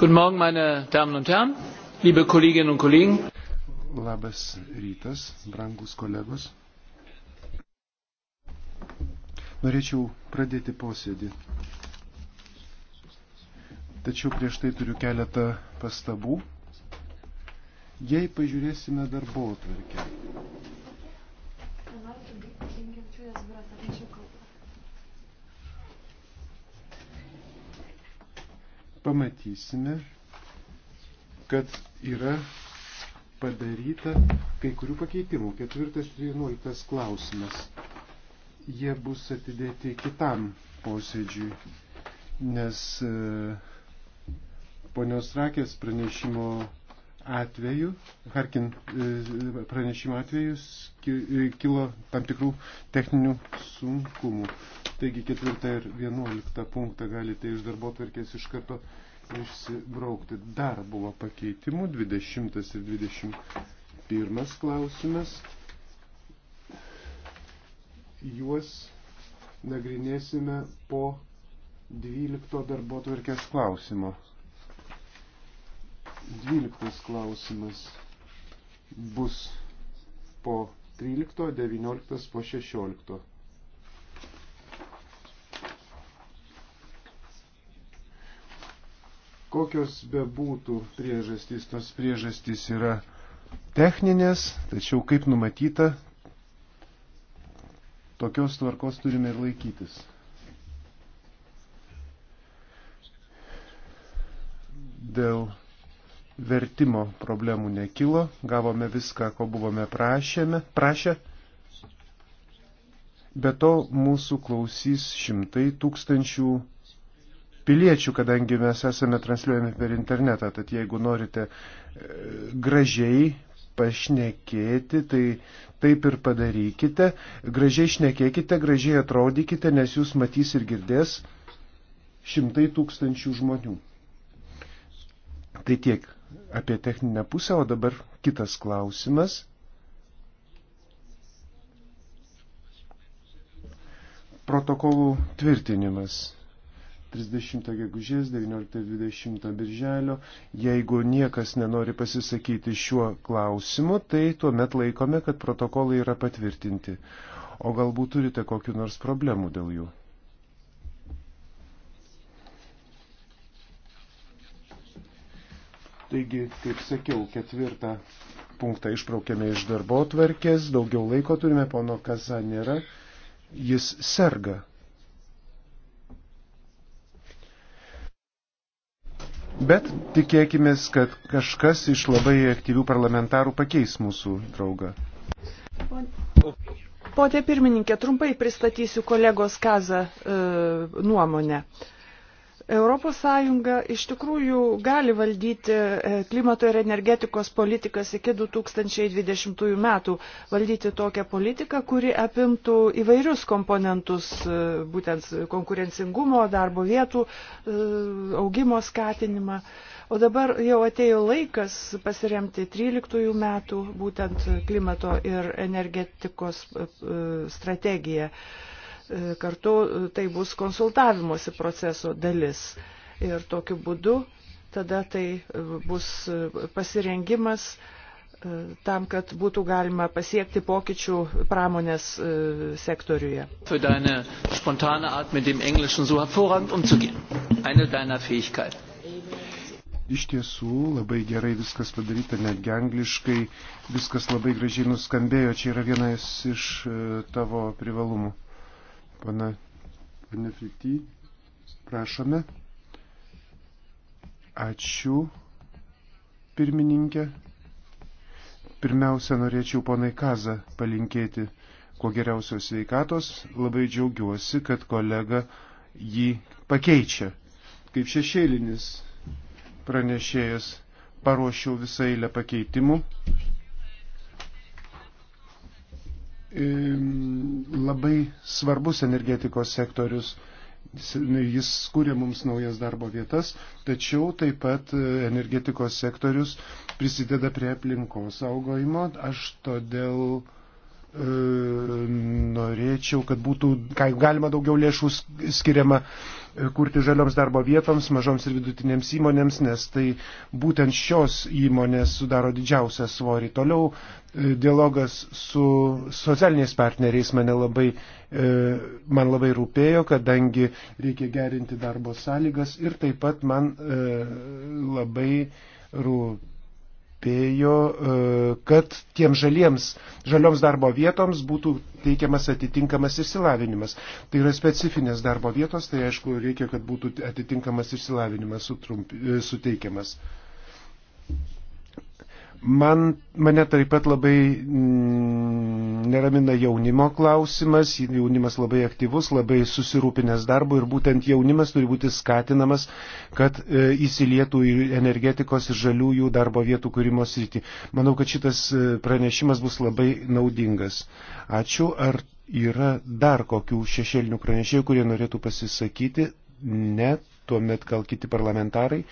Guten Morgen, meine Damen und Herren, liebe Kolleginnen und Kollegen. Labas rytas, brangus kolegos. Norėčiau pradėti posėdį. Tačiau prieš tai turiu keletą pastabų. Jei pažiūrėsime darbo atvarkę, pamatysime, kad yra padaryta kai kurių pakeitimų. Ketvirtas ir vienuoliktas klausimas. Jie bus atidėti kitam posėdžiui, nes e, ponios Rakės pranešimo atveju, Harkin e, pranešimo atveju e, kilo tam tikrų techninių sunkumų. Taigi ketvirtą ir vienuoliktą punktą galite iš darbo tvarkės iš karto išsibraukti. Dar buvo pakeitimų, 20 ir 21 klausimas. Juos nagrinėsime po 12 darbo tvarkės klausimo. 12 klausimas bus po 13, 19, po 16. Kokios bebūtų priežastys, tos priežastys yra techninės, tačiau kaip numatyta, tokios tvarkos turime ir laikytis. Dėl vertimo problemų nekilo, gavome viską, ko buvome prašėme, prašę. Be to mūsų klausys šimtai tūkstančių piliečių, kadangi mes esame transliuojami per internetą, tad jeigu norite e, gražiai pašnekėti, tai taip ir padarykite. Gražiai šnekėkite, gražiai atrodykite, nes jūs matys ir girdės šimtai tūkstančių žmonių. Tai tiek apie techninę pusę, o dabar kitas klausimas. Protokolų tvirtinimas. 30 gegužės, 19-20 birželio. Jeigu niekas nenori pasisakyti šiuo klausimu, tai tuomet laikome, kad protokolai yra patvirtinti. O galbūt turite kokiu nors problemu dėl jų? Taigi, kaip sakiau, ketvirtą punktą išbraukėme iš darbo tvarkės, daugiau laiko turime, pono Kaza nėra, jis serga. Bet tikėkime, kad kažkas iš labai aktyvių parlamentarų pakeis mūsų draugą. Pone pirmininkė, trumpai pristatysiu kolegos Kazą e, nuomonę. E, ES iš tikrųjų gali valdyti e, klimato ir energetikos politikas iki 2020 metų, valdyti tokią politiką, kuri apimtų įvairius komponentus, e, būtent konkurencingumo, darbo vietų, e, augimo skatinimą. O dabar jau atėjo laikas pasiremti 13 metų būtent klimato ir energetikos strategiją. E, kartu e, tai bus konsultavimosi proceso dalis. Ir tokiu būdu tada tai e, bus pasirengimas tam, kad būtų galima pasiekti pokyčių pramonės sektoriuje. Für deine spontane Art mit dem Englischen so hervorragend umzugehen. Eine deiner Fähigkeit. Iš tiesų labai gerai viskas padaryta, netgi angliškai, viskas labai gražiai nuskambėjo, čia yra vienas iš tavo privalumų. Pana, pana Frikty, prašome. Ačiū, pirmininkė. Pirmiausia, norėčiau ponai Kazą palinkėti kuo geriausios sveikatos. Labai džiaugiuosi, kad kolega jį pakeičia. Kaip šešėlinis pranešėjas paruošiau visą eilę pakeitimų labai svarbus energetikos sektorius. Jis kūrė mums naujas darbo vietas, tačiau taip pat e, energetikos sektorius prisideda prie aplinkos saugojimo. Aš todėl E, norėčiau, kad būtų galima daugiau lėšų skiriama e, kurti žalioms darbo vietoms, mažoms ir vidutinėms įmonėms, nes tai būtent šios įmonės sudaro didžiausią svorį. Toliau e, dialogas su socialiniais partneriais mane labai, man labai rūpėjo, kadangi reikia gerinti darbo sąlygas ir taip pat man labai rūpėjo spėjo, e, kad tiem žaliems, žalioms darbo vietoms būtų teikiamas atitinkamas išsilavinimas. Tai yra specifinės darbo vietos, tai aišku, reikia, kad būtų atitinkamas išsilavinimas sutrumpi, e, suteikiamas. Man, mane taip pat labai neramina jaunimo klausimas, jaunimas labai aktyvus, labai susirūpinęs darbu ir būtent jaunimas turi būti skatinamas, kad e, įsilietų į energetikos ir žaliųjų darbo vietų kūrimo sritį. Manau, kad šitas e, pranešimas bus labai naudingas. Ačiū. Ar yra dar kokių šešėlinių pranešėjų, kurie norėtų pasisakyti? Ne, tuomet gal kiti parlamentarai.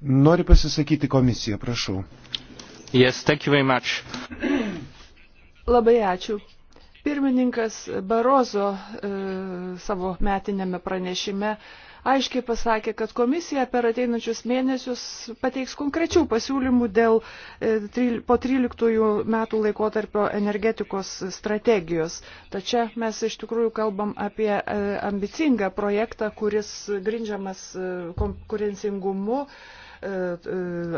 Nori pasisakyti komisiją, prašau. Yes, thank you very much. Labai ačiū. Pirmininkas Barozo e, savo metinėme pranešime aiškiai pasakė, kad komisija per ateinančius mėnesius pateiks konkrečių pasiūlymų dėl e, po 13 metų laikotarpio energetikos strategijos. Tačiau mes iš tikrųjų kalbam apie e, ambicingą projektą, kuris grindžiamas e, konkurencingumu,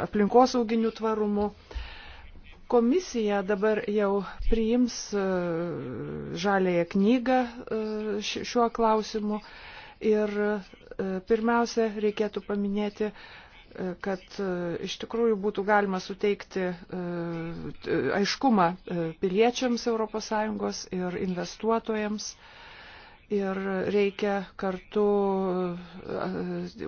aplinkosauginiu tvarumu. Komisija dabar jau priims e, žalėją knygą e, šiuo klausimu ir e, pirmiausia reikėtų paminėti, kad iš tikrųjų būtų galima suteikti aiškumą piliečiams ES ir investuotojams ir reikia kartu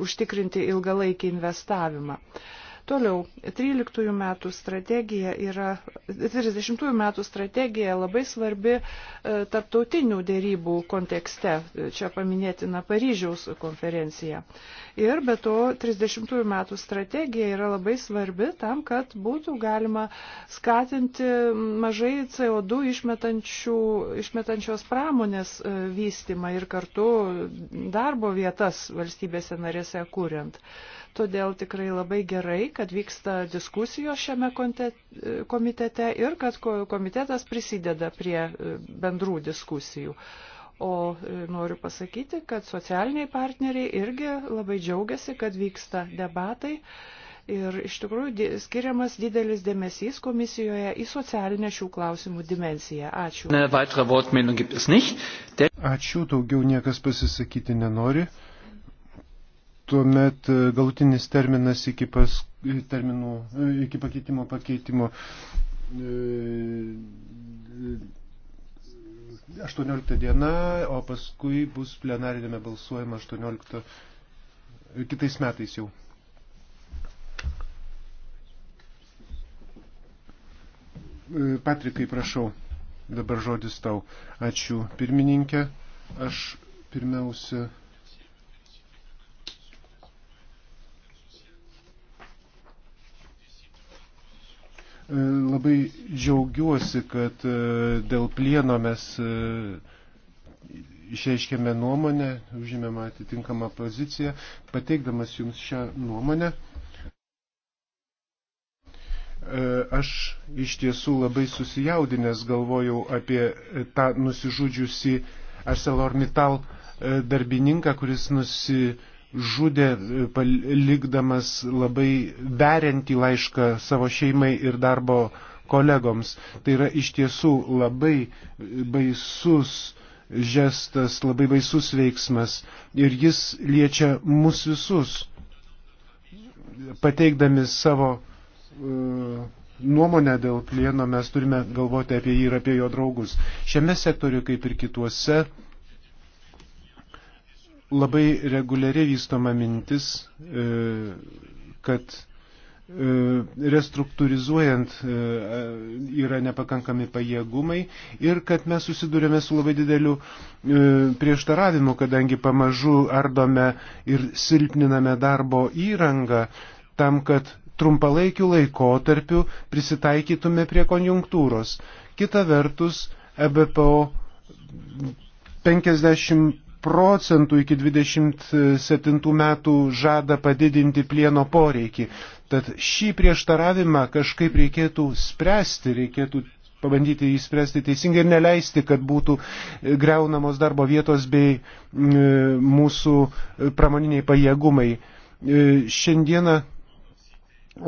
užtikrinti ilgalaikį investavimą. Uh, Toliau, 13 metų strategija yra, 30 metų strategija labai svarbi e, tarptautinių dėrybų kontekste, čia paminėtina Paryžiaus konferencija. Ir be to, 30 metų strategija yra labai svarbi tam, kad būtų galima skatinti mažai CO2 išmetančios pramonės e, vystymą ir kartu darbo vietas valstybėse narėse kūrent. Todėl tikrai labai gerai, kad vyksta diskusijos šiame komitete ir kad komitetas prisideda prie e, bendrų diskusijų. O e, noriu pasakyti, kad socialiniai partneriai irgi labai džiaugiasi, kad vyksta debatai. Ir iš tikrųjų skiriamas didelis dėmesys komisijoje į socialinę šių klausimų dimensiją. Ačiū. Ačiū, daugiau niekas pasisakyti nenori tuomet e, galutinis terminas iki, pas, terminų, e, iki pakeitimo pakeitimo 18 e, diena, o paskui bus plenarinėme balsuojama 18 kitais metais jau. Patrikai, prašau, dabar žodis tau. Ačiū pirmininkė. Aš pirmiausia E, labai džiaugiuosi, kad e, dėl plieno mes e, išreiškėme nuomonę, užėmėme atitinkamą poziciją, pateikdamas jums šią nuomonę. Aš iš tiesų labai susijaudinęs galvojau apie tą nusižudžiusi ArcelorMittal darbininką, kuris nusižudžiusi žudė, e, palikdamas labai veriantį laišką savo šeimai ir darbo kolegoms. Tai yra iš tiesų labai baisus žestas, labai baisus veiksmas ir jis liečia mus visus, pateikdami savo uh, nuomonę dėl plieno mes turime galvoti apie jį ir apie jo draugus. Šiame sektoriu, kaip ir kituose, uh, labai reguliariai vystoma mintis, e, kad e, restruktūrizuojant e, yra nepakankami pajėgumai ir kad mes susidurėme su labai dideliu prieštaravimu, kadangi pamažu ardome ir silpniname darbo įrangą tam, kad trumpalaikiu laikotarpiu prisitaikytume prie konjunktūros. Kita vertus, EBPO 50 procentų iki 27 metų žada padidinti plieno poreikį. Tad šį prieštaravimą kažkaip reikėtų spręsti, reikėtų pabandyti jį spręsti teisingai ir neleisti, kad būtų greunamos darbo vietos bei mūsų pramoniniai pajėgumai. E, šiandieną e,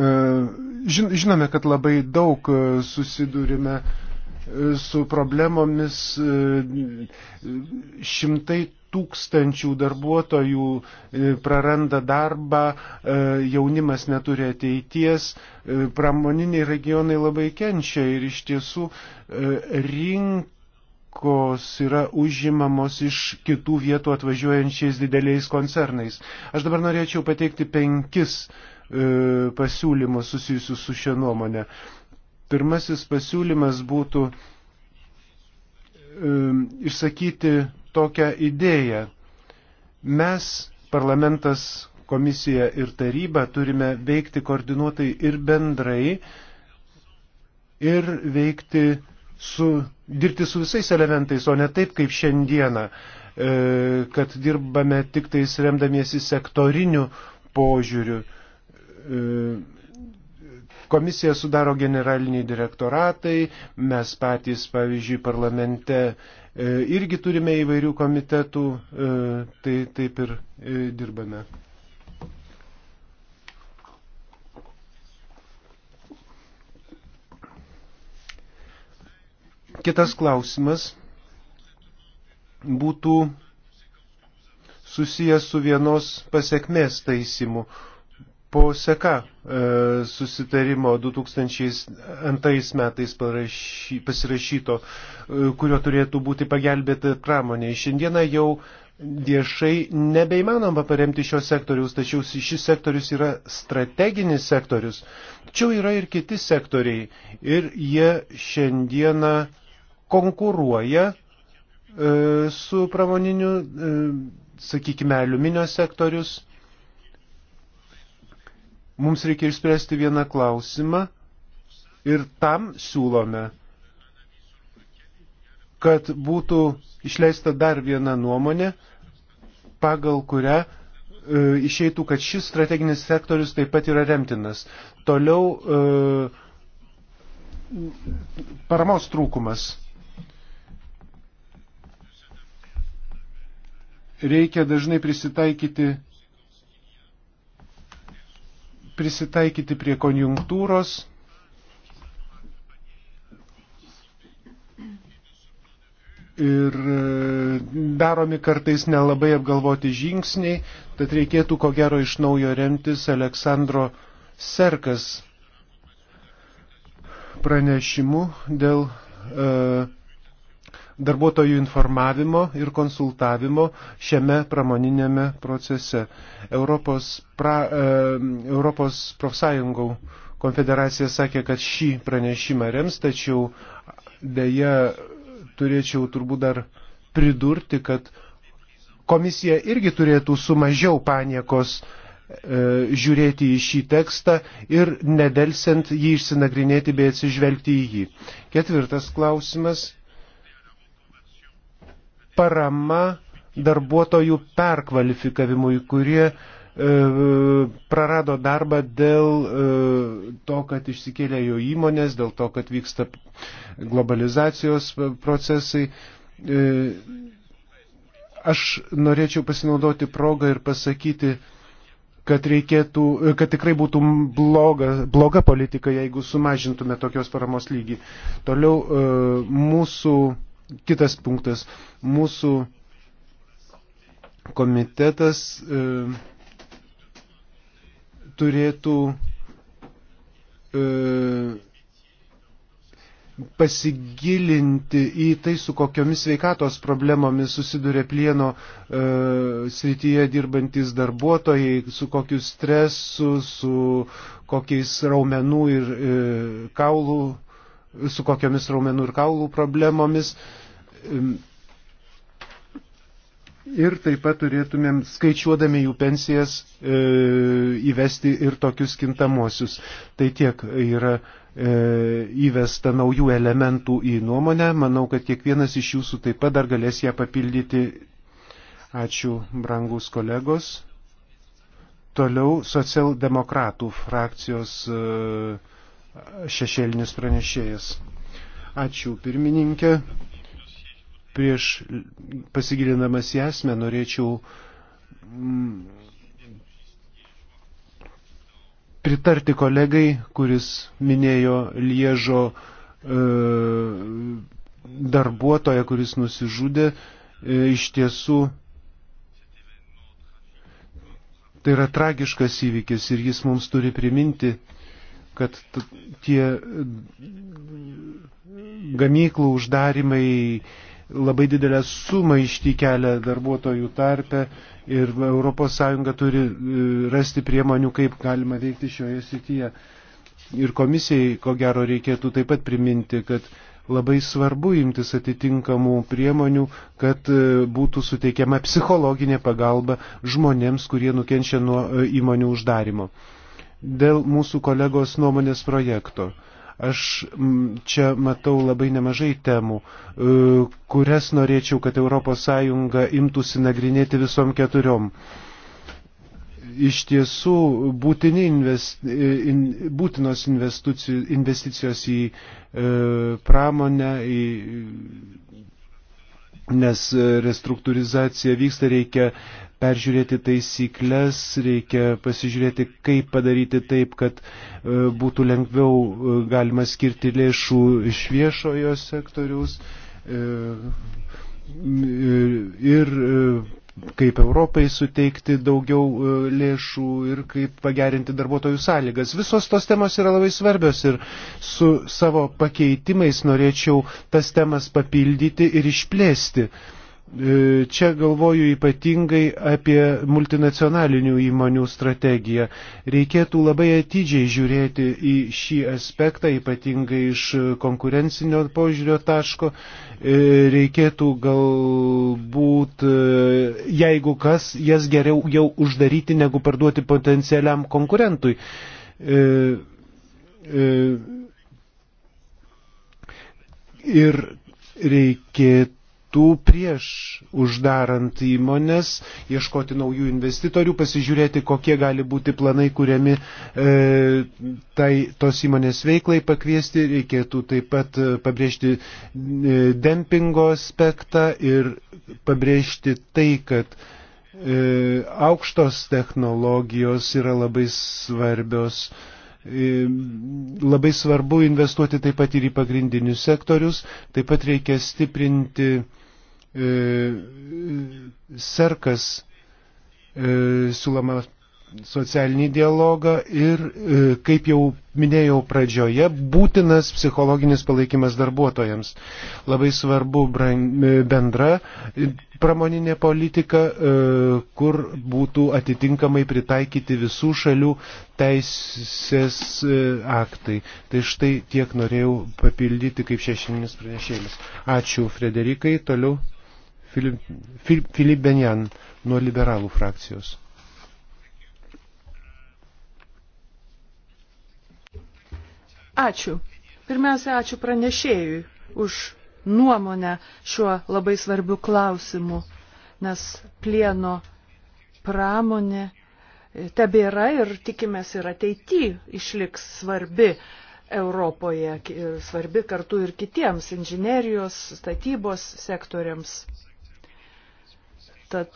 žinome, kad labai daug e, susidurime su problemomis šimtai tūkstančių darbuotojų e, praranda darbą, e, jaunimas neturi ateities, e, pramoniniai regionai labai kenčia ir iš tiesų rink rinkos yra užimamos iš kitų vietų atvažiuojančiais dideliais koncernais. Aš dabar norėčiau pateikti penkis e, pasiūlymus susijusius su šia nuomonė. Pirmasis pasiūlymas būtų e, išsakyti tokią idėją. Mes, parlamentas, komisija ir taryba, turime veikti koordinuotai ir bendrai ir veikti su, dirbti su visais elementais, o ne taip kaip šiandieną, e, kad dirbame tik tais remdamiesi sektoriniu požiūriu e, Komisiją sudaro generaliniai direktoratai, mes patys, pavyzdžiui, parlamente e, irgi turime įvairių komitetų, e, tai taip ir e, dirbame. Kitas klausimas būtų susijęs su vienos pasiekmės taisimu, po seka e, susitarimo 2002 metais parašy, pasirašyto, e, kurio turėtų būti pagelbėta pramonė. Šiandieną jau viešai nebeįmanoma paremti šio sektoriaus, tačiau šis sektorius yra strateginis sektorius. Tačiau yra ir kiti sektoriai ir jie šiandieną konkuruoja e, su pramoniniu, e, sakykime, aliuminio sektorius Mums reikia išspręsti vieną klausimą ir tam siūlome, kad būtų išleista dar viena nuomonė, pagal kurią e, išeitų, kad šis strateginis sektorius taip pat yra remtinas. Toliau e, paramos trūkumas. Reikia dažnai prisitaikyti prisitaikyti prie konjunktūros. Ir e, daromi kartais nelabai apgalvoti žingsniai, tad reikėtų ko gero iš naujo remtis Aleksandro Serkas pranešimu dėl e, darbuotojų informavimo ir konsultavimo šiame pramoninėme procese. Europos, pra, e, Europos profsąjungų konfederacija sakė, kad šį pranešimą rems, tačiau dėja turėčiau turbūt dar pridurti, kad komisija irgi turėtų su mažiau paniekos e, žiūrėti į šį tekstą ir nedelsiant jį išsinagrinėti bei atsižvelgti į jį. Ketvirtas klausimas parama darbuotojų perkvalifikavimui, kurie e, prarado darbą dėl e, to, kad išsikėlė jo įmonės, dėl to, kad vyksta globalizacijos procesai. E, aš norėčiau pasinaudoti progą ir pasakyti, kad, reikėtų, kad tikrai būtų bloga, bloga politika, jeigu sumažintume tokios paramos lygį. Toliau mūsų Kitas punktas. Mūsų komitetas e, turėtų e, pasigilinti į tai, su kokiomis sveikatos problemomis susiduria plieno e, srityje dirbantis darbuotojai, su kokiu stresu, su kokiais raumenų ir e, kaulų su kokiamis raumenų ir kaulų problemomis. Ir taip pat turėtumėm, skaičiuodami jų pensijas, e, įvesti ir tokius kintamosius. Tai tiek yra e, įvesta naujų elementų į nuomonę. Manau, kad kiekvienas iš jūsų taip pat dar galės ją papildyti. Ačiū, brangus kolegos. Toliau socialdemokratų frakcijos. E, šešėlinius pranešėjas. Ačiū pirmininkė. Prieš pasigilinamas į esmę norėčiau mm, pritarti kolegai, kuris minėjo Liežo e, darbuotoją, kuris nusižudė. E, iš tiesų tai yra tragiškas įvykis ir jis mums turi priminti, kad tie gamyklų uždarimai labai didelę sumaištį kelia darbuotojų tarpe ir ES turi e, rasti priemonių, kaip galima veikti šioje srityje. Ir komisijai, ko gero, reikėtų taip pat priminti, kad labai svarbu imtis atitinkamų priemonių, kad e, būtų suteikiama psichologinė pagalba žmonėms, kurie nukenčia nuo e, įmonių uždarimo dėl mūsų kolegos nuomonės projekto. Aš čia matau labai nemažai temų, e, kurias norėčiau, kad ES imtųsi nagrinėti visom keturiom. Iš tiesų būtini invest, e, in, būtinos investicijos į e, pramonę, į nes restruktūrizacija vyksta, reikia peržiūrėti taisyklės, reikia pasižiūrėti, kaip padaryti taip, kad e, būtų lengviau e, galima skirti lėšų iš viešojo sektoriaus e, ir kaip Europai suteikti daugiau lėšų ir kaip pagerinti darbuotojų sąlygas. Visos tos temos yra labai svarbios ir su savo pakeitimais norėčiau tas temas papildyti ir išplėsti. Uh, E, čia galvoju ypatingai apie multinacionalinių įmonių strategiją. Reikėtų labai atidžiai žiūrėti į šį aspektą, ypatingai iš konkurencinio požiūrio taško. E, reikėtų galbūt, e, jeigu kas, jas geriau jau uždaryti, negu parduoti potencialiam konkurentui ir reikėtų kartų prieš uždarant įmonės, ieškoti naujų investitorių, pasižiūrėti, kokie gali būti planai kuriami e, tai, tos įmonės veiklai pakviesti. Reikėtų taip pat e, pabrėžti e, dempingo aspektą ir pabrėžti tai, kad e, aukštos technologijos yra labai svarbios e, labai svarbu investuoti taip pat ir į pagrindinius sektorius, taip pat reikia stiprinti E, serkas e, siūloma socialinį dialogą ir, e, kaip jau minėjau pradžioje, būtinas psichologinis palaikymas darbuotojams. Labai svarbu bendra pramoninė politika, kur būtų atitinkamai pritaikyti visų šalių teisės aktai. Tai štai tiek norėjau papildyti kaip šešininis pranešėjimas. Ačiū, Frederikai. Toliau Filip, Filip, Filip Benjan nuo liberalų frakcijos. Ačiū. Pirmiausia, ačiū pranešėjui už nuomonę šiuo labai svarbiu klausimu, nes plieno pramonė tebėra ir tikimės ir ateity išliks svarbi Europoje ir svarbi kartu ir kitiems inžinerijos, statybos sektoriams. Tad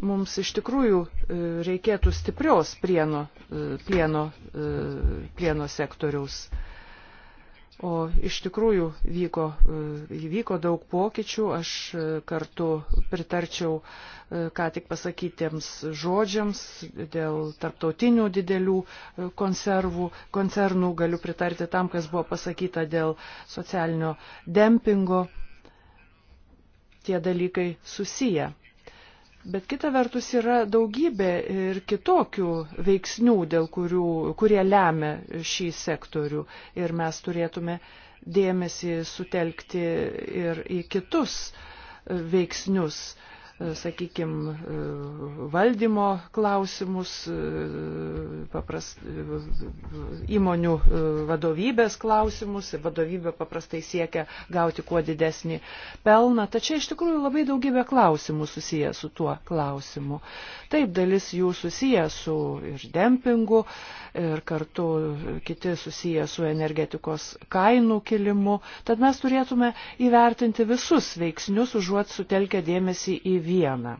mums iš tikrųjų e, reikėtų stiprios plieno, e, plieno, e, plieno sektoriaus. O iš tikrųjų vyko, vyko daug pokyčių, aš kartu pritarčiau ką tik pasakytiems žodžiams dėl tarptautinių didelių konservų, koncernų, galiu pritarti tam, kas buvo pasakyta dėl socialinio dempingo. Tie dalykai susiję. Bet kita vertus yra daugybė ir kitokių veiksnių, dėl kurių, kurie lemia šį sektorių ir mes turėtume dėmesį sutelkti ir į kitus veiksnius. E, sakykime, valdymo klausimus, e, paprast, e, įmonių vadovybės klausimus, vadovybė paprastai siekia gauti kuo didesnį pelną, tačiau iš tikrųjų labai daugybė klausimų susiję su tuo klausimu. Taip, dalis jų susiję su ir dempingu, ir kartu kiti susiję su energetikos kainų kilimu, tad mes turėtume įvertinti visus veiksnius, užuot sutelkę dėmesį į 1.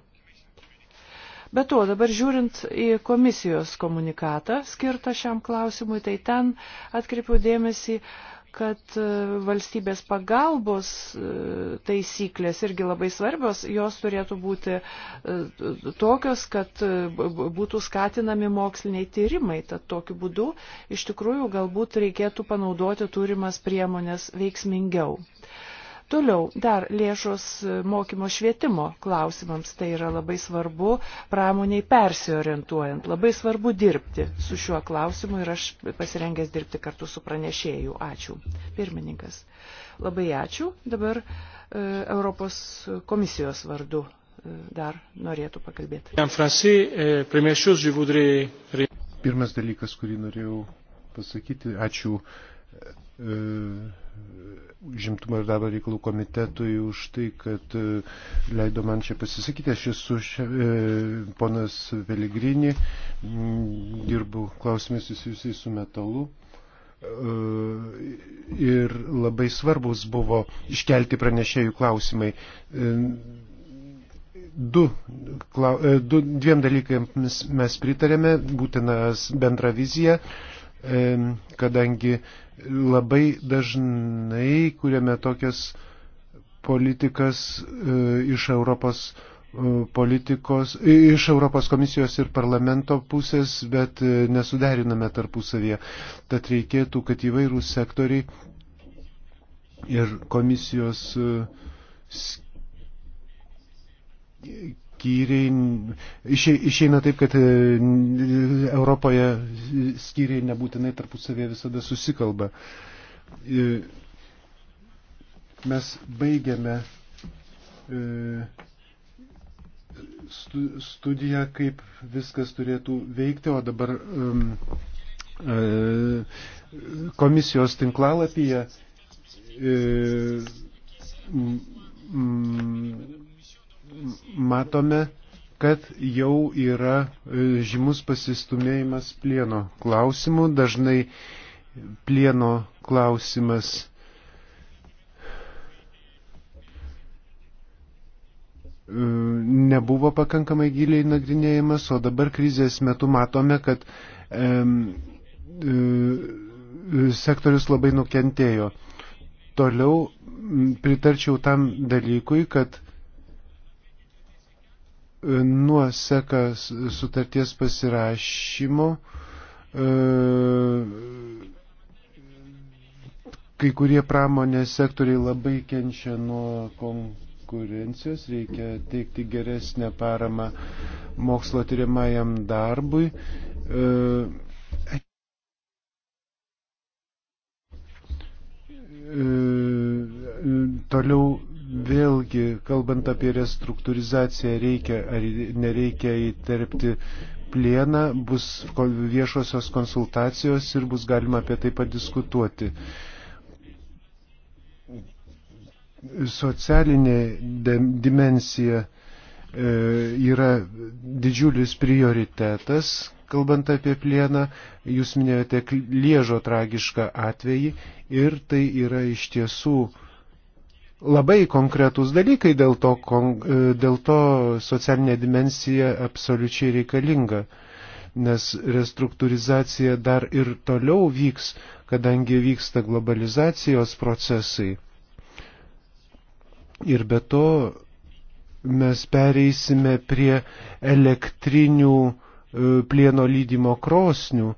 Be to, dabar žiūrint į komisijos komunikatą skirtą šiam klausimui, tai ten atkreipiau dėmesį, kad e, valstybės pagalbos e, taisyklės irgi labai svarbios, jos turėtų būti e, tokios, kad būtų skatinami moksliniai tyrimai. Tad tokiu būdu iš tikrųjų galbūt reikėtų panaudoti turimas priemonės veiksmingiau. Toliau dar lėšos mokymo švietimo klausimams. Tai yra labai svarbu pramoniai persiorientuojant. Labai svarbu dirbti su šiuo klausimu ir aš pasirengęs dirbti kartu su pranešėju. Ačiū. Pirmininkas. Labai ačiū. Dabar e, Europos komisijos vardu e, dar norėtų pakalbėti. E, Pirmas dalykas, kurį norėjau pasakyti, ačiū E, žimtumo ir darbo reikalų komitetui už tai, kad e, leido man čia pasisakyti. Aš esu šia, e, ponas Veligrini, dirbu klausimės susijusiai su metalu. Ir labai svarbus buvo iškelti pranešėjų klausimai. Du, klau, du, dviem dalykams mes pritarėme, būtinas bendra vizija, kadangi labai dažnai kuriame tokias politikas e, iš Europos e, politikos, iš Europos komisijos ir parlamento pusės, bet e, nesuderiname tarpusavėje. Tad reikėtų, kad įvairūs sektoriai ir komisijos skyriai, išė, išeina taip, kad e, Europoje skyriai nebūtinai tarpusavėje visada susikalba. E, mes baigiame e, studiją, kaip viskas turėtų veikti, o dabar komisijos tinklalapyje matome, kad jau yra e, žymus pasistumėjimas plieno klausimų. Dažnai plieno klausimas e, nebuvo pakankamai giliai nagrinėjimas, o dabar krizės metu matome, kad e, e, sektorius labai nukentėjo. Toliau pritarčiau tam dalykui, kad nuoseka sutarties pasirašymo. E, kai kurie pramonės sektoriai labai kenčia nuo konkurencijos, reikia teikti geresnę paramą mokslo tyriamajam darbui. E, e, toliau vėlgi, kalbant apie restruktūrizaciją, reikia ar nereikia įterpti plieną, bus viešosios konsultacijos ir bus galima apie tai padiskutuoti. Socialinė dimensija e, yra didžiulis prioritetas, kalbant apie plieną, jūs minėjote Liežo tragišką atvejį ir tai yra iš tiesų uh, labai konkretūs dalykai, dėl to, dėl to socialinė dimensija absoliučiai reikalinga, nes restruktūrizacija dar ir toliau vyks, kadangi vyksta globalizacijos procesai. Ir be to mes pereisime prie elektrinių e, plieno lydimo krosnių,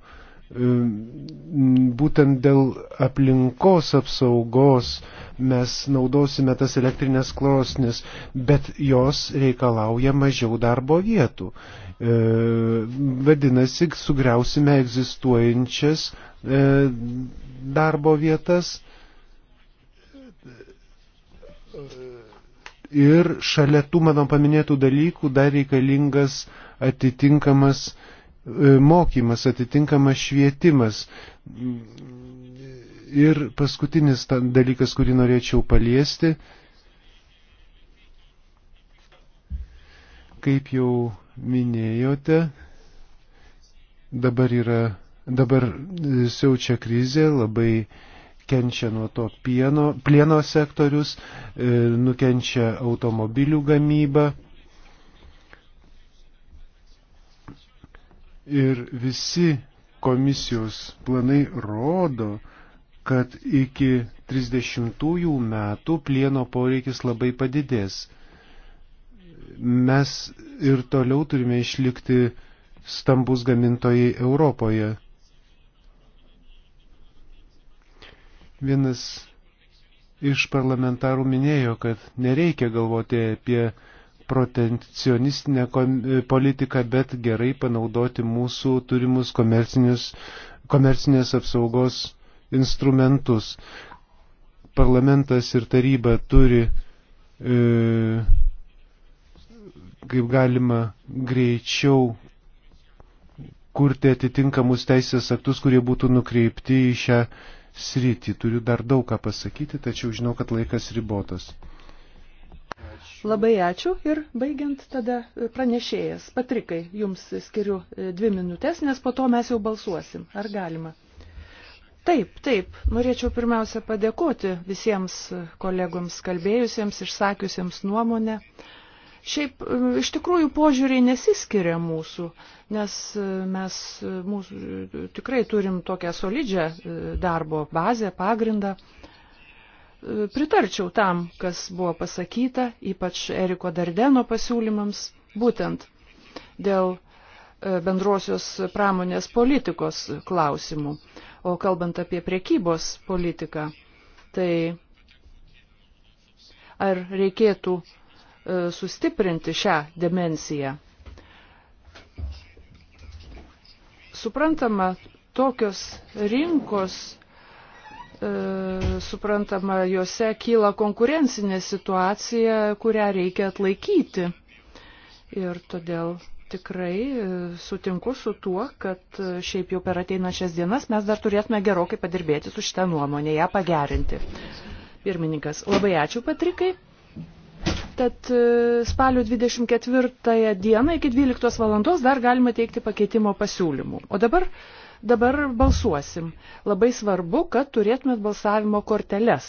būtent dėl aplinkos apsaugos mes naudosime tas elektrinės klosnis, bet jos reikalauja mažiau darbo vietų. Vadinasi, sugriausime egzistuojančias e, darbo vietas ir šalia tų mano paminėtų dalykų dar reikalingas atitinkamas uh, E, mokymas, atitinkamas švietimas. Ir paskutinis dalykas, kurį norėčiau paliesti, kaip jau minėjote, dabar yra, dabar siaučia krizė, labai kenčia nuo to pieno, plieno sektorius, e, nukenčia automobilių gamyba, Ir visi komisijos planai rodo, kad iki 30 metų plieno poreikis labai padidės. Mes ir toliau turime išlikti stambus gamintojai Europoje. Vienas iš parlamentarų minėjo, kad nereikia galvoti apie protekcionistinę politiką, bet gerai panaudoti mūsų turimus komercinės apsaugos instrumentus. Parlamentas ir taryba turi e, kaip galima greičiau kurti atitinkamus teisės aktus, kurie būtų nukreipti į šią sritį. Turiu dar daug ką pasakyti, tačiau žinau, kad laikas ribotas. Labai ačiū ir baigiant tada e, pranešėjas. Patrikai, jums skiriu e, dvi minutės, nes po to mes jau balsuosim. Ar galima? Taip, taip. Norėčiau pirmiausia padėkoti visiems e, kolegoms kalbėjusiems, išsakiusiems nuomonę. Šiaip iš tikrųjų požiūriai nesiskiria mūsų, nes mes mūsų, tikrai turim tokią solidžią darbo bazę, pagrindą pritarčiau tam, kas buvo pasakyta, ypač Eriko Dardeno pasiūlymams, būtent dėl e, bendrosios pramonės politikos klausimų. O kalbant apie priekybos politiką, tai ar reikėtų e, sustiprinti šią dimensiją? Suprantama, tokios rinkos E, suprantama, juose kyla konkurencinė situacija, kurią reikia atlaikyti. Ir todėl tikrai e, sutinku su tuo, kad e, šiaip jau per ateinančias dienas mes dar turėtume gerokai padirbėti su šitą nuomonę, ją pagerinti. Pirmininkas, labai ačiū Patrikai. Tad spalio 24 dieną iki 12 valandos dar galima teikti pakeitimo pasiūlymų. O dabar Dabar balsuosim. Labai svarbu, kad turėtumėt balsavimo korteles.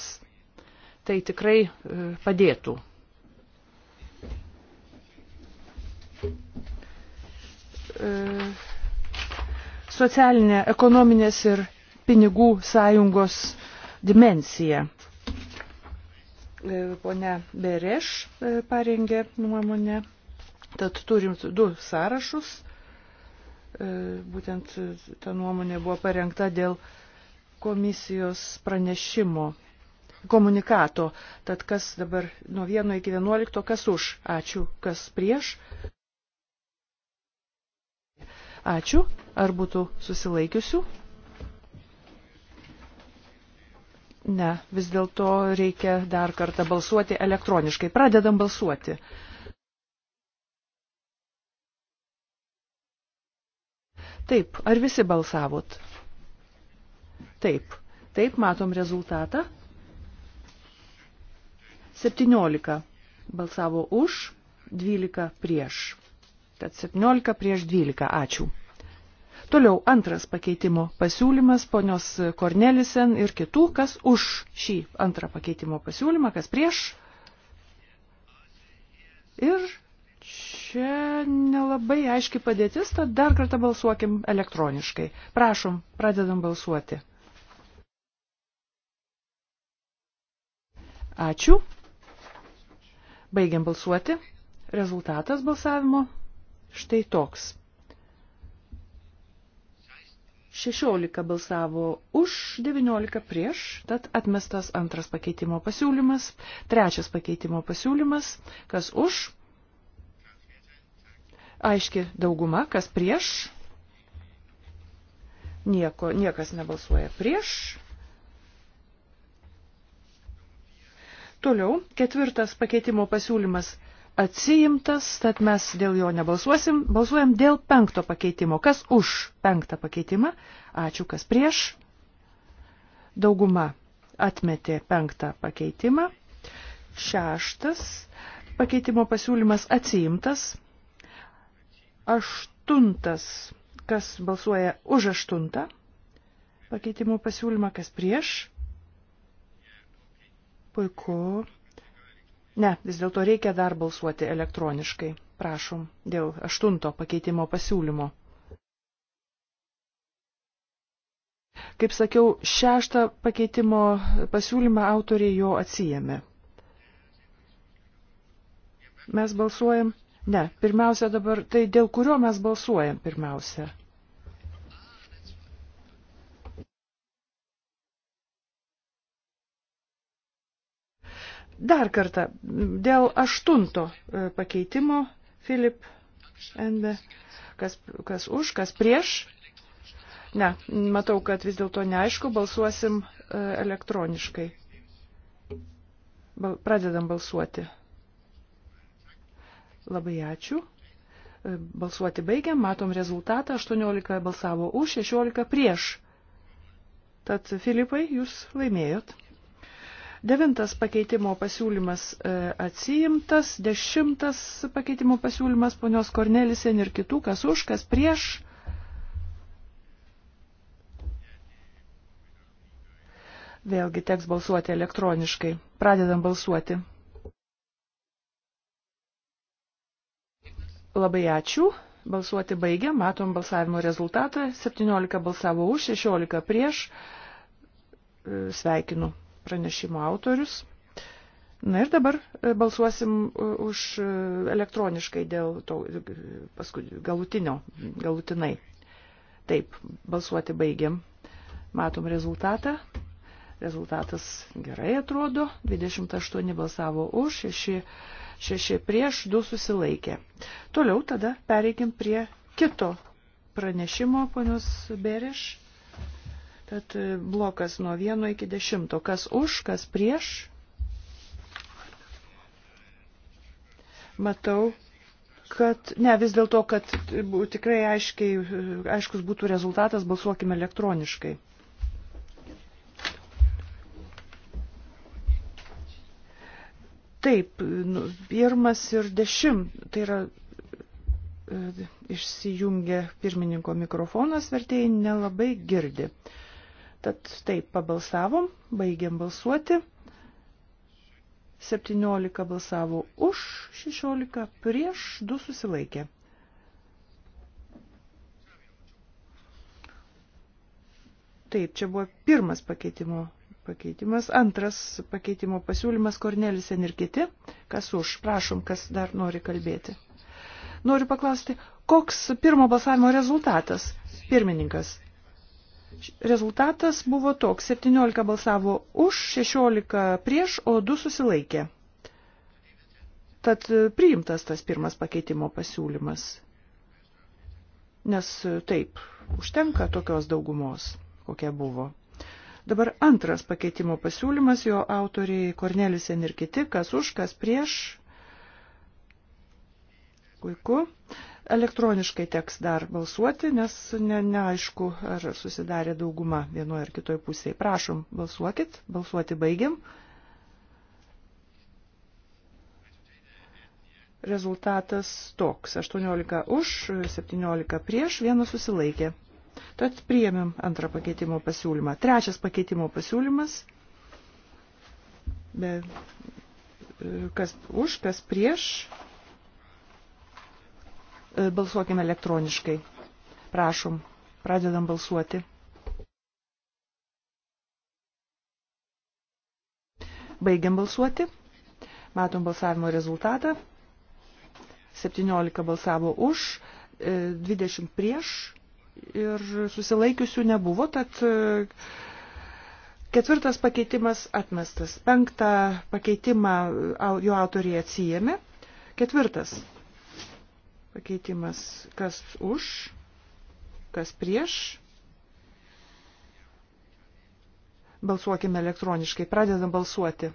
Tai tikrai e, padėtų. E, socialinė, ekonominės ir pinigų sąjungos dimensija. E, Pone Bereš parengė nuomonę. Tad turim du sąrašus E, būtent ta nuomonė buvo parengta dėl komisijos pranešimo komunikato. Tad kas dabar nuo 1 iki 11, kas už? Ačiū. Kas prieš? Ačiū. Ar būtų susilaikiusių? Ne, vis dėlto reikia dar kartą balsuoti elektroniškai. Pradedam balsuoti. Taip, ar visi balsavot? Taip, taip matom rezultatą. 17 balsavo už, 12 prieš. Tad 17 prieš 12, ačiū. Toliau antras pakeitimo pasiūlymas ponios Kornelisen ir kitų, kas už šį antrą pakeitimo pasiūlymą, kas prieš. Ir čia nelabai aiški padėtis, tad dar kartą balsuokim elektroniškai. Prašom, pradedam balsuoti. Ačiū. Baigiam balsuoti. Rezultatas balsavimo štai toks. 16 balsavo už, 19 prieš, tad atmestas antras pakeitimo pasiūlymas, trečias pakeitimo pasiūlymas, kas už, Aiški dauguma, kas prieš. Nieko, niekas nebalsuoja prieš. Toliau ketvirtas pakeitimo pasiūlymas atsiimtas, tad mes dėl jo nebalsuosim. Balsuojam dėl penkto pakeitimo. Kas už penktą pakeitimą? Ačiū, kas prieš. Dauguma atmetė penktą pakeitimą. Šeštas pakeitimo pasiūlymas atsiimtas. Aštuntas, kas balsuoja už aštuntą pakeitimų pasiūlymą, kas prieš. Puiku. Ne, vis dėlto reikia dar balsuoti elektroniškai. Prašom, dėl aštunto pakeitimo pasiūlymo. Kaip sakiau, šeštą pakeitimo pasiūlymą autoriai jo atsijėmė. Mes balsuojam Ne, pirmiausia dabar, tai dėl kurio mes balsuojam pirmiausia. Dar kartą, dėl aštunto e, pakeitimo, Filip Enbe, kas, kas už, kas prieš. Ne, matau, kad vis dėlto neaišku, balsuosim e, elektroniškai. Pradedam balsuoti. Labai ačiū. E, balsuoti baigiam, matom rezultatą. 18 balsavo už, 16 prieš. Tad, Filipai, jūs laimėjot. Devintas pakeitimo pasiūlymas e, atsiimtas, dešimtas pakeitimo pasiūlymas ponios Kornelisen ir kitų, kas už, kas prieš. Vėlgi teks balsuoti elektroniškai. Pradedam balsuoti. Labai ačiū. Balsuoti baigia. Matom balsavimo rezultatą. 17 balsavo už, 16 prieš. E, sveikinu pranešimo autorius. Na ir dabar e, balsuosim e, už elektroniškai dėl to paskui, galutinio, galutinai. Taip, balsuoti baigiam. Matom rezultatą. Rezultatas gerai atrodo. 28 balsavo už, 6 6 prieš, 2 susilaikė. Toliau tada pereikim prie kito pranešimo, ponios Beriš. Tad blokas nuo 1 iki 10. Kas už, kas prieš. Matau, kad, ne, vis dėlto, kad tikrai aiškiai, aiškus būtų rezultatas, balsuokime elektroniškai. Taip, nu, pirmas ir dešimt, tai yra e, išsijungia pirmininko mikrofonas, vertėjai nelabai girdi. Tad taip, pabalsavom, baigiam balsuoti. 17 balsavo už, 16 prieš, 2 susilaikė. Taip, čia buvo pirmas pakeitimo pakeitimas. Antras pakeitimo pasiūlymas Kornelisen ir kiti. Kas už? Prašom, kas dar nori kalbėti. Noriu paklausti, koks pirmo balsavimo rezultatas? Pirmininkas. Rezultatas buvo toks. 17 balsavo už, 16 prieš, o 2 susilaikė. Tad priimtas tas pirmas pakeitimo pasiūlymas. Nes taip, užtenka tokios daugumos, kokia buvo. Dabar antras pakeitimo pasiūlymas, jo autoriai Kornelisen ir kiti, kas už, kas prieš. Puiku. Elektroniškai teks dar balsuoti, nes ne, neaišku, ar susidarė dauguma vienoje ar kitoje pusėje. Prašom, balsuokit, balsuoti baigiam. Rezultatas toks. 18 už, 17 prieš, vienas susilaikė. Tad priėmėm antrą pakeitimo pasiūlymą. Trečias pakeitimo pasiūlymas. Be, kas už, kas prieš. E, balsuokime elektroniškai. Prašom, pradedam balsuoti. Baigiam balsuoti. Matom balsavimo rezultatą. 17 balsavo už, 20 e, prieš, ir susilaikiusių nebuvo, tad e, ketvirtas pakeitimas atmestas. Penktą pakeitimą jo autoriai atsijėmė. Ketvirtas pakeitimas kas už, kas prieš. Balsuokime elektroniškai. Pradedam balsuoti.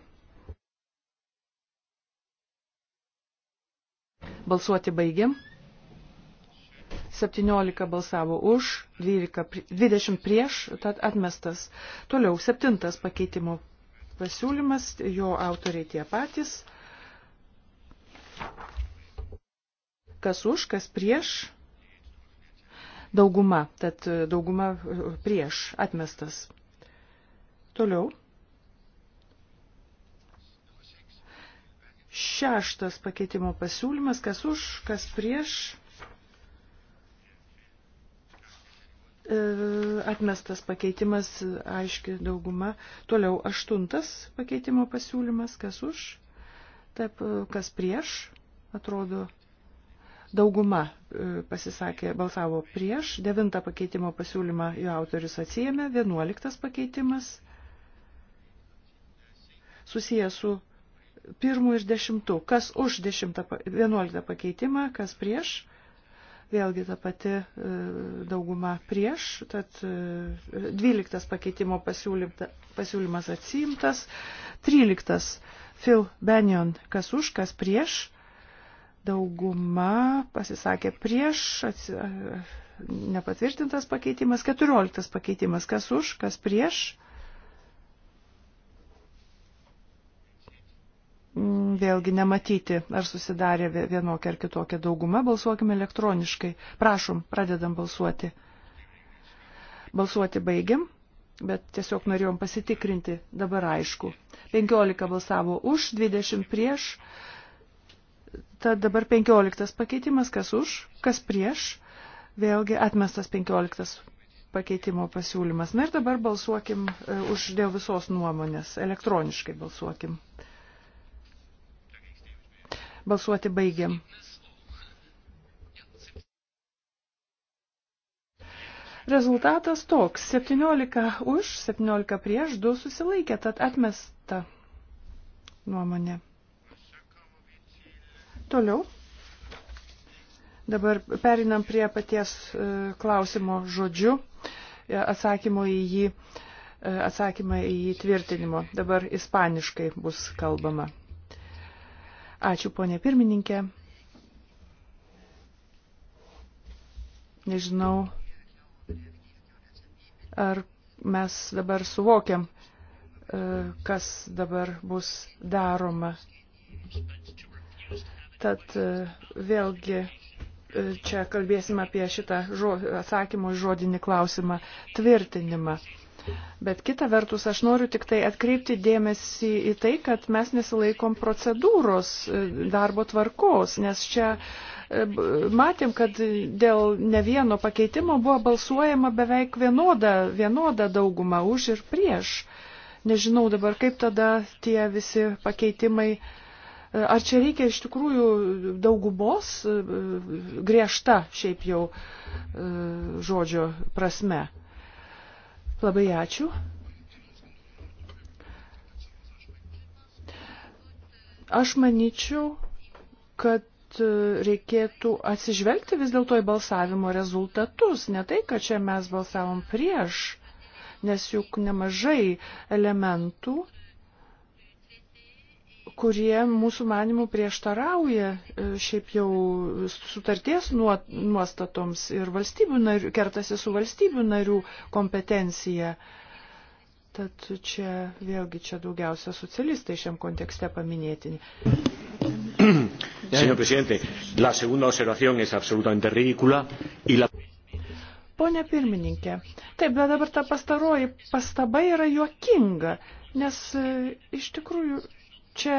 Balsuoti baigiam. 17 balsavo už, 12, 20 prieš, tad atmestas. Toliau septintas pakeitimo pasiūlymas, jo autoriai tie patys. Kas už, kas prieš. Dauguma, tad dauguma e, prieš, atmestas. Toliau. Šeštas pakeitimo pasiūlymas, kas už, kas prieš E, atmestas pakeitimas, aiški dauguma. Toliau aštuntas pakeitimo pasiūlymas, kas už, taip, e, kas prieš, atrodo, dauguma e, pasisakė, balsavo prieš, devintą pakeitimo pasiūlymą jo autorius atsijėmė, vienuoliktas pakeitimas susijęs su pirmu ir dešimtu, kas už dešimtą, vienuoliktą pakeitimą, kas prieš, vėlgi ta pati e, dauguma prieš, tad 12 e, pakeitimo pasiūlymas atsiimtas, 13 Phil Benjon kas už, kas prieš, dauguma pasisakė prieš, atsi, e, nepatvirtintas pakeitimas, 14 pakeitimas kas už, kas prieš, Mm, vėlgi nematyti, ar susidarė vienokia ar kitokia dauguma. Balsuokime elektroniškai. Prašom, pradedam balsuoti. Balsuoti baigiam, bet tiesiog norėjom pasitikrinti, dabar aišku. 15 balsavo už, 20 prieš. Tad dabar 15 pakeitimas, kas už, kas prieš. Vėlgi atmestas 15 pakeitimo pasiūlymas. Na ir dabar balsuokim e, už dėl visos nuomonės, elektroniškai balsuokim. Balsuoti baigiam. Rezultatas toks. 17 už, 17 prieš, 2 susilaikė, tad atmesta nuomonė. Toliau. Dabar perinam prie paties e, klausimo žodžiu, e, atsakymo į jį, e, atsakymą į jį tvirtinimo. Dabar ispaniškai bus kalbama. Ačiū, ponė pirmininkė. Nežinau, ar mes dabar suvokiam, e, kas dabar bus daroma. Tad e, vėlgi e, čia kalbėsim apie šitą atsakymų žodinį klausimą tvirtinimą. Bet kita vertus, aš noriu tik tai atkreipti dėmesį į tai, kad mes nesilaikom procedūros e, darbo tvarkos, nes čia e, matėm, kad dėl ne vieno pakeitimo buvo balsuojama beveik vienoda, vienoda dauguma už ir prieš. Nežinau dabar, kaip tada tie visi pakeitimai. E, ar čia reikia iš tikrųjų daugumos griežta šiaip jau žodžio prasme? Labai ačiū. Aš manyčiau, kad e, reikėtų atsižvelgti vis dėlto į balsavimo rezultatus, ne tai, kad čia mes balsavom prieš, nes juk nemažai elementų kurie mūsų manimų prieštarauja e, šiaip jau sutarties nuostatoms ir valstybių narių, kertasi su valstybių narių kompetencija. Tad čia vėlgi čia daugiausia socialistai šiam kontekste paminėtini. Señor presidente, la segunda observación es absolutamente ridícula y la. Pone pirmininkė, taip, bet dabar ta pastaroji pastaba yra juokinga, nes e, iš tikrųjų čia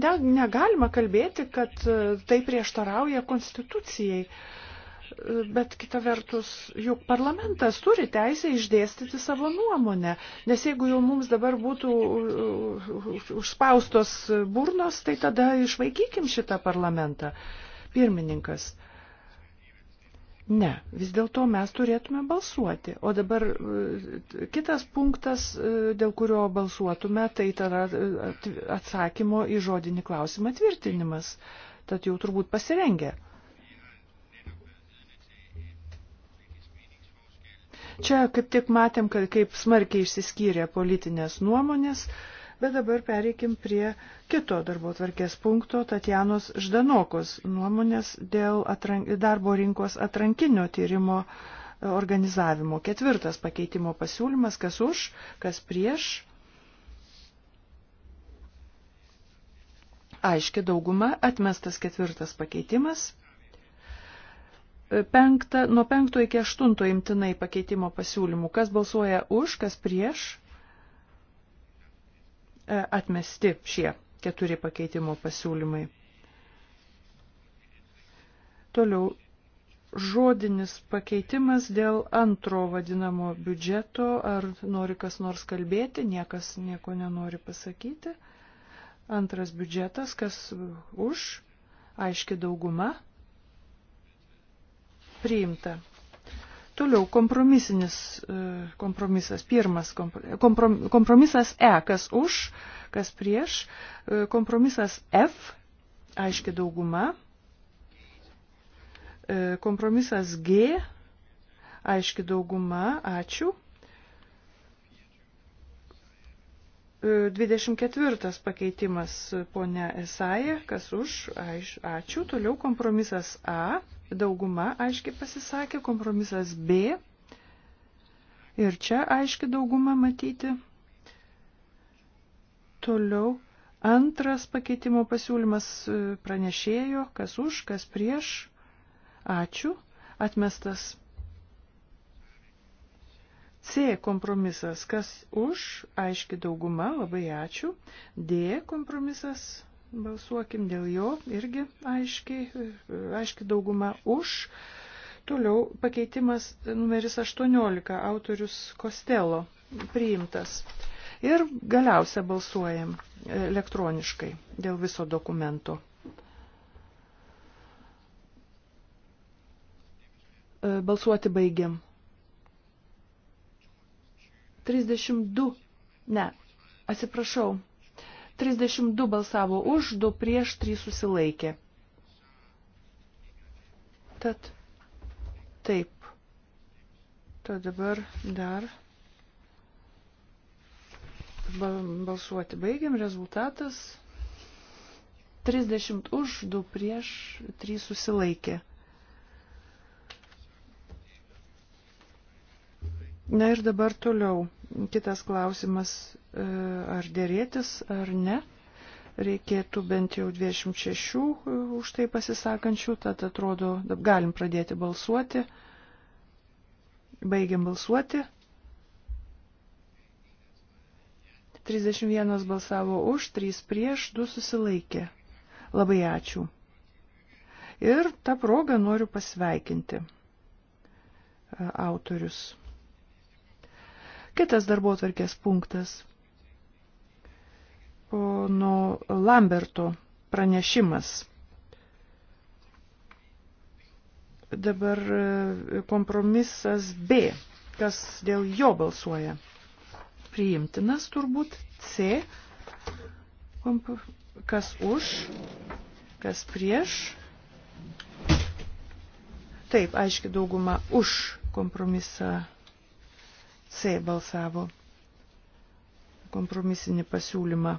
ne, negalima kalbėti, kad e, tai prieštarauja konstitucijai. E, bet kita vertus, juk parlamentas turi teisę išdėstyti savo nuomonę, nes jeigu jau mums dabar būtų e, užspaustos burnos, tai tada išvaikykim šitą parlamentą. Pirmininkas. Ne, vis dėlto mes turėtume balsuoti. O dabar e, kitas punktas, e, dėl kurio balsuotume, tai tada e, atsakymo į žodinį klausimą tvirtinimas. Tad jau turbūt pasirengę. Čia kaip tik matėm, kad kaip smarkiai išsiskyrė politinės nuomonės. Uh, Bet dabar pereikim prie kito darbo tvarkės punkto Tatjanos Ždanokos nuomonės dėl atrank, darbo rinkos atrankinio tyrimo e, organizavimo. Ketvirtas pakeitimo pasiūlymas, kas už, kas prieš. Aiški dauguma, atmestas ketvirtas pakeitimas. E, penkta, nuo penkto iki aštunto imtinai pakeitimo pasiūlymų. Kas balsuoja už, kas prieš, E, atmesti šie keturi pakeitimo pasiūlymai. Toliau žodinis pakeitimas dėl antro vadinamo biudžeto. Ar nori kas nors kalbėti? Niekas nieko nenori pasakyti. Antras biudžetas, kas už? Aiški dauguma. Priimta. Toliau kompromisinis e, kompromisas, pirmas komprom, kompromisas E, kas už, kas prieš, e, kompromisas F, aiški dauguma, e, kompromisas G, aiški dauguma, ačiū. 24 pakeitimas ponia Esaja, kas už, aiš, ačiū. Toliau kompromisas A, dauguma aiškiai pasisakė, kompromisas B. Ir čia aiški dauguma matyti. Toliau antras pakeitimo pasiūlymas e, pranešėjo, kas už, kas prieš. Ačiū. Atmestas C kompromisas, kas už, aiški dauguma, labai ačiū. D kompromisas, balsuokim dėl jo, irgi aiški, aiški dauguma už. Toliau pakeitimas numeris 18, autorius Kostelo, priimtas. Ir galiausia balsuojam elektroniškai dėl viso dokumento. Balsuoti baigiam. 32, ne, atsiprašau, 32 balsavo už, 2 prieš, 3 susilaikė. Tad taip. Tad dabar dar balsuoti baigiam, rezultatas 30 už, 2 prieš, 3 susilaikė. Na ir dabar toliau. Kitas klausimas, e, ar dėrėtis ar ne. Reikėtų bent jau 26 e, už tai pasisakančių, tad atrodo, galim pradėti balsuoti. Baigiam balsuoti. 31 balsavo už, 3 prieš, 2 susilaikė. Labai ačiū. Ir tą progą noriu pasveikinti e, autorius. Kitas darbo tvarkės punktas. Pono Lamberto pranešimas. Dabar e, kompromisas B. Kas dėl jo balsuoja? Priimtinas turbūt C. Kas už, kas prieš. Taip, aiški dauguma už kompromisą C balsavo kompromisinį pasiūlymą.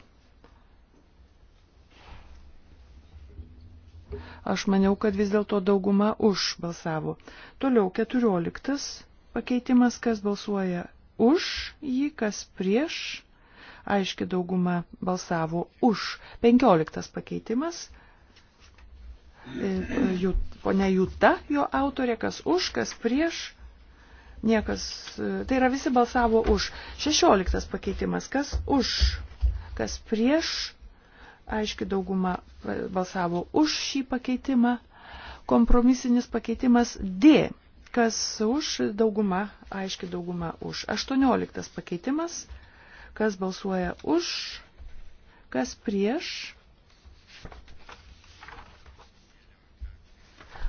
Aš maniau, kad vis dėlto dauguma už balsavo. Toliau 14 pakeitimas, kas balsuoja už jį, kas prieš. Aiški dauguma balsavo už. 15 pakeitimas. E, e, ponia Juta, jo autorė, kas už, kas prieš Niekas, tai yra visi balsavo už. 16 pakeitimas, kas už, kas prieš, aiški dauguma balsavo už šį pakeitimą. Kompromisinis pakeitimas D, kas už, dauguma, aiški dauguma už. 18 pakeitimas, kas balsuoja už, kas prieš.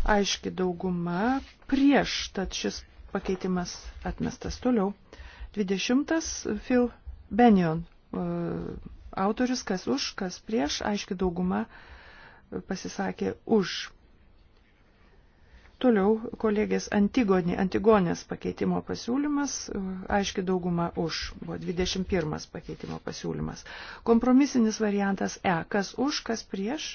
aiški dauguma prieš, tad šis pakeitimas atmestas toliau. 20. Phil Benion e, autorius, kas už, kas prieš, aiški dauguma e, pasisakė už. Toliau kolegės Antigonė, Antigonės pakeitimo pasiūlymas, e, aiški dauguma už, buvo 21 pakeitimo pasiūlymas. Kompromisinis variantas E, kas už, kas prieš,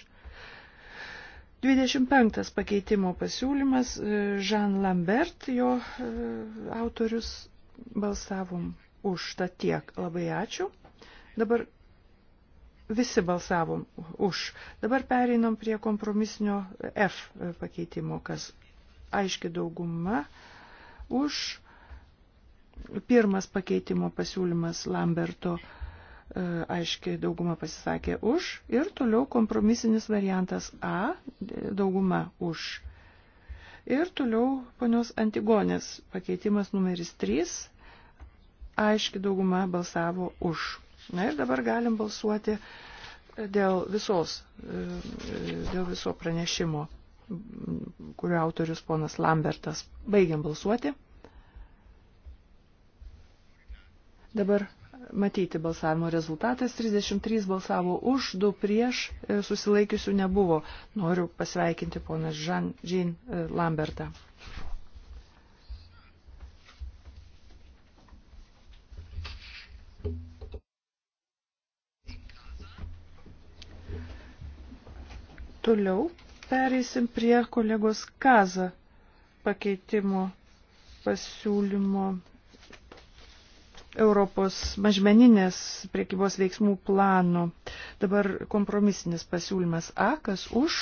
25 pakeitimo pasiūlymas, e, Jean Lambert, jo e, autorius, balsavom už tą tiek. Labai ačiū. Dabar visi balsavom už. Dabar pereinam prie kompromisinio F e, pakeitimo, kas aiški dauguma už. Pirmas pakeitimo pasiūlymas Lamberto E, aiškiai dauguma pasisakė už ir toliau kompromisinis variantas A, dauguma už. Ir toliau ponios Antigonės pakeitimas numeris 3, aiškiai dauguma balsavo už. Na ir dabar galim balsuoti dėl visos, e, dėl viso pranešimo, kurio autorius ponas Lambertas. Baigiam balsuoti. Dabar matyti balsavimo rezultatas. 33 balsavo už, 2 prieš, e, susilaikiusių nebuvo. Noriu pasveikinti ponas Žan Žin e, Lambertą. Toliau pereisim prie kolegos Kaza pakeitimo pasiūlymo Europos mažmeninės priekybos veiksmų plano. Dabar kompromisinis pasiūlymas A, kas už.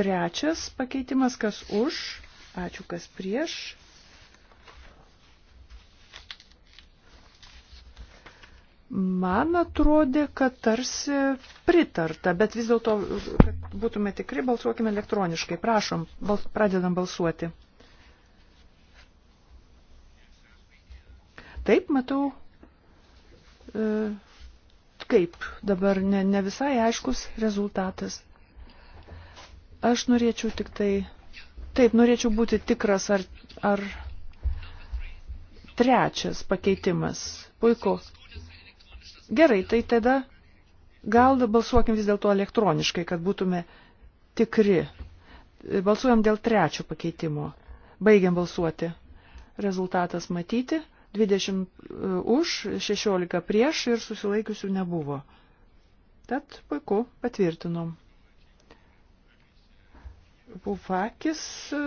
Trečias pakeitimas, kas už. Ačiū, kas prieš. Man atrodė, kad tarsi pritarta, bet vis dėlto, kad būtume tikri, balsuokime elektroniškai. Prašom, bal, pradedam balsuoti. taip matau, e, kaip dabar ne, ne visai aiškus rezultatas. Aš norėčiau tik tai, taip, norėčiau būti tikras, ar, ar trečias pakeitimas. Puiku. Gerai, tai tada gal balsuokim vis dėlto elektroniškai, kad būtume tikri. Balsuojam dėl trečio pakeitimo. Baigiam balsuoti. Rezultatas matyti. 20 e, už, 16 prieš ir susilaikiusių nebuvo. Tad puiku, patvirtinom. Pufakis e,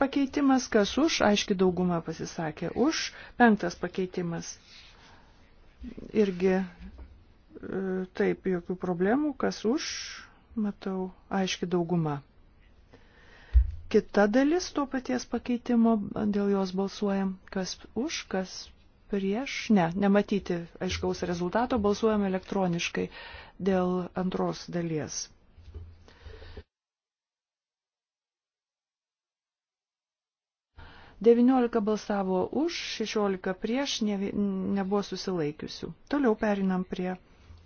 pakeitimas, kas už, aiški dauguma pasisakė už, penktas pakeitimas. Irgi e, taip, jokių problemų, kas už, matau, aiški dauguma kita dalis to paties pakeitimo, dėl jos balsuojam, kas už, kas prieš. Ne, nematyti aiškaus rezultato, balsuojam elektroniškai dėl antros dalies. Devyniolika balsavo už, šešiolika prieš, ne, nebuvo susilaikiusių. Toliau perinam prie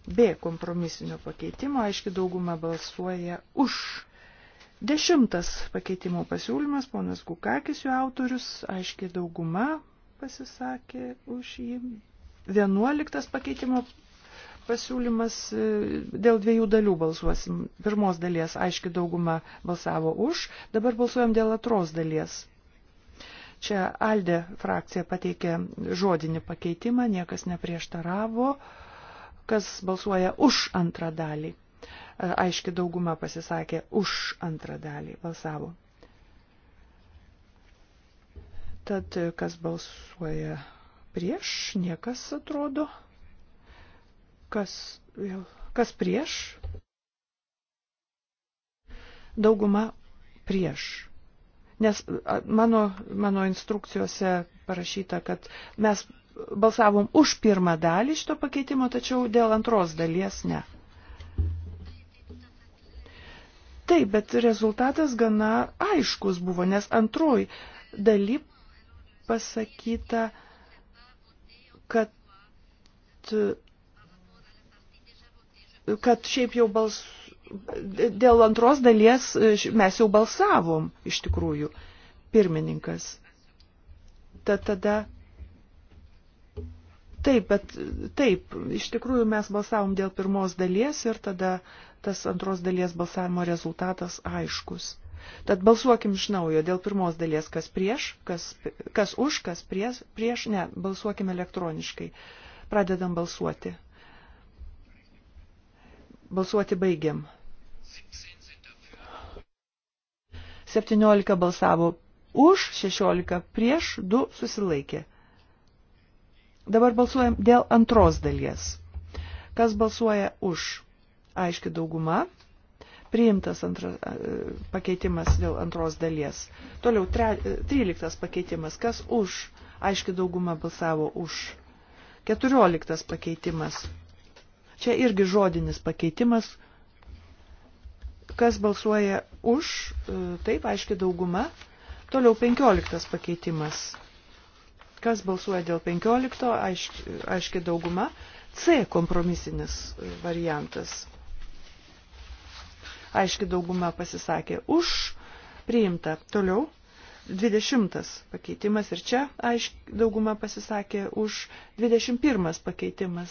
B kompromisinio pakeitimo, aiški dauguma balsuoja už Dešimtas pakeitimo pasiūlymas, ponas Gukakis, jų autorius, aiškiai dauguma pasisakė už jį. Vienuoliktas pakeitimo pasiūlymas e, dėl dviejų dalių balsuosim. Pirmos dalies aiški dauguma balsavo už, dabar balsuojam dėl atros dalies. Čia Alde frakcija pateikė žodinį pakeitimą, niekas neprieštaravo, kas balsuoja už antrą dalį. E, aiški dauguma pasisakė už antrą dalį, balsavo. Tad kas balsuoja prieš, niekas atrodo. Kas, vėl, kas prieš? Dauguma prieš. Nes mano, mano instrukcijose parašyta, kad mes balsavom už pirmą dalį šito pakeitimo, tačiau dėl antros dalies ne. Taip, bet rezultatas gana aiškus buvo, nes antroji daly pasakyta, kad kad šiaip jau bals, dėl antros dalies mes jau balsavom iš tikrųjų pirmininkas. Tad tada Taip, bet taip, iš tikrųjų mes balsavom dėl pirmos dalies ir tada tas antros dalies balsavimo rezultatas aiškus. Tad balsuokim iš naujo dėl pirmos dalies, kas prieš, kas, kas už, kas prieš, prieš, ne, balsuokim elektroniškai. Pradedam balsuoti. Balsuoti baigiam. 17 balsavo už, 16 prieš, 2 susilaikė. Dabar balsuojam dėl antros dalies. Kas balsuoja už? Aiški dauguma. Priimtas antra, e, pakeitimas dėl antros dalies. Toliau tre, 13 e, pakeitimas. Kas už? Aiški dauguma balsavo už. 14 pakeitimas. Čia irgi žodinis pakeitimas. Kas balsuoja už? E, taip, aiški dauguma. Toliau 15 pakeitimas Kas balsuoja dėl 15, aiški, aiški dauguma. C kompromisinis e, variantas. Aiški dauguma pasisakė už, priimta. Toliau 20 pakeitimas ir čia aiški dauguma pasisakė už 21 pakeitimas.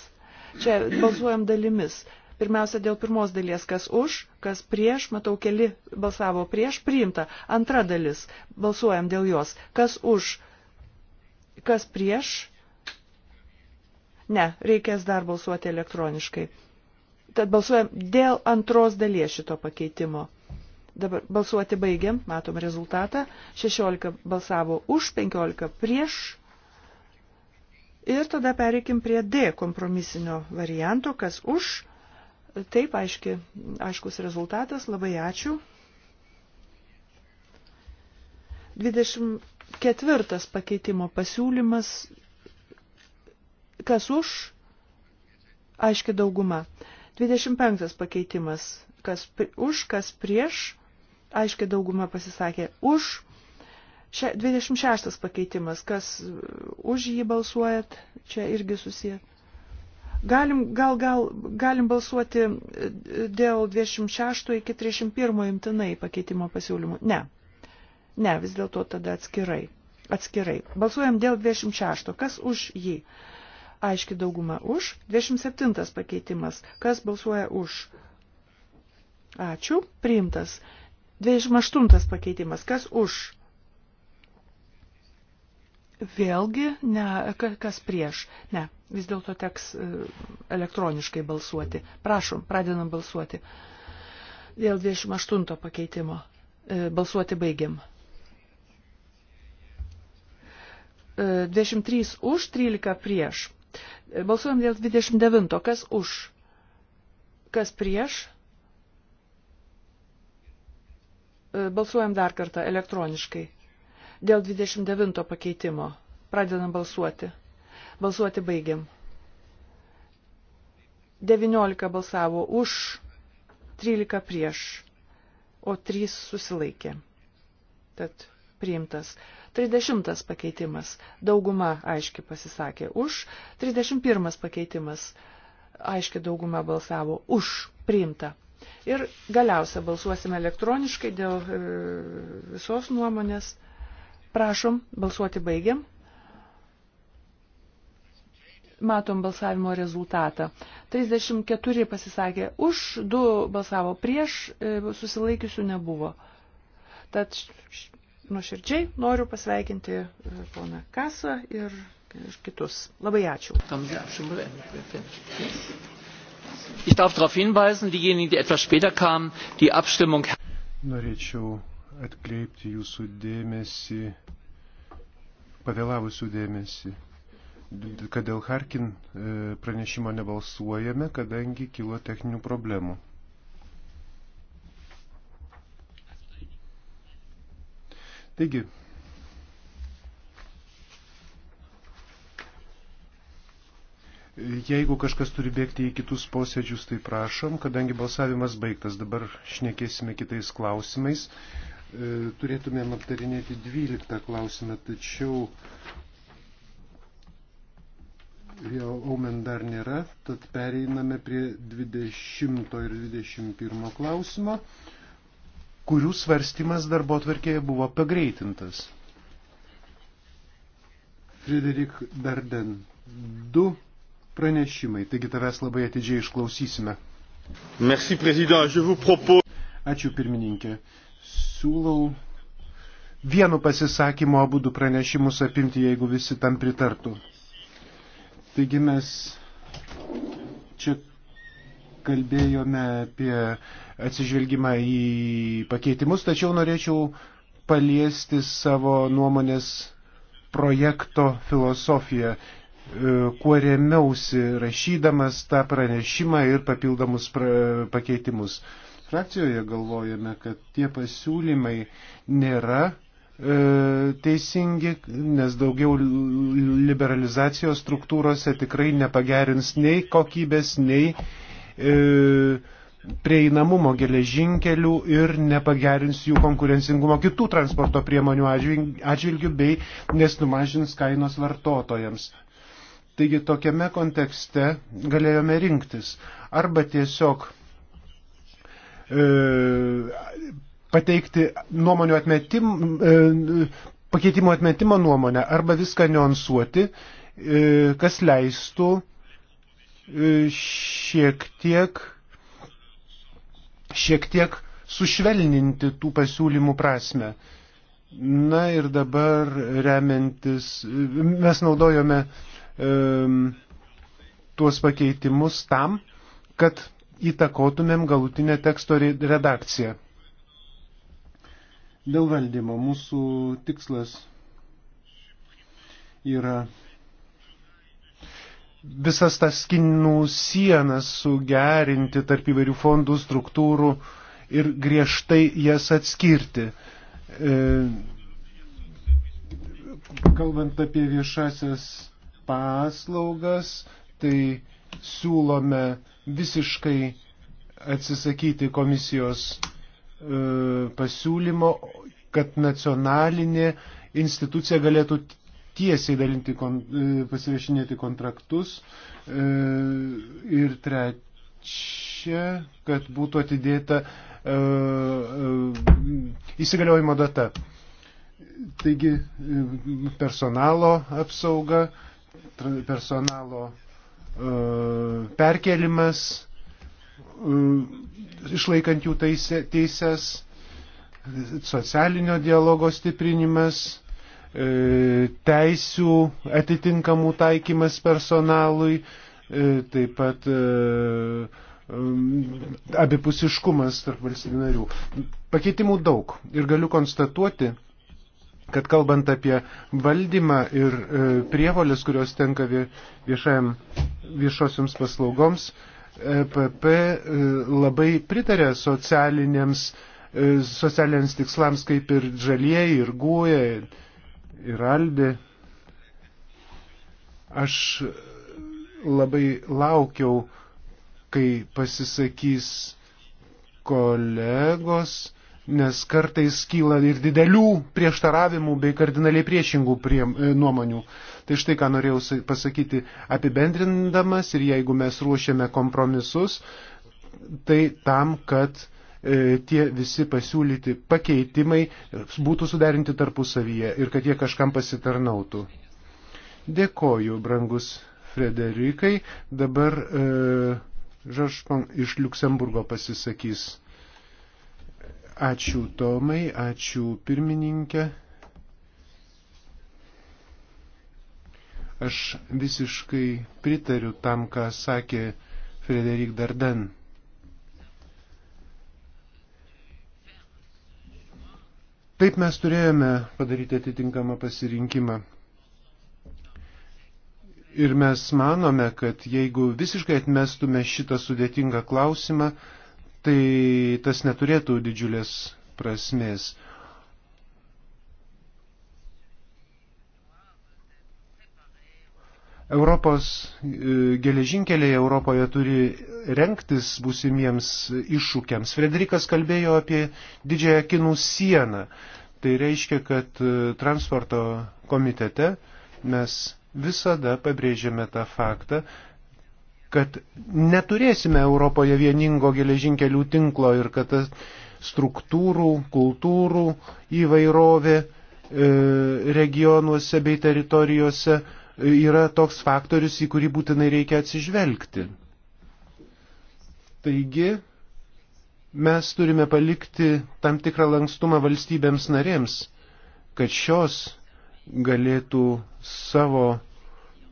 Čia balsuojam dalimis. Pirmiausia, dėl pirmos dalies, kas už, kas prieš, matau, keli balsavo prieš, priimta. Antra dalis, balsuojam dėl jos, kas už, Kas prieš? Ne, reikės dar balsuoti elektroniškai. Tad balsuojam dėl antros dalies šito pakeitimo. Dabar balsuoti baigiam, matom rezultatą. 16 balsavo už, 15 prieš. Ir tada pereikim prie D kompromisinio varianto, kas už. Taip, aiški, aiškus rezultatas, labai ačiū. 20, Ketvirtas pakeitimo pasiūlymas. Kas už? Aiški dauguma. 25 pakeitimas. Kas už, kas prieš? Aiški dauguma pasisakė už. 26 pakeitimas, kas už jį balsuojat, čia irgi susiję. Galim, gal, gal, galim balsuoti dėl 26 iki 31 imtinai pakeitimo pasiūlymų. Ne, Ne, vis dėlto tada atskirai. Atskirai. Balsuojam dėl 26. Kas už jį? Aiški dauguma už. 27 pakeitimas. Kas balsuoja už? Ačiū. Priimtas. 28 pakeitimas. Kas už? Vėlgi, ne, kas prieš? Ne, vis dėlto teks e, elektroniškai balsuoti. Prašom, pradedam balsuoti. Dėl 28 pakeitimo. E, balsuoti baigiam. 23 už, 13 prieš. Balsuojam dėl 29. Kas už? Kas prieš? Balsuojam dar kartą elektroniškai. Dėl 29 pakeitimo. Pradedam balsuoti. Balsuoti baigiam. 19 balsavo už, 13 prieš, o 3 susilaikė. Tad priimtas. 30 pakeitimas. Dauguma aiškiai pasisakė už. 31 pakeitimas. Aiškiai dauguma balsavo už. Priimta. Ir galiausia balsuosime elektroniškai dėl e, visos nuomonės. Prašom, balsuoti baigiam. Matom balsavimo rezultatą. 34 pasisakė už, 2 balsavo prieš, e, susilaikiusių nebuvo. Tad nuoširdžiai noriu pasveikinti e, poną Kasą ir, ir kitus. Labai ačiū. Ich darf darauf hinweisen, diejenigen, die etwas später kamen, die Abstimmung. Norėčiau atkreipti jūsų dėmesį, pavėlavusių dėmesį, kad dėl Harkin e, pranešimo nebalsuojame, kadangi kilo techninių problemų. Taigi, jeigu kažkas turi bėgti į kitus posėdžius, tai prašom, kadangi balsavimas baigtas, dabar šnekėsime kitais klausimais. E, turėtumėm aptarinėti 12 klausimą, tačiau jau aumen dar nėra, tad pereiname prie 20 ir 21 klausimo kurių svarstymas darbo tvarkėje buvo pagreitintas. Frederik Darden, du pranešimai, taigi tavęs labai atidžiai išklausysime. Merci, prezident, je vous propose. Ačiū pirmininkė. Siūlau vienu pasisakymu abu du pranešimus apimti, jeigu visi tam pritartų. Taigi mes čia kalbėjome apie atsižvelgimą į pakeitimus, tačiau norėčiau paliesti savo nuomonės projekto filosofiją, e, kuo remiausi rašydamas tą pranešimą ir papildomus pra pakeitimus. Frakcijoje galvojame, kad tie pasiūlymai nėra e, teisingi, nes daugiau liberalizacijos struktūrose tikrai nepagerins nei kokybės, nei E, prieinamumo geležinkelių ir nepagerins jų konkurencingumo kitų transporto priemonių atžvilgių bei nesumažins kainos vartotojams. Taigi tokiame kontekste galėjome rinktis arba tiesiog e, pateikti nuomonių atmetim, e, pakeitimo atmetimo nuomonę arba viską niuansuoti, e, kas leistų e, E, šiek tiek, šiek tiek sušvelninti tų pasiūlymų prasme. Na ir dabar remiantis, mes naudojome e, tuos pakeitimus tam, kad įtakotumėm galutinę teksto redakciją. Dėl valdymo mūsų tikslas yra visas tas kinų sienas sugerinti tarp įvairių fondų struktūrų ir griežtai jas atskirti. E, kalbant apie viešasias paslaugas, tai siūlome visiškai atsisakyti komisijos e, pasiūlymo, kad nacionalinė institucija galėtų tiesiai dalinti, kon, e, pasirašinėti kontraktus. E, ir trečia, kad būtų atidėta e, įsigaliojimo data. Taigi personalo apsauga, personalo perkelimas, išlaikant jų teises, socialinio dialogo stiprinimas, E, teisių atitinkamų taikymas personalui, e, taip pat e, abipusiškumas tarp valstybių narių. Pakeitimų daug ir galiu konstatuoti, kad kalbant apie valdymą ir prievolės, kurios tenka viešajam, viešosioms paslaugoms, EPP labai pritarė socialiniams, socialiniams tikslams kaip ir žalieji, ir guoja, ir Aldė. Aš labai laukiau, kai pasisakys kolegos, nes kartais kyla ir didelių prieštaravimų bei kardinaliai priešingų prie, e, nuomonių. Tai štai ką norėjau pasakyti apibendrindamas ir jeigu mes ruošiame kompromisus, tai tam, kad E, tie visi pasiūlyti pakeitimai būtų suderinti tarpusavyje ir kad jie kažkam pasitarnautų. Dėkoju, brangus Frederikai. Dabar e, Žašpan iš Luksemburgo pasisakys. Ačiū Tomai, ačiū pirmininkė. Aš visiškai pritariu tam, ką sakė Frederik Dardan. Taip mes turėjome padaryti atitinkamą pasirinkimą. Ir mes manome, kad jeigu visiškai atmestume šitą sudėtingą klausimą, tai tas neturėtų didžiulės prasmės. Europos e, geležinkeliai Europoje turi renktis būsimiems iššūkiams. Frederikas kalbėjo apie didžiąją kinų sieną. Tai reiškia, kad e, transporto komitete mes visada pabrėžėme tą faktą, kad neturėsime Europoje vieningo geležinkelių tinklo ir kad struktūrų, kultūrų įvairovė e, regionuose bei teritorijose yra toks faktorius, į kurį būtinai reikia atsižvelgti. Taigi, mes turime palikti tam tikrą lankstumą valstybėms narėms, kad šios galėtų savo,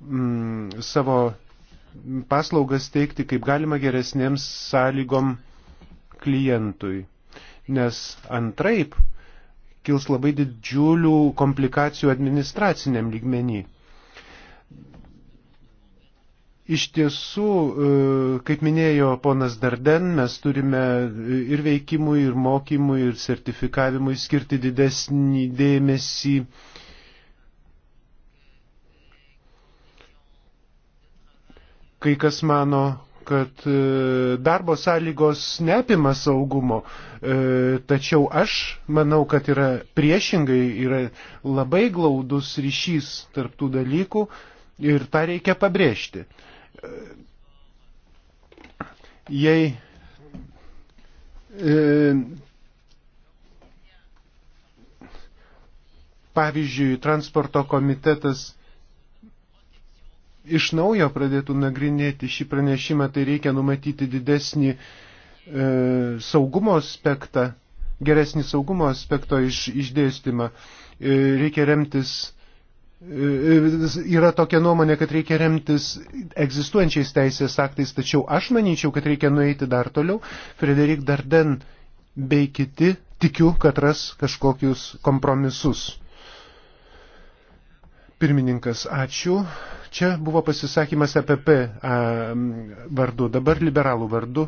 mm, savo paslaugas teikti kaip galima geresnėms sąlygom klientui. Nes antraip kils labai didžiulių komplikacijų administraciniam lygmenį. Iš tiesų, e, kaip minėjo ponas Darden, mes turime e, ir veikimui, ir mokymui, ir sertifikavimui skirti didesnį dėmesį. Kai kas mano, kad e, darbo sąlygos neapima saugumo, tačiau aš manau, kad yra priešingai, yra labai glaudus ryšys tarptų dalykų ir tą reikia pabrėžti. Jei e, pavyzdžiui, transporto komitetas iš naujo pradėtų nagrinėti šį pranešimą, tai reikia numatyti didesnį e, saugumo aspektą, geresnį saugumo aspekto iš, išdėstymą. E, reikia remtis Yra tokia nuomonė, kad reikia remtis egzistuojančiais teisės aktais, tačiau aš manyčiau, kad reikia nueiti dar toliau. Frederik Darden bei kiti tikiu, kad ras kažkokius kompromisus. Pirmininkas, ačiū. Čia buvo pasisakymas EPP vardu, dabar liberalų vardu.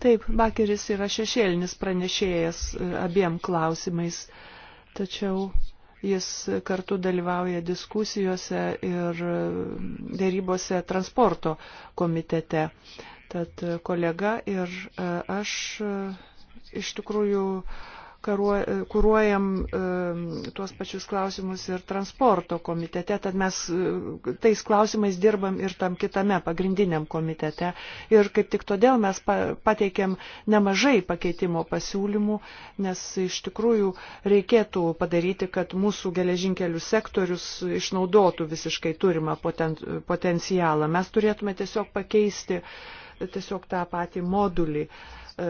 Taip, Bakeris yra šešėlinis pranešėjas e, abiem klausimais, tačiau Jis kartu dalyvauja diskusijose ir dėrybose transporto komitete. Tad kolega ir e, aš e, iš tikrųjų kūruojam tuos pačius klausimus ir transporto komitete, tad mes e, tais klausimais dirbam ir tam kitame pagrindiniam komitete. Ir kaip tik todėl mes pateikėm nemažai pakeitimo pasiūlymų, nes iš tikrųjų reikėtų padaryti, kad mūsų geležinkelių sektorius išnaudotų visiškai turimą poten, potencialą. Mes turėtume tiesiog pakeisti tiesiog tą patį modulį. Uh, E,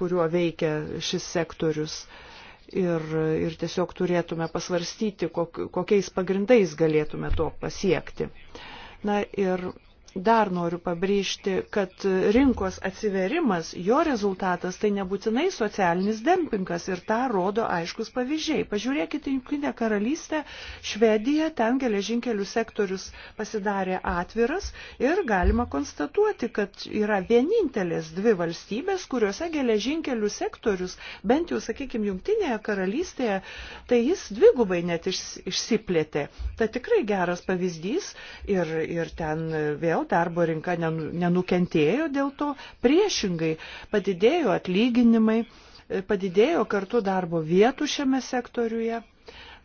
kuriuo veikia šis sektorius. Ir, ir tiesiog turėtume pasvarstyti, kokiais pagrindais galėtume to pasiekti. Na ir Dar noriu pabrėžti, kad rinkos atsiverimas, jo rezultatas tai nebūtinai socialinis dempingas ir tą rodo aiškus pavyzdžiai. Pažiūrėkite, Junktinė karalystė, Švedija, ten geležinkelių sektorius pasidarė atviras ir galima konstatuoti, kad yra vienintelės dvi valstybės, kuriuose geležinkelių sektorius, bent jau, sakykime, Junktinėje karalystėje, tai jis dvigubai net išsiplėtė. Tai tikrai geras pavyzdys ir, ir ten vėl darbo rinka nenukentėjo dėl to, priešingai padidėjo atlyginimai, e, padidėjo kartu darbo vietų šiame sektoriuje.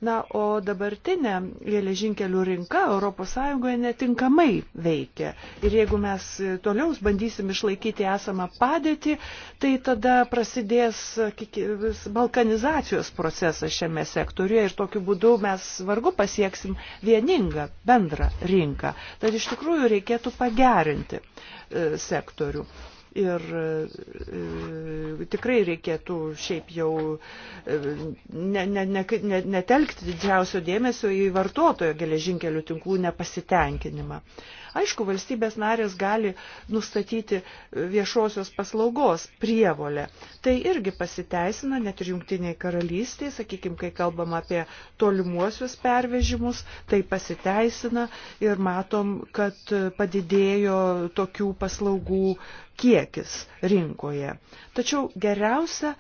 Na, o dabartinė geležinkelių rinka ES netinkamai veikia. Ir jeigu mes toliau bandysim išlaikyti esamą padėtį, tai tada prasidės balkanizacijos procesas šiame sektoriuje ir tokiu būdu mes vargu pasieksim vieningą bendrą rinką. Tad iš tikrųjų reikėtų pagerinti e, sektorių ir e, tikrai reikėtų šiaip jau ne, ne, ne, ne, netelkti didžiausio dėmesio į vartotojo geležinkelių tinklų nepasitenkinimą. E, Aišku, valstybės narės gali nustatyti viešosios paslaugos prievolę. Tai irgi pasiteisina net ir jungtiniai karalystiai, sakykime, kai kalbam apie tolimuosius pervežimus, tai pasiteisina ir matom, kad padidėjo tokių paslaugų kiekis rinkoje. Tačiau geriausia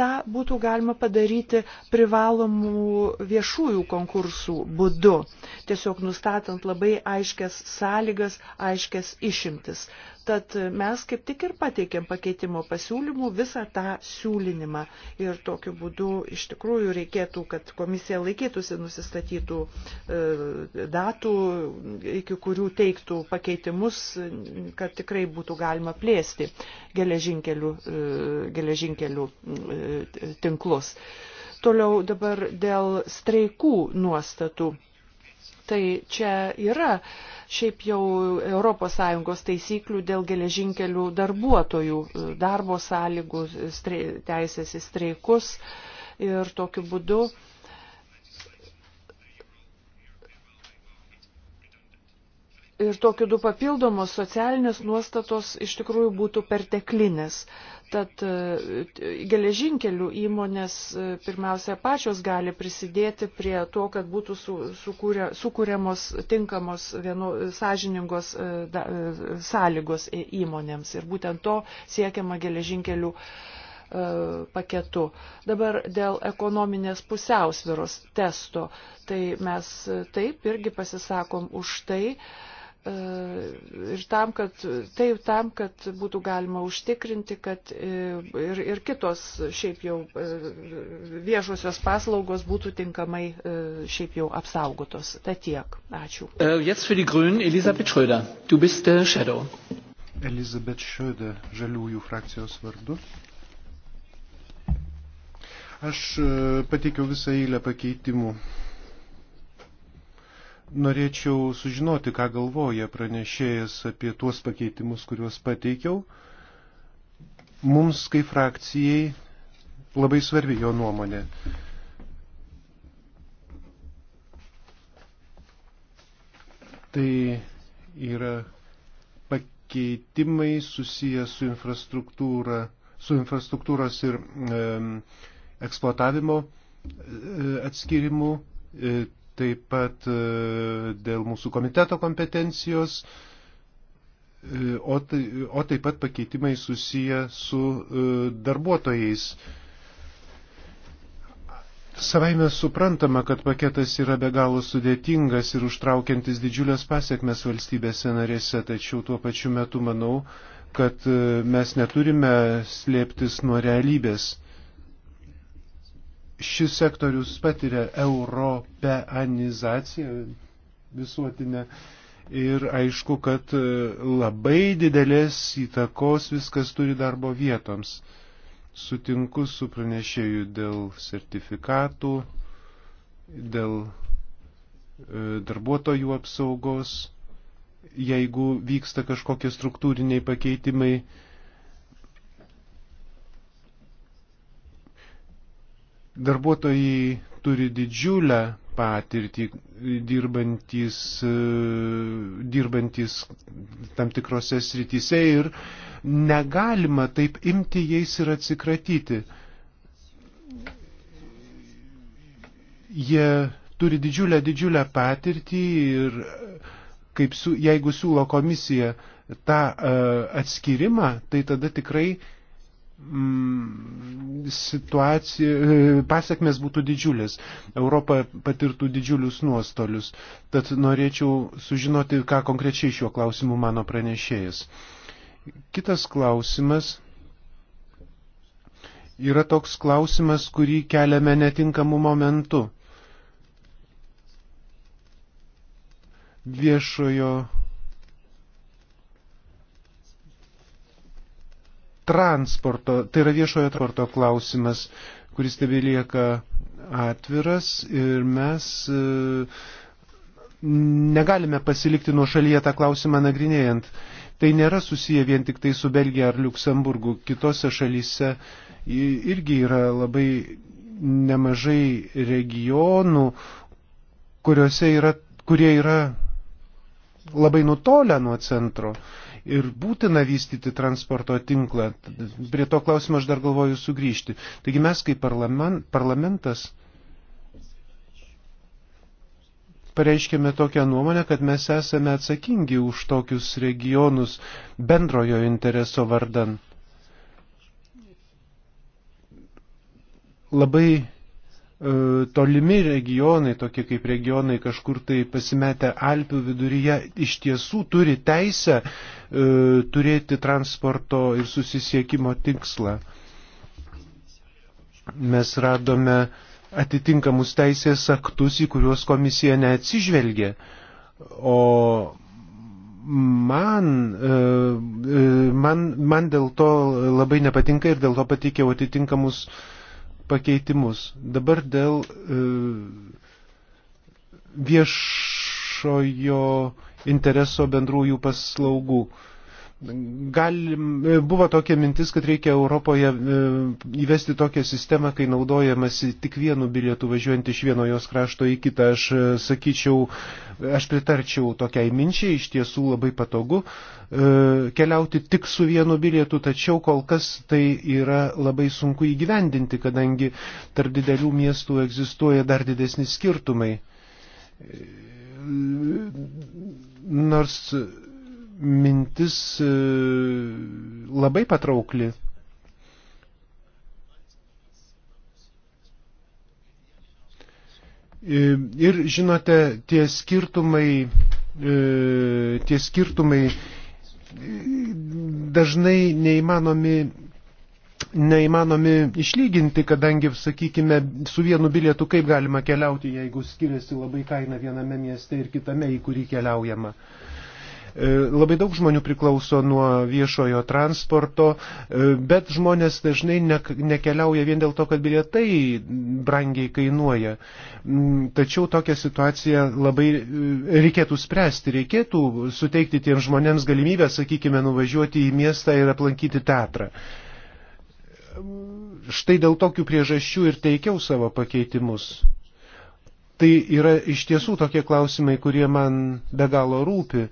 tą būtų galima padaryti privalomų viešųjų konkursų būdu, tiesiog nustatant labai aiškias sąlygas, aiškias išimtis. Tad mes kaip tik ir pateikėm pakeitimo pasiūlymų visą tą siūlinimą. Ir tokiu būdu iš tikrųjų reikėtų, kad komisija laikytųsi nusistatytų e, datų, iki kurių teiktų pakeitimus, kad tikrai būtų galima plėsti geležinkelių, e, geležinkelių e, tinklus. Toliau dabar dėl streikų nuostatų tai čia yra šiaip jau ES taisyklių dėl geležinkelių darbuotojų darbo sąlygų, teisės į streikus ir tokiu būdu ir tokiu du papildomos socialinės nuostatos iš tikrųjų būtų perteklinės. Tad e, geležinkelių įmonės e, pirmiausia pačios gali prisidėti prie to, kad būtų su, sukūrė, sukūrėmos tinkamos vienu, sąžiningos e, da, sąlygos įmonėms. Ir būtent to siekiama geležinkelių paketu. Dabar dėl ekonominės pusiausviros testo, tai mes taip irgi pasisakom už tai, E, ir tam, kad, taip tam, kad būtų galima užtikrinti, kad e, ir, ir kitos šiaip jau e, viešosios paslaugos būtų tinkamai šiaip jau apsaugotos. Ta tiek. Ačiū. Jetzt für die Grünen, Elisabeth Schröder. Du bist der Shadow. Elisabeth Schröder, žaliųjų frakcijos vardu. Aš pateikiau visą eilę pakeitimų Norėčiau sužinoti, ką galvoja pranešėjas apie tuos pakeitimus, kuriuos pateikiau. Mums kaip frakcijai labai svarbi jo nuomonė. Tai yra pakeitimai susijęs su infrastruktūra, su infrastruktūros ir e, eksploatavimo e, atskirimu, e, taip pat e, dėl mūsų komiteto kompetencijos, e, o, tai, o taip pat pakeitimai susiję su e, darbuotojais. Savaime suprantama, kad paketas yra be galo sudėtingas ir užtraukiantis didžiulės pasiekmes valstybėse narėse, tačiau tuo pačiu metu manau, kad mes neturime slėptis nuo realybės šis sektorius patiria europeanizaciją visuotinę. Ir aišku, kad e, labai didelės įtakos viskas turi darbo vietoms. Sutinku su pranešėju dėl sertifikatų, dėl e, darbuotojų apsaugos, jeigu vyksta kažkokie struktūriniai pakeitimai, Darbuotojai turi didžiulę patirtį dirbantis, e, dirbantis tam tikrose srityse ir negalima taip imti jais ir atsikratyti. Jie turi didžiulę, didžiulę patirtį ir kaip su, jeigu siūlo komisija tą uh, e, atskirimą, tai tada tikrai uh, Mm, situacija, e, pasiekmes būtų didžiulis, Europa patirtų didžiulius nuostolius. Tad norėčiau sužinoti, ką konkrečiai šiuo klausimu mano pranešėjas. Kitas klausimas yra toks klausimas, kurį keliame netinkamu momentu. Viešojo transporto, tai yra viešojo transporto klausimas, kuris tebelieka atviras ir mes e, negalime pasilikti nuo šalyje tą klausimą nagrinėjant. Tai nėra susiję vien tik tai su Belgija ar Luksemburgu. Kitose šalyse irgi yra labai nemažai regionų, kuriuose yra, kurie yra labai nutolę nuo centro. Uh, ir būtina vystyti transporto tinklą. Prie to klausimo aš dar galvoju sugrįžti. Taigi mes kaip parlament, parlamentas pareiškėme tokią nuomonę, kad mes esame atsakingi už tokius regionus bendrojo intereso vardan. Labai E, tolimi regionai, tokie kaip regionai kažkur tai pasimetę Alpių viduryje, iš tiesų turi teisę e, turėti transporto ir susisiekimo tikslą. Mes radome atitinkamus teisės aktus, į kuriuos komisija neatsižvelgė. O man, e, e man, man dėl to labai nepatinka ir dėl to pateikiau atitinkamus e, pakeitimus. Dabar dėl e, viešojo intereso bendrųjų paslaugų. E, Galim, e, buvo tokia mintis, kad reikia Europoje e, įvesti tokią sistemą, kai naudojamasi tik vienu bilietu važiuojant iš vieno jos krašto į kitą. Aš e, sakyčiau, aš pritarčiau tokiai minčiai, iš tiesų labai patogu keliauti tik su vienu bilietu, tačiau kol kas tai yra labai sunku įgyvendinti, kadangi tarp didelių miestų egzistuoja dar didesni skirtumai. Nors mintis e, labai patraukli. E, ir žinote, tie skirtumai, e, tie skirtumai dažnai neįmanomi, neįmanomi išlyginti, kadangi, sakykime, su vienu bilietu kaip galima keliauti, jeigu skiriasi labai kaina viename mieste ir kitame, į kurį keliaujama. Uh, E, labai daug žmonių priklauso nuo viešojo transporto, e, bet žmonės dažnai nekeliauja vien dėl to, kad bilietai brangiai kainuoja. Mm, tačiau tokią situaciją labai e, reikėtų spręsti, reikėtų suteikti tiems žmonėms galimybę, sakykime, nuvažiuoti į miestą ir aplankyti teatrą štai dėl tokių priežasčių ir teikiau savo pakeitimus. Tai yra iš tiesų tokie klausimai, kurie man be galo rūpi.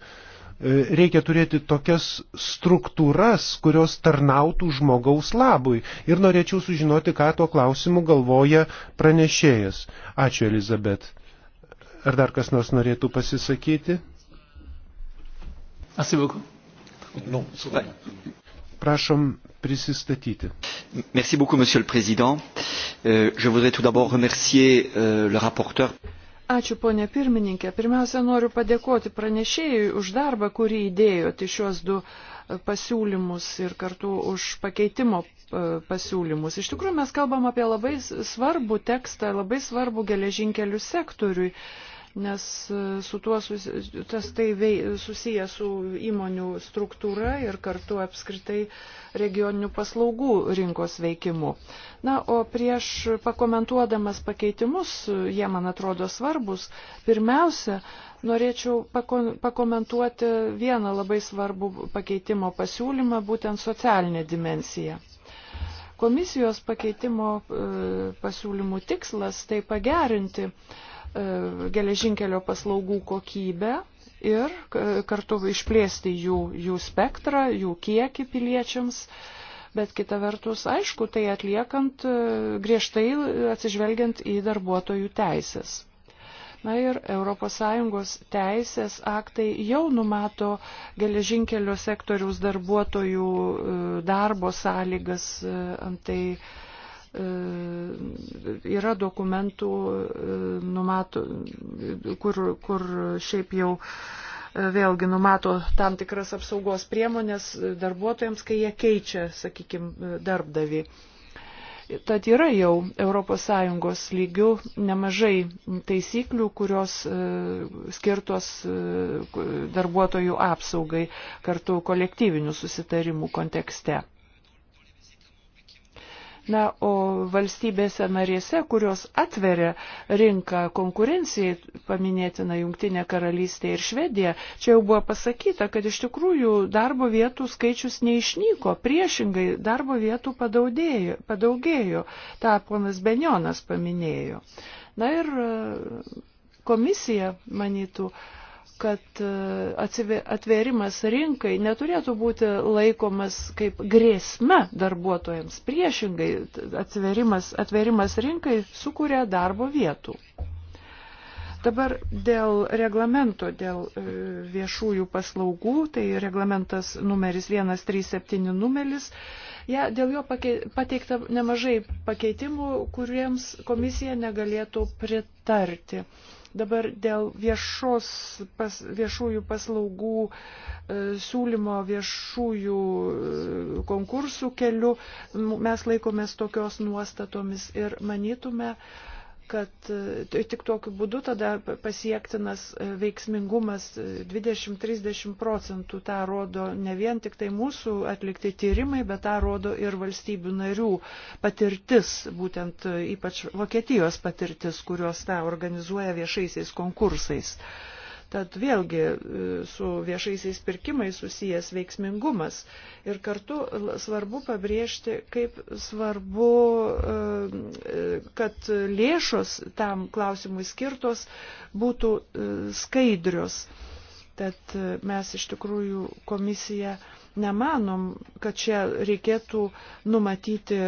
E, reikia turėti tokias struktūras, kurios tarnautų žmogaus labui. Ir norėčiau sužinoti, ką tuo klausimu galvoja pranešėjas. Ačiū, Elizabet. Ar dar kas nors norėtų pasisakyti? Prašom prisistatyti. Merci beaucoup, Monsieur le Président. Euh, je voudrais tout d'abord remercier euh, le rapporteur. Ačiū, ponė pirmininkė. Pirmiausia, noriu padėkoti pranešėjui už darbą, kurį įdėjote šios du e, pasiūlymus ir kartu už pakeitimo e, pasiūlymus. Iš tikrųjų, mes kalbam apie labai svarbų tekstą, labai svarbų geležinkelių sektoriui nes e, su tuo susi, tas tai vei, susiję su įmonių struktūra ir kartu apskritai regioninių paslaugų rinkos veikimu. Na, o prieš pakomentuodamas pakeitimus, jie man atrodo svarbus, pirmiausia, norėčiau pakomentuoti vieną labai svarbų pakeitimo pasiūlymą, būtent socialinę dimensiją. Komisijos pakeitimo e, pasiūlymų tikslas tai pagerinti uh, E, geležinkelio paslaugų kokybę ir e, kartu išplėsti jų, jų spektrą, jų kiekį piliečiams. Bet kita vertus, aišku, tai atliekant e, griežtai atsižvelgiant į darbuotojų teisės. Na ir ES teisės aktai jau numato geležinkelio sektoriaus darbuotojų darbo sąlygas, antai E, yra dokumentų, e, numato, kur, kur šiaip jau e, vėlgi numato tam tikras apsaugos priemonės darbuotojams, kai jie keičia, sakykime, darbdavį. Tad yra jau ES lygių nemažai taisyklių, kurios skirtos darbuotojų apsaugai kartu kolektyvinių susitarimų kontekste. Na, o valstybėse narėse, kurios atveria rinką konkurencijai, paminėtina Junktinė karalystė ir Švedija, čia jau buvo pasakyta, kad iš tikrųjų darbo vietų skaičius neišnyko, priešingai darbo vietų padaugėjo, padaugėjo tą ponas Benjonas paminėjo. Na ir e, komisija, manytų, kad e, atvėrimas rinkai neturėtų būti laikomas kaip grėsme darbuotojams. Priešingai, atvėrimas, atvėrimas rinkai sukuria darbo vietų. Dabar dėl reglamento, dėl e, viešųjų paslaugų, tai reglamentas numeris 137 numeris, ja, dėl jo pateikta nemažai pakeitimų, kuriems komisija negalėtų pritarti. Dabar dėl viešos, pas, viešųjų paslaugų e, siūlymo viešųjų e, konkursų keliu mes laikomės tokios nuostatomis ir manytume, e, kad e, tai tik tokiu būdu tada pasiektinas e, veiksmingumas 20-30 e, procentų. Ta rodo ne vien tik tai mūsų atlikti tyrimai, bet tą rodo ir valstybių narių patirtis, būtent ypač Vokietijos patirtis, kurios tą organizuoja viešaisiais konkursais. Uh, Tad vėlgi e, su viešaisiais pirkimais susijęs veiksmingumas. Ir kartu svarbu pabrėžti, kaip svarbu, e, e, kad lėšos tam klausimui skirtos būtų skaidrios. Tad mes iš tikrųjų komisiją nemanom, kad čia reikėtų numatyti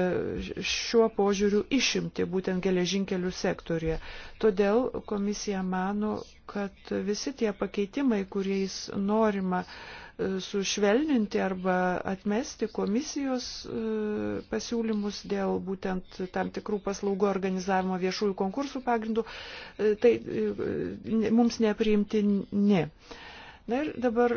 šiuo požiūriu išimti būtent geležinkelių sektorija. Todėl komisija mano, kad visi tie pakeitimai, kuriais norima e, sušvelninti arba atmesti komisijos e, pasiūlymus dėl būtent tam tikrų paslaugų organizavimo viešųjų konkursų pagrindų, e, tai mums nepriimtini. Ne. Na ir dabar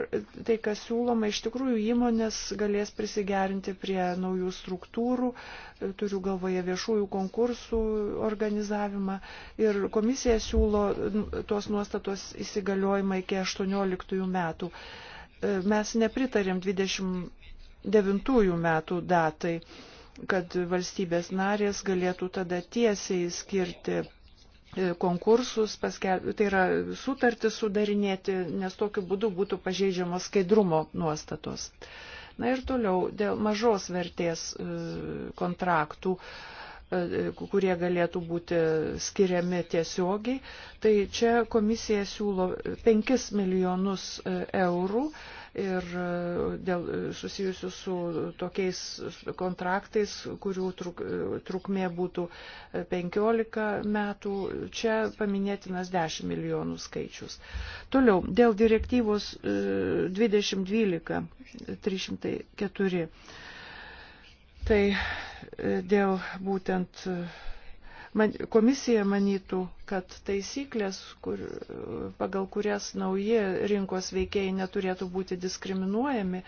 tai, kas siūloma, iš tikrųjų įmonės galės prisigerinti prie naujų struktūrų, e, turiu galvoje viešųjų konkursų organizavimą. Ir komisija siūlo tos nuostatos įsigaliojimą iki 18 metų. E, mes nepritarėm 29 metų datai kad valstybės narės galėtų tada tiesiai skirti konkursus, paskel... tai yra sutartis sudarinėti, nes tokiu būdu būtų pažeidžiamos skaidrumo nuostatos. Na ir toliau dėl mažos vertės e, kontraktų e, kurie galėtų būti skiriami tiesiogiai. Tai čia komisija siūlo 5 milijonus e, eurų ir e, dėl e, susijusių su tokiais kontraktais, kurių truk, e, trukmė būtų 15 metų, čia paminėtinas 10 milijonų skaičius. Toliau, dėl direktyvos 2012-304. Tai dėl būtent man, komisija manytų, kad taisyklės, kur, pagal kurias nauji rinkos veikėjai neturėtų būti diskriminuojami,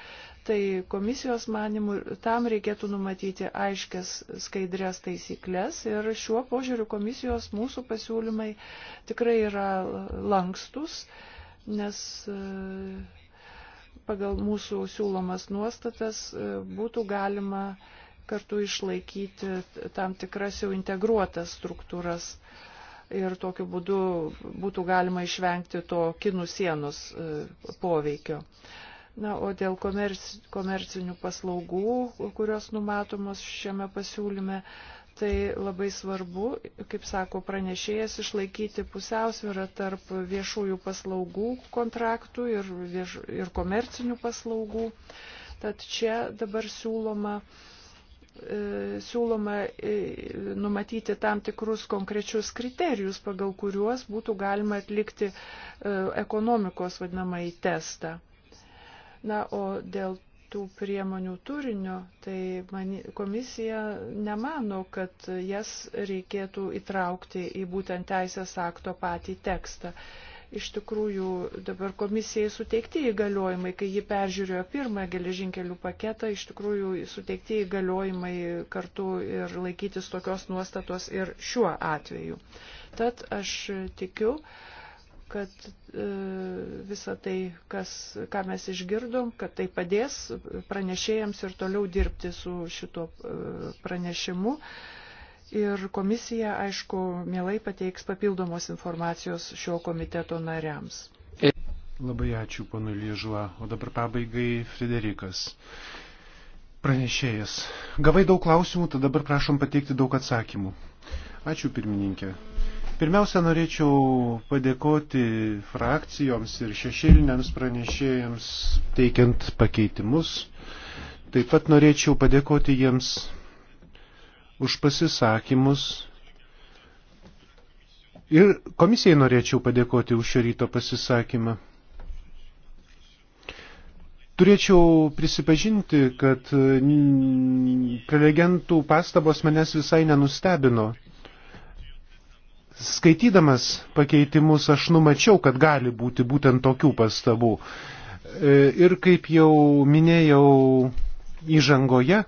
tai komisijos manimų tam reikėtų numatyti aiškias skaidrės taisyklės ir šiuo požiūriu komisijos mūsų pasiūlymai tikrai yra lankstus, nes e, pagal mūsų siūlomas nuostatas e, būtų galima kartu išlaikyti tam tikras jau integruotas struktūras. Ir tokiu būdu būtų galima išvengti to kinų sienos e, poveikio. Na, o dėl komerc, komercinių paslaugų, kurios numatomos šiame pasiūlyme, tai labai svarbu, kaip sako pranešėjas, išlaikyti pusiausvyrą tarp viešųjų paslaugų kontraktų ir, vieš, ir komercinių paslaugų. Tad čia dabar siūloma uh, E, siūloma e, numatyti tam tikrus konkrečius kriterijus, pagal kuriuos būtų galima atlikti e, ekonomikos vadinamąjį testą. Na, o dėl tų priemonių turinio, tai mani, komisija nemano, kad jas reikėtų įtraukti į būtent teisės akto patį tekstą iš tikrųjų dabar komisijai suteikti įgaliojimai, kai ji peržiūrėjo pirmą geležinkelių paketą, iš tikrųjų suteikti įgaliojimai kartu ir laikytis tokios nuostatos ir šiuo atveju. Tad aš tikiu, kad e, visa tai, kas, ką mes išgirdom, kad tai padės pranešėjams ir toliau dirbti su šituo e, pranešimu. E, ir komisija, aišku, mielai pateiks papildomos informacijos šio komiteto nariams. Labai ačiū, panu Liežuo. O dabar pabaigai Frederikas. Pranešėjas. Gavai daug klausimų, tad dabar prašom pateikti daug atsakymų. Ačiū pirmininkė. Pirmiausia, norėčiau padėkoti frakcijoms ir šešėliniams pranešėjams teikiant pakeitimus. Taip pat norėčiau padėkoti jiems už pasisakymus. Ir komisijai norėčiau padėkoti už šio ryto pasisakymą. Turėčiau prisipažinti, kad prelegentų pastabos manęs visai nenustebino. Skaitydamas pakeitimus aš numačiau, kad gali būti būtent tokių pastabų. E, ir kaip jau minėjau įžangoje,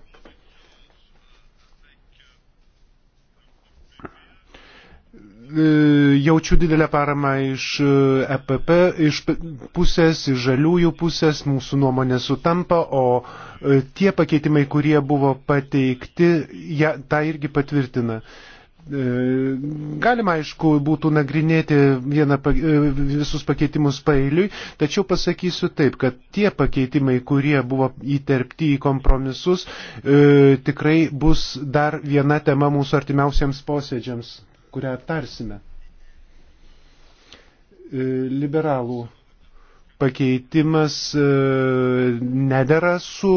E, jaučiu didelę paramą iš EPP, e iš pusės, iš žaliųjų pusės, mūsų nuomonė sutampa, o e, tie pakeitimai, kurie buvo pateikti, ja, tą irgi patvirtina. Galima, aišku, būtų nagrinėti vieną, visus pakeitimus pailiui, tačiau pasakysiu taip, kad tie pakeitimai, kurie buvo įterpti į kompromisus, tikrai bus dar viena tema mūsų artimiausiems posėdžiams kurią aptarsime. E, liberalų pakeitimas e, nedėra su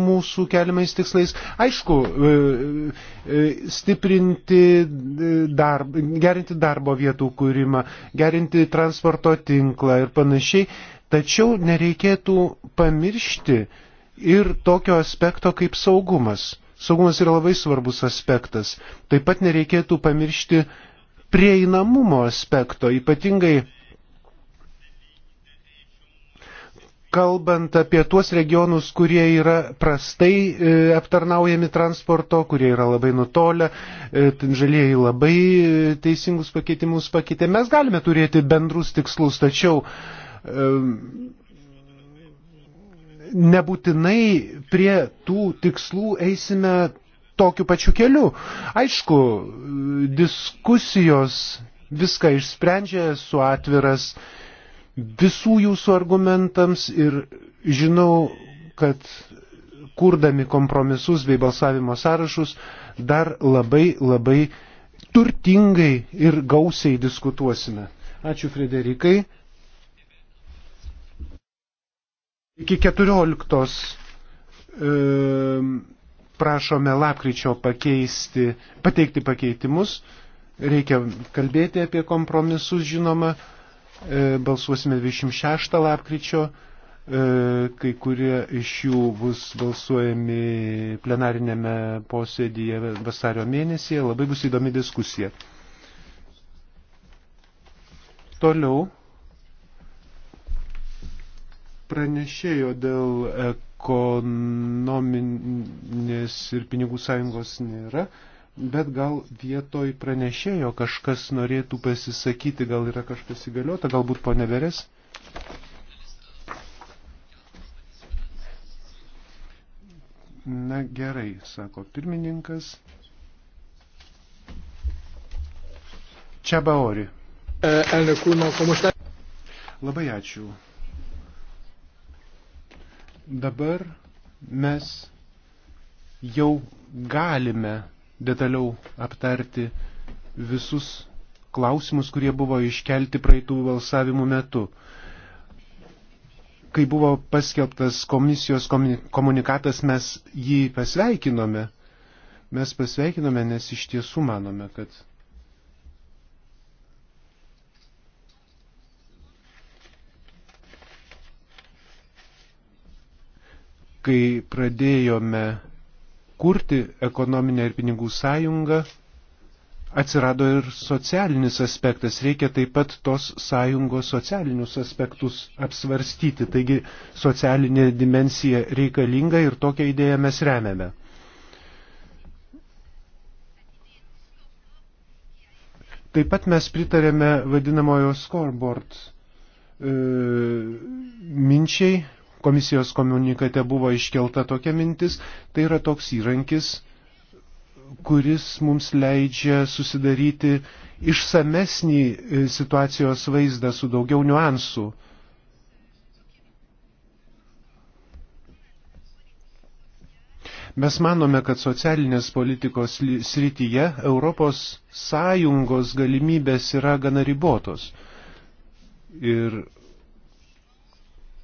mūsų keliamais tikslais. Aišku, e, stiprinti darb, gerinti darbo vietų kūrimą, gerinti transporto tinklą ir panašiai, tačiau nereikėtų pamiršti ir tokio aspekto kaip saugumas. Saugumas yra labai svarbus aspektas. Taip pat nereikėtų pamiršti prieinamumo aspekto, ypatingai kalbant apie tuos regionus, kurie yra prastai e, aptarnaujami transporto, kurie yra labai nutolę, e, žalieji labai e, teisingus pakeitimus pakeitė. Mes galime turėti bendrus tikslus, tačiau e, nebūtinai prie tų tikslų eisime tokiu pačiu keliu. Aišku, diskusijos viską išsprendžia, esu atviras visų jūsų argumentams ir žinau, kad kurdami kompromisus bei balsavimo sąrašus dar labai labai turtingai ir gausiai diskutuosime. Ačiū Frederikai. Iki 14 e, prašome lapkričio pakeisti, pateikti pakeitimus. Reikia kalbėti apie kompromisus, žinoma. E, balsuosime 26 lapkričio. E, kai kurie iš jų bus balsuojami plenarinėme posėdyje vasario mėnesyje. Labai bus įdomi diskusija. Toliau pranešėjo dėl ekonominės ir pinigų sąjungos nėra, bet gal vietoj pranešėjo kažkas norėtų pasisakyti, gal yra kažkas įgaliota, galbūt ponė Veres. Na gerai, sako pirmininkas. Čia Baori. E, Labai ačiū. Dabar mes jau galime detaliau aptarti visus klausimus, kurie buvo iškelti praeitų balsavimų metu. Kai buvo paskelbtas komisijos komunikatas, mes jį pasveikinome. Mes pasveikinome, nes iš tiesų manome, kad kai pradėjome kurti ekonominę ir pinigų sąjungą, atsirado ir socialinis aspektas. Reikia taip pat tos sąjungos socialinius aspektus apsvarstyti. Taigi socialinė dimensija reikalinga ir tokią idėją mes remiame. Taip pat mes pritarėme vadinamojo scoreboard e, minčiai, komisijos komunikate buvo iškelta tokia mintis, tai yra toks įrankis, kuris mums leidžia susidaryti išsamesnį e, situacijos vaizdą su daugiau niuansų. Mes manome, kad socialinės politikos srityje Europos Sąjungos galimybės yra gana ribotos. Ir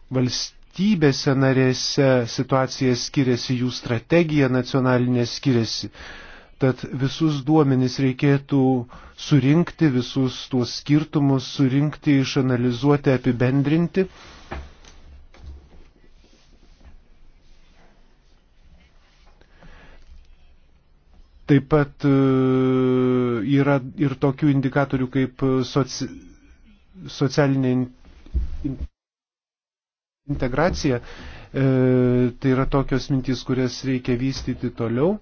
valst valstybėse narėse situacija skiriasi, jų strategija nacionalinė skiriasi. Tad visus duomenys reikėtų surinkti, visus tuos skirtumus surinkti, išanalizuoti, apibendrinti. Taip pat e, yra ir tokių indikatorių kaip soci, socialinė. In, integracija, e, tai yra tokios mintys, kurias reikia vystyti toliau.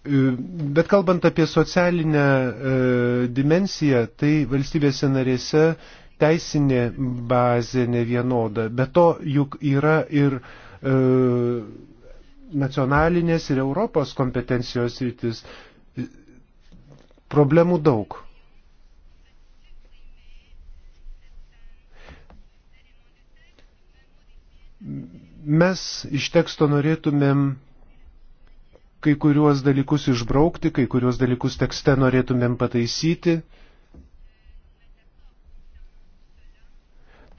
E, bet kalbant apie socialinę e, dimensiją, tai valstybėse narėse teisinė bazė nevienoda. Be to juk yra ir e, nacionalinės ir Europos kompetencijos rytis. Problemų daug. Mes iš teksto norėtumėm kai kuriuos dalykus išbraukti, kai kuriuos dalykus tekste norėtumėm pataisyti.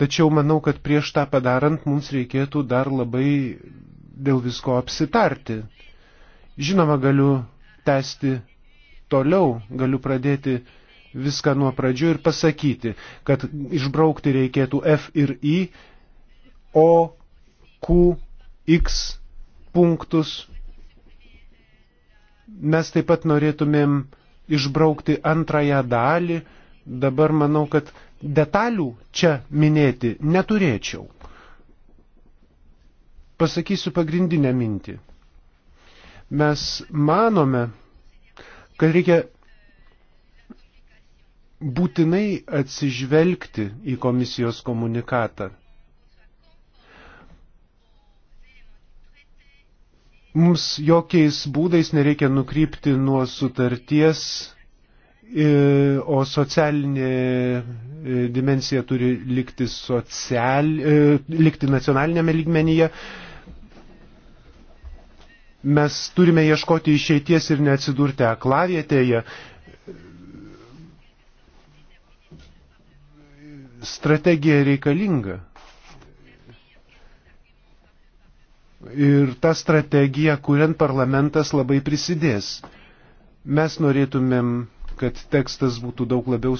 Tačiau manau, kad prieš tą padarant mums reikėtų dar labai dėl visko apsitarti. Žinoma, galiu tęsti toliau, galiu pradėti viską nuo pradžių ir pasakyti, kad išbraukti reikėtų F ir I, O, Q, X punktus. Mes taip pat norėtumėm išbraukti antrąją dalį. Dabar manau, kad detalių čia minėti neturėčiau pasakysiu pagrindinę mintį. Mes manome, kad reikia būtinai atsižvelgti į komisijos komunikatą. Mums jokiais būdais nereikia nukrypti nuo sutarties, o socialinė dimensija turi likti, social, likti nacionalinėme lygmenyje Mes turime ieškoti išeities ir neatsidurti aklavietėje. Strategija reikalinga. Ir ta strategija, kuriant parlamentas, labai prisidės. Mes norėtumėm, kad tekstas būtų daug labiau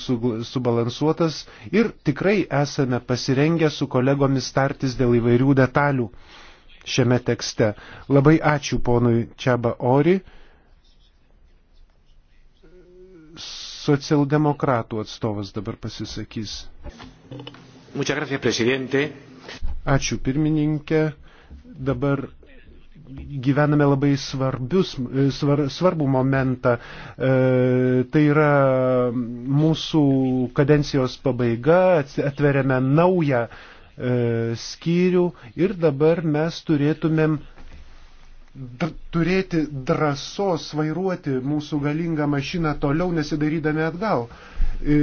subalansuotas ir tikrai esame pasirengę su kolegomis tartis dėl įvairių detalių šiame tekste. Labai ačiū ponui Čiaba Ori, socialdemokratų atstovas dabar pasisakys. Ačiū pirmininkė. Dabar gyvename labai svarbius, svar, svarbų momentą. E, tai yra mūsų kadencijos pabaiga, atveriame naują E, skyrių ir dabar mes turėtumėm turėti drąsos vairuoti mūsų galingą mašiną toliau nesidarydami atgal. E,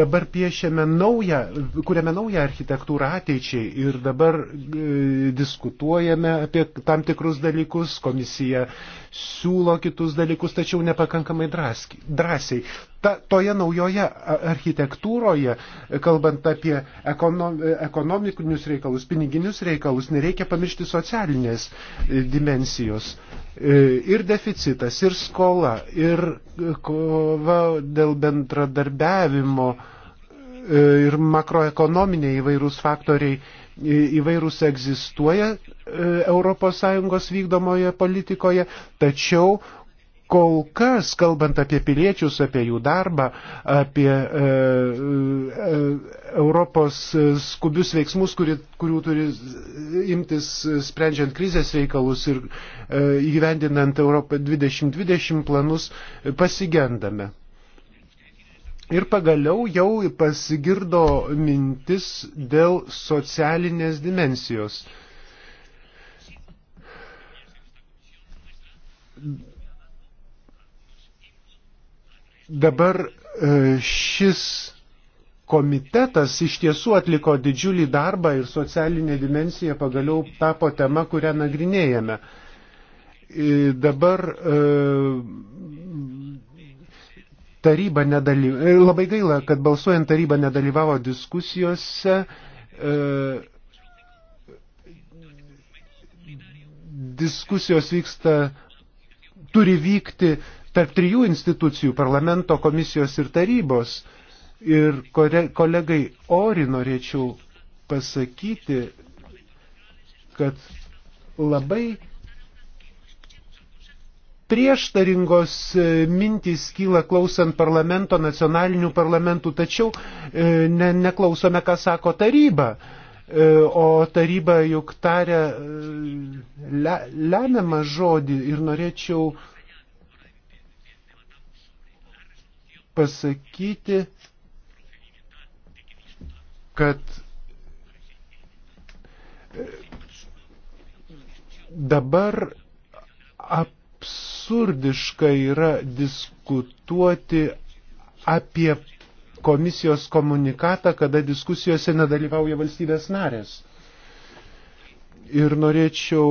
dabar piešiame naują, kuriame naują architektūrą ateičiai ir dabar e, diskutuojame apie tam tikrus dalykus, komisija siūlo kitus dalykus, tačiau nepakankamai drąsiai ta, toje naujoje architektūroje, kalbant apie ekonominius reikalus, piniginius reikalus, nereikia pamiršti socialinės e, dimensijos. E, ir deficitas, ir skola, ir e, kova dėl bendradarbiavimo, ir makroekonominiai įvairūs faktoriai įvairūs egzistuoja ES vykdomoje politikoje, tačiau kol kas, kalbant apie piliečius, apie jų darbą, apie e, e, Europos skubius veiksmus, kuri, kurių turi imtis sprendžiant krizės reikalus ir e, įgyvendinant Europą 2020 planus, pasigendame. Ir pagaliau jau pasigirdo mintis dėl socialinės dimensijos Dabar e, šis komitetas iš tiesų atliko didžiulį darbą ir socialinė dimensija pagaliau tapo tema, kurią nagrinėjame. E, dabar e, taryba nedalyvavo, labai gaila, kad balsuojant taryba nedalyvavo diskusijose. Diskusijos vyksta, turi vykti tarp trijų institucijų - parlamento, komisijos ir tarybos. Ir kolegai Ori norėčiau pasakyti, kad labai prieštaringos e, mintys kyla klausant parlamento, nacionalinių parlamentų, tačiau e, ne, neklausome, ką sako taryba. E, o taryba juk taria le, lemiamą žodį ir norėčiau pasakyti, kad e, dabar absurdiška yra diskutuoti apie komisijos komunikatą, kada diskusijose nedalyvauja valstybės narės. Ir norėčiau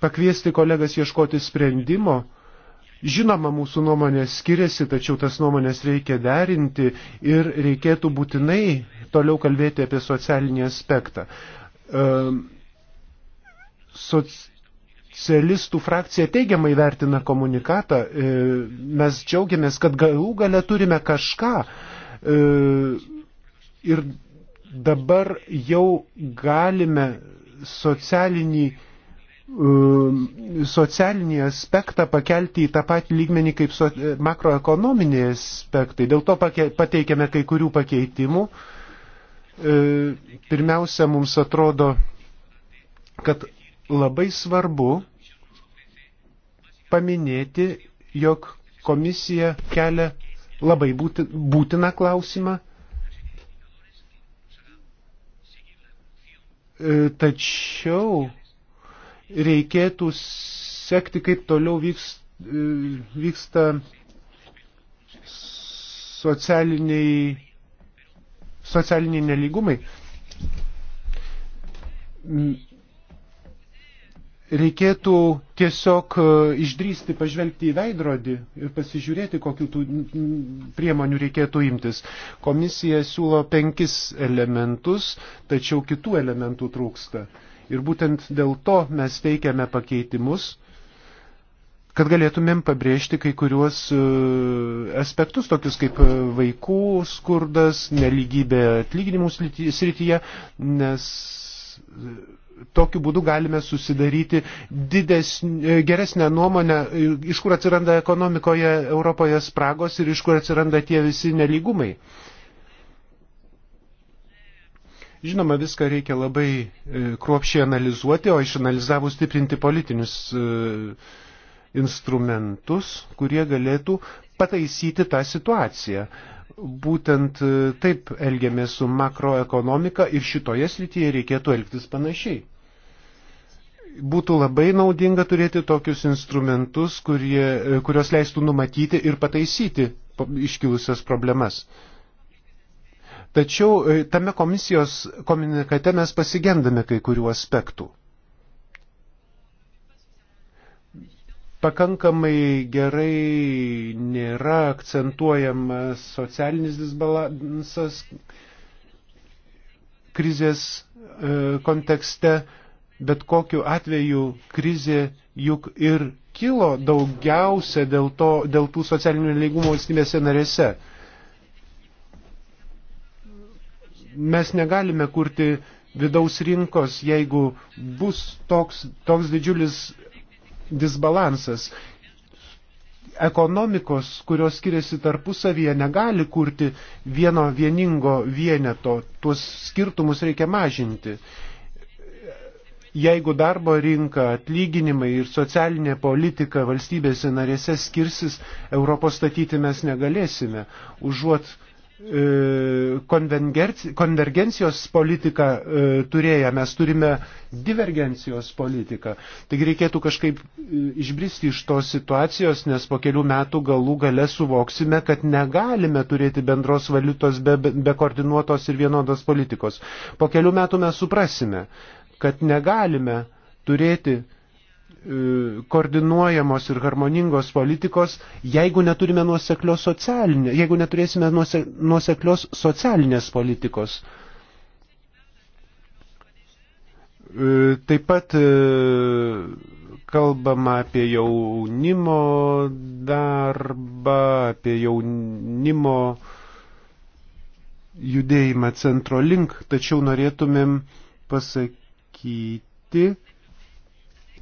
pakviesti kolegas ieškoti sprendimo, Žinoma, mūsų nuomonės skiriasi, tačiau tas nuomonės reikia derinti ir reikėtų būtinai toliau kalbėti apie socialinį aspektą. Ehm, socialistų frakcija teigiamai vertina komunikatą. E, mes džiaugiamės, kad galų gale turime kažką. E, ir dabar jau galime socialinį Um, socialinį aspektą pakelti į tą patį lygmenį kaip so, e, makroekonominiai aspektai. Dėl to pake, pateikėme kai kurių pakeitimų. E, pirmiausia, mums atrodo, kad labai svarbu paminėti, jog komisija kelia labai būtiną klausimą, e, tačiau reikėtų sekti, kaip toliau vyks, e, vyksta socialiniai, socialiniai neligumai. Reikėtų tiesiog e, išdrysti pažvelgti į veidrodį ir pasižiūrėti, kokiu tų priemonių reikėtų imtis. Komisija siūlo penkis elementus, tačiau kitų elementų trūksta. Ir būtent dėl to mes teikiame pakeitimus, kad galėtumėm pabrėžti kai kuriuos e, aspektus, tokius kaip e, vaikų skurdas, neligybė atlyginimų srityje, nes e, tokiu būdu galime susidaryti didesnį, geresnę nuomonę, iš kur atsiranda ekonomikoje Europoje spragos ir iš kur atsiranda tie visi neligumai. Žinoma, viską reikia labai e, kruopšiai analizuoti, o išanalizavus stiprinti politinius e, instrumentus, kurie galėtų pataisyti tą situaciją. Būtent e, taip elgiamės su makroekonomika ir šitoje srityje reikėtų elgtis panašiai. Būtų labai naudinga turėti tokius instrumentus, kurie, kurios leistų numatyti ir pataisyti iškilusias problemas. Tačiau e, tame komisijos komunikate mes pasigendame kai kurių aspektų. Pakankamai gerai nėra akcentuojamas socialinis disbalansas krizės e, kontekste, bet kokiu atveju krizė juk ir kilo daugiausia dėl, to, dėl tų socialinių lygumų valstybėse narėse mes negalime kurti vidaus rinkos, jeigu bus toks, toks didžiulis disbalansas. Ekonomikos, kurios skiriasi tarpusavyje, negali kurti vieno vieningo vieneto. Tuos skirtumus reikia mažinti. Jeigu darbo rinka, atlyginimai ir socialinė politika valstybėse narėse skirsis, Europos statyti mes negalėsime. Užuot E, konvergencijos politiką e, turėję, mes turime divergencijos politiką. Taigi reikėtų kažkaip e, išbristi iš tos situacijos, nes po kelių metų galų gale suvoksime, kad negalime turėti bendros valiutos be, be koordinuotos ir vienodos politikos. Po kelių metų mes suprasime, kad negalime turėti E, koordinuojamos ir harmoningos politikos, jeigu neturime nuoseklios socialinės, jeigu neturėsime nuoseklios socialinės politikos. E, taip pat e, kalbama apie jaunimo darbą, apie jaunimo judėjimą centro link, tačiau norėtumėm pasakyti,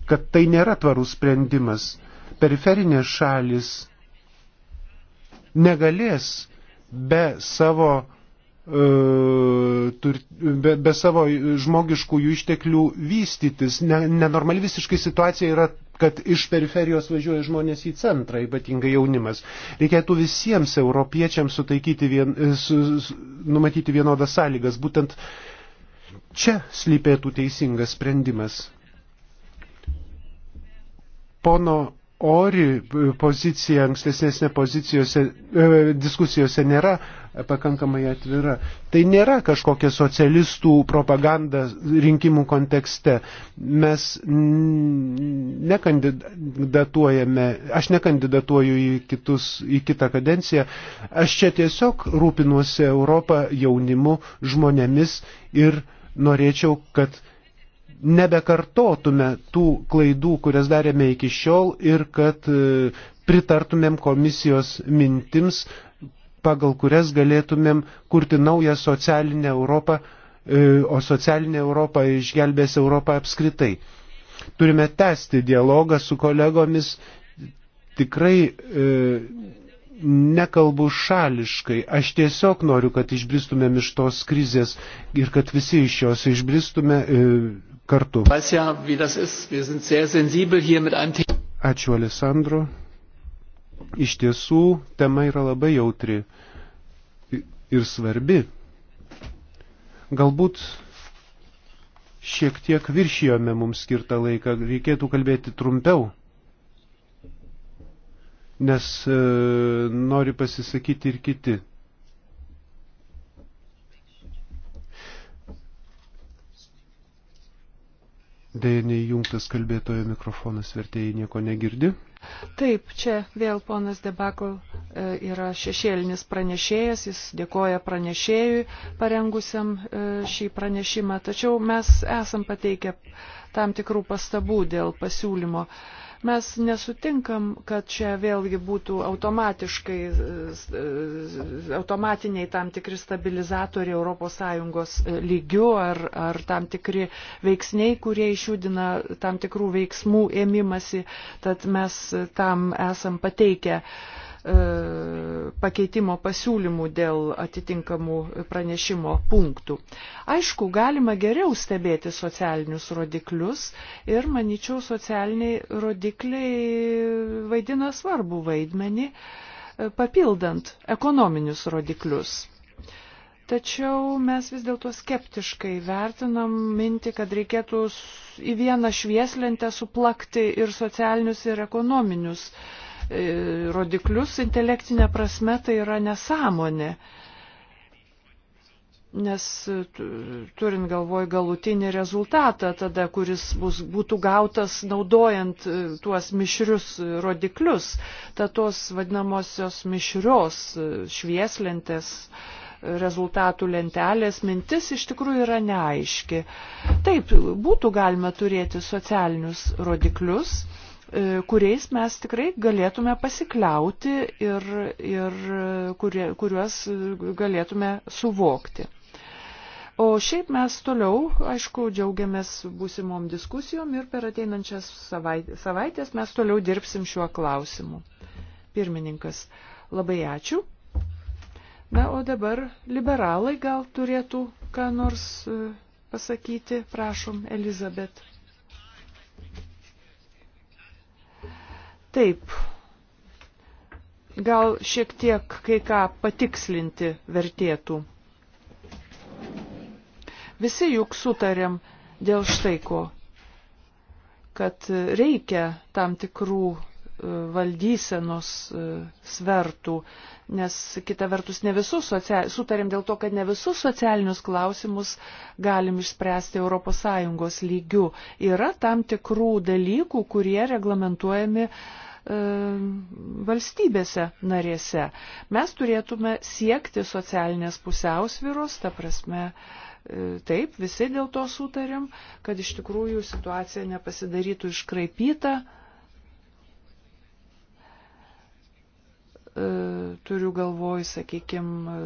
kad tai nėra tvarus sprendimas. Periferinės šalis negalės be savo, e, be, be savo žmogiškųjų išteklių vystytis. Nenormali visiškai situacija yra, kad iš periferijos važiuoja žmonės į centrą, ypatingai jaunimas. Reikėtų visiems europiečiams sutaikyti vien, e, su, su, numatyti vienodas sąlygas. Būtent čia slypėtų teisingas sprendimas pono Ori pozicija ankstesnėse pozicijose, e, diskusijose nėra pakankamai atvira. Tai nėra kažkokia socialistų propaganda rinkimų kontekste. Mes nekandidatuojame, aš nekandidatuoju į, kitus, į kitą kadenciją. Aš čia tiesiog rūpinuosi Europą jaunimu, žmonėmis ir norėčiau, kad nebekartotume tų klaidų, kurias darėme iki šiol ir kad e, pritartumėm komisijos mintims, pagal kurias galėtumėm kurti naują socialinę Europą, e, o socialinė Europa išgelbės Europą apskritai. Turime tęsti dialogą su kolegomis, tikrai e, nekalbu šališkai, aš tiesiog noriu, kad išbristumėm iš tos krizės ir kad visi iš jos išbristume, kartu. Ačiū, Alessandro. Iš tiesų, tema yra labai jautri ir svarbi. Galbūt šiek tiek viršijome mums skirtą laiką, reikėtų kalbėti trumpiau, nes e, nori pasisakyti ir kiti. Dėja neįjungtas kalbėtojo mikrofonas vertėjai nieko negirdi. Taip, čia vėl ponas Debakl e, yra šešėlinis pranešėjas, jis dėkoja pranešėjui parengusiam e, šį pranešimą, tačiau mes esam pateikę tam tikrų pastabų dėl pasiūlymo. Mes nesutinkam, kad čia vėlgi būtų automatiškai, automatiniai tam tikri stabilizatoriai ES lygių ar, ar tam tikri veiksniai, kurie išjudina tam tikrų veiksmų ėmimasi, tad mes tam esam pateikę E, pakeitimo pasiūlymų dėl atitinkamų pranešimo punktų. Aišku, galima geriau stebėti socialinius rodiklius ir, manyčiau, socialiniai rodikliai vaidina svarbų vaidmenį, e, papildant ekonominius rodiklius. Tačiau mes vis dėlto skeptiškai vertinam mintį, kad reikėtų į vieną švieslentę suplakti ir socialinius, ir ekonominius uh, E, rodiklius intelektinė prasme, tai yra nesąmonė. Nes e, turint galvoj galutinį rezultatą, tada, kuris bus, būtų gautas naudojant e, tuos mišrius rodiklius, tad tos vadinamosios mišrios švieslentės rezultatų lentelės mintis iš tikrųjų yra neaiški. Taip, būtų galima turėti socialinius rodiklius, E, kuriais mes tikrai galėtume pasikliauti ir, ir kurie, kuriuos galėtume suvokti. O šiaip mes toliau, aišku, džiaugiamės būsimom diskusijom ir per ateinančias savaitės mes toliau dirbsim šiuo klausimu. Pirmininkas, labai ačiū. Na, o dabar liberalai gal turėtų ką nors e, pasakyti, prašom, Elizabet. Taip, gal šiek tiek kai ką patikslinti vertėtų. Visi juk sutarėm dėl štai ko, kad reikia tam tikrų e, valdysenos e, svertų, nes kita vertus ne visus, sutarėm dėl to, kad ne visus socialinius klausimus galim išspręsti ES lygių. Yra tam tikrų dalykų, kurie reglamentuojami uh, E, valstybėse narėse. Mes turėtume siekti socialinės pusiausviros, ta prasme, e, taip, visi dėl to sutarėm, kad iš tikrųjų situacija nepasidarytų iškraipyta. E, turiu galvoj, sakykime,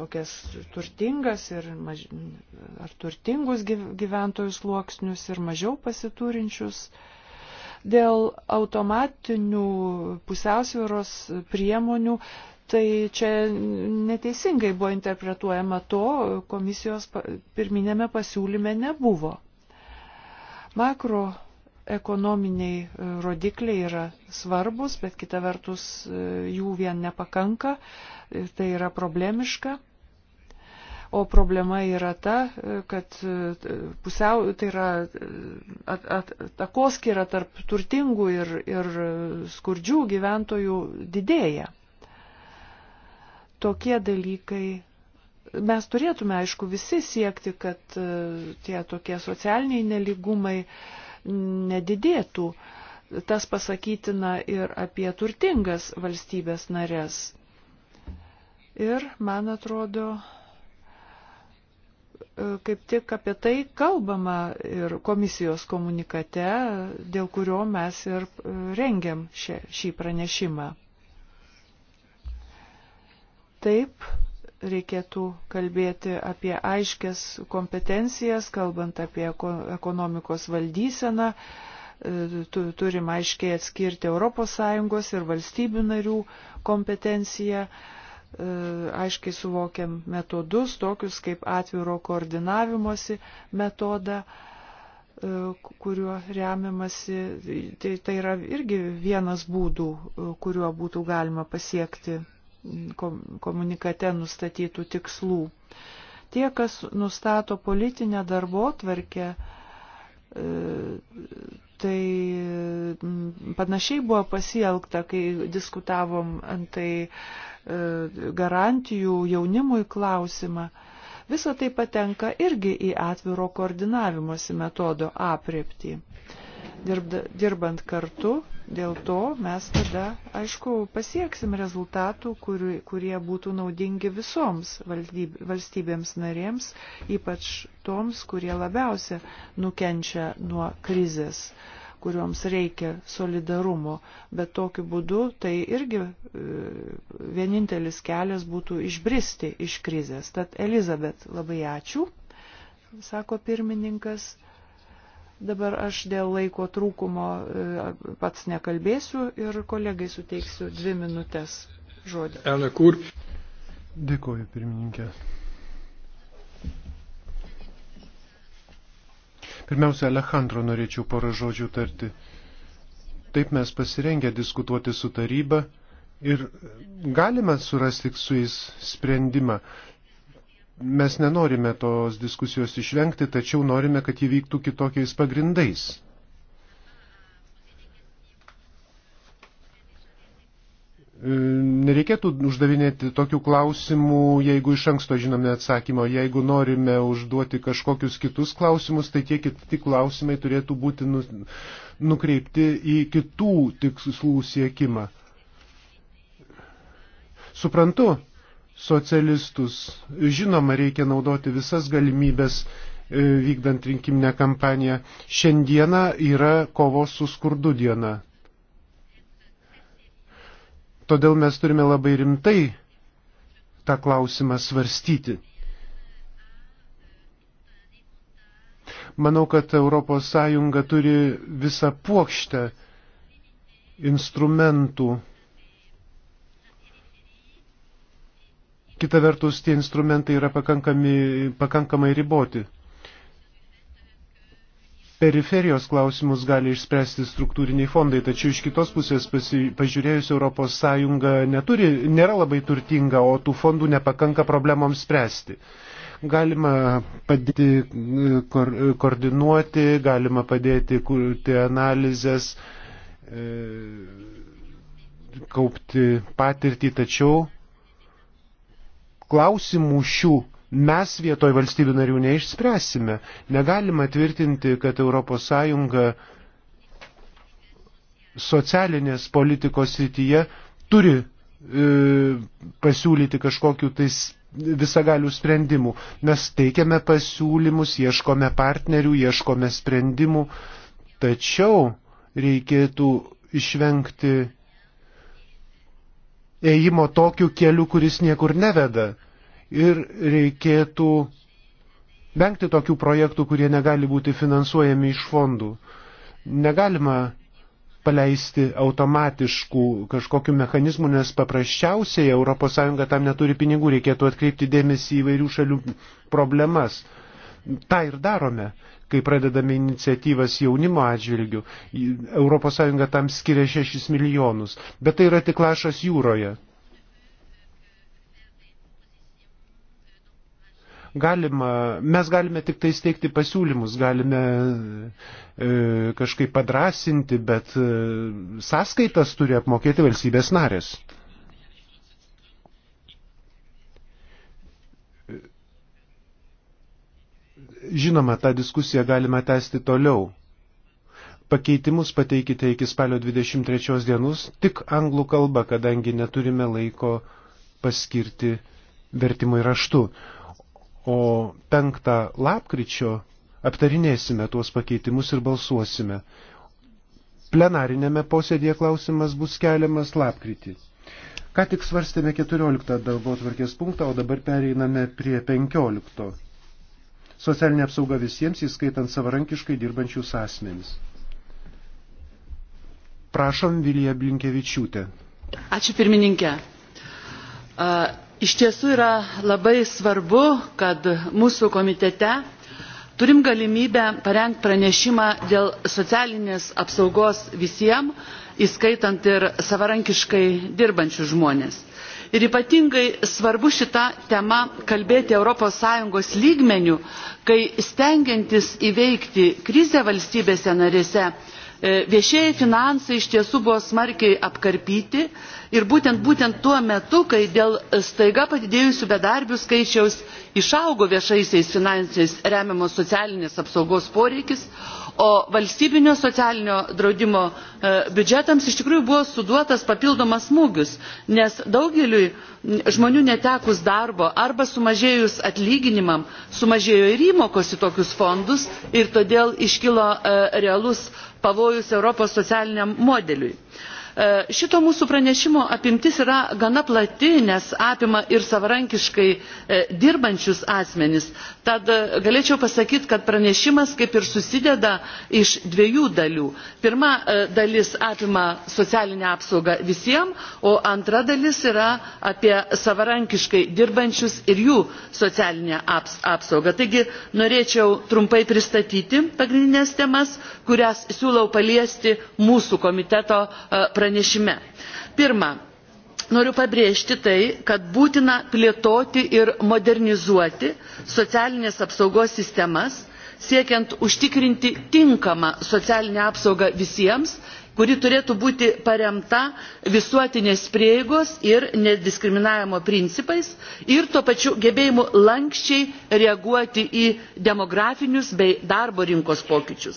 tokias turtingas ir maž... ar turtingus gyventojus sluoksnius ir mažiau pasiturinčius. Uh, Dėl automatinių pusiausvėros priemonių, tai čia neteisingai buvo interpretuojama to, komisijos pirminėme pasiūlyme nebuvo. Makro ekonominiai e, rodikliai yra svarbus, bet kita vertus e, jų vien nepakanka, e, tai yra problemiška. O problema yra ta, kad e, pusiau, tai yra e, at, at, takoskira tarp turtingų ir, ir skurdžių gyventojų didėja. Tokie dalykai mes turėtume, aišku, visi siekti, kad e, tie tokie socialiniai neligumai nedidėtų. Tas pasakytina ir apie turtingas valstybės narės. Ir, man atrodo, kaip tik apie tai kalbama ir komisijos komunikate, dėl kurio mes ir e, rengiam šį, šį pranešimą. Taip, reikėtų kalbėti apie aiškės kompetencijas, kalbant apie ekonomikos valdyseną, e, turim aiškiai atskirti ES ir valstybių narių kompetenciją E, aiškiai suvokiam metodus, tokius kaip atviro koordinavimosi metodą, e, kuriuo remiamasi. Tai, tai yra irgi vienas būdų, e, kuriuo būtų galima pasiekti komunikate nustatytų tikslų. Tie, kas nustato politinę darbo tvarkę, tai panašiai buvo pasielgta, kai diskutavom antai E, garantijų jaunimui klausimą. Visa tai patenka irgi į atviro koordinavimosi metodo apriepti. Dirbant kartu, dėl to mes tada, aišku, pasieksim rezultatų, kuri, kurie būtų naudingi visoms valstybėms narėms, ypač toms, kurie labiausia nukenčia nuo krizės. Uh, kurioms reikia solidarumo, bet tokiu būdu tai irgi e, vienintelis kelias būtų išbristi iš krizės. Tad Elizabet, labai ačiū, sako pirmininkas. Dabar aš dėl laiko trūkumo e, pats nekalbėsiu ir kolegai suteiksiu dvi minutės žodį. Elena Kur. Dėkuoju, pirmininkė. Pirmiausia, Alejandro norėčiau porą žodžių tarti. Taip mes pasirengę diskutuoti su taryba ir galime surasti su jais sprendimą. Mes nenorime tos diskusijos išvengti, tačiau norime, kad jį vyktų kitokiais pagrindais. E, nereikėtų uždavinėti tokių klausimų, jeigu iš anksto žinome atsakymą. Jeigu norime užduoti kažkokius kitus klausimus, tai tie kiti klausimai turėtų būti nu, nukreipti į kitų tikslų siekimą. Suprantu socialistus. Žinoma, reikia naudoti visas galimybės e, vykdant rinkiminę kampaniją. Šiandiena yra kovos su skurdu diena. Todėl mes turime labai rimtai tą klausimą svarstyti. Manau, kad ES turi visą puokštę instrumentų. Kita vertus, tie instrumentai yra pakankamai riboti periferijos klausimus gali išspręsti struktūriniai fondai, tačiau iš kitos pusės pasi, pažiūrėjus ES neturi, nėra labai turtinga, o tų fondų nepakanka problemoms spręsti. Galima padėti kor, koordinuoti, galima padėti kurti analizės, e, kaupti patirtį, tačiau klausimų šių mes vietoj valstybių narių neišspręsime. Negalima tvirtinti, kad ES socialinės politikos srityje turi e, pasiūlyti kažkokiu tais visagalių sprendimų. Mes teikiame pasiūlymus, ieškome partnerių, ieškome sprendimų, tačiau reikėtų išvengti ėjimo tokiu keliu, kuris niekur neveda ir reikėtų vengti tokių projektų, kurie negali būti finansuojami iš fondų. Negalima paleisti automatiškų kažkokių mechanizmų, nes paprasčiausiai ES tam neturi pinigų, reikėtų atkreipti dėmesį į vairių šalių problemas. Ta ir darome, kai pradedame iniciatyvas jaunimo atžvilgių. ES tam skiria 6 milijonus, bet tai yra tik lašas jūroje. Galima, mes galime tik tai steigti pasiūlymus, galime e, kažkaip padrasinti, bet e, sąskaitas turi apmokėti valstybės narės. Žinoma, tą diskusiją galima tęsti toliau. Pakeitimus pateikite iki spalio 23 dienus tik anglų kalba, kadangi neturime laiko paskirti vertimui raštu o 5 lapkričio aptarinėsime tuos pakeitimus ir balsuosime. Plenarinėme posėdėje klausimas bus keliamas lapkritį. Ką tik svarstėme 14 darbo tvarkės punktą, o dabar pereiname prie 15. Socialinė apsauga visiems, įskaitant savarankiškai dirbančius asmenis. Prašom Vilija Blinkevičiūtė. Ačiū pirmininkė. Uh iš tiesų yra labai svarbu kad mūsų komitete turim galimybę parengti pranešimą dėl socialinės apsaugos visiems įskaitant ir savarankiškai dirbančius žmones. ir ypatingai svarbu šita tema kalbėti europos sąjungos lygmeniu kai stengiantis įveikti krizę valstybėse narėse E, viešieji finansai iš tiesų buvo smarkiai apkarpyti ir būtent, būtent tuo metu, kai dėl staiga padidėjusių bedarbių skaičiaus išaugo viešaisiais finansais remiamos socialinės apsaugos poreikis, o valstybinio socialinio draudimo e, biudžetams iš tikrųjų buvo suduotas papildomas smūgis, nes daugeliui žmonių netekus darbo arba sumažėjus atlyginimam sumažėjo ir įmokos į tokius fondus ir todėl iškilo e, realus pavojus Europos socialiniam modeliui. E, šito mūsų pranešimo apimtis yra gana plati nes apima ir savarankiškai e, dirbančius asmenis tad e, galėčiau pasakyti kad pranešimas kaip ir susideda iš dviejų dalių pirma dalis apima socialinę apsaugą visiems o antra dalis yra apie savarankiškai dirbančius ir jų socialinę aps apsaugą. taigi norėčiau trumpai pristatyti pagrindines temas kurias siūlau paliesti mūsų komiteto pranešime pranešime. Pirma, noriu pabrėžti tai, kad būtina plėtoti ir modernizuoti socialinės apsaugos sistemas, siekiant užtikrinti tinkamą socialinę apsaugą visiems kuri turėtų būti paremta visuotinės prieigos ir nediskriminavimo principais ir tuo pačiu gebėjimu lankščiai reaguoti į demografinius bei darbo rinkos pokyčius.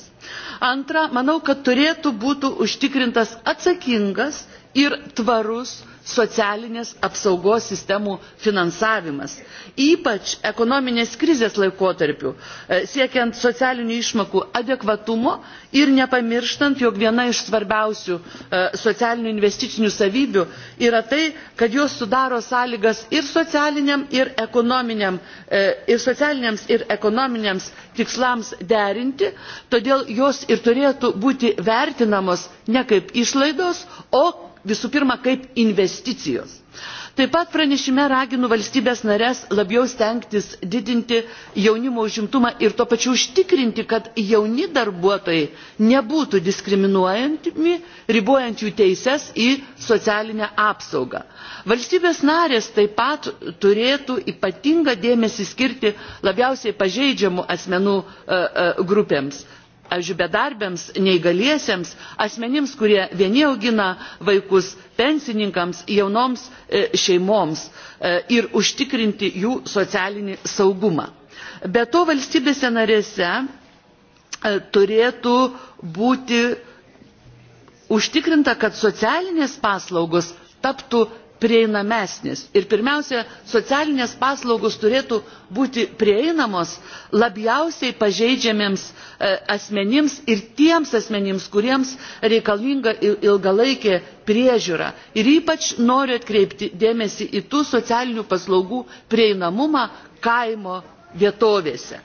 antra manau kad turėtų būti užtikrintas atsakingas ir tvarus socialinės apsaugos sistemų finansavimas, ypač ekonominės krizės laikotarpiu, e, siekiant socialinių išmokų adekvatumo ir nepamirštant, jog viena iš svarbiausių e, socialinių investicinių savybių yra tai, kad jos sudaro sąlygas ir socialiniam, ir, ekonominiam, e, ir socialiniams, ir ekonominiams tikslams derinti, todėl jos ir turėtų būti vertinamos ne kaip išlaidos, o visų pirma kaip investicijos. Taip pat pranešime raginu valstybės narės labiau stengtis didinti jaunimo užimtumą ir tuo pačiu užtikrinti, kad jauni darbuotojai nebūtų diskriminuojami, ribojant jų teises į socialinę apsaugą. Valstybės narės taip pat turėtų ypatingą dėmesį skirti labiausiai pažeidžiamų asmenų e, e, grupėms pavyzdžiui bedarbiams neįgaliesiems asmenims kurie vieni augina vaikus pensininkams jaunoms e, šeimoms e, ir užtikrinti jų socialinį saugumą. be to valstybėse narėse e, turėtų būti užtikrinta kad socialinės paslaugos taptų prieinamesnės. Ir pirmiausia, socialinės paslaugos turėtų būti prieinamos labiausiai pažeidžiamiems e, asmenims ir tiems asmenims, kuriems reikalinga ilgalaikė priežiūra. Ir ypač noriu atkreipti dėmesį į tų socialinių paslaugų prieinamumą kaimo vietovėse e,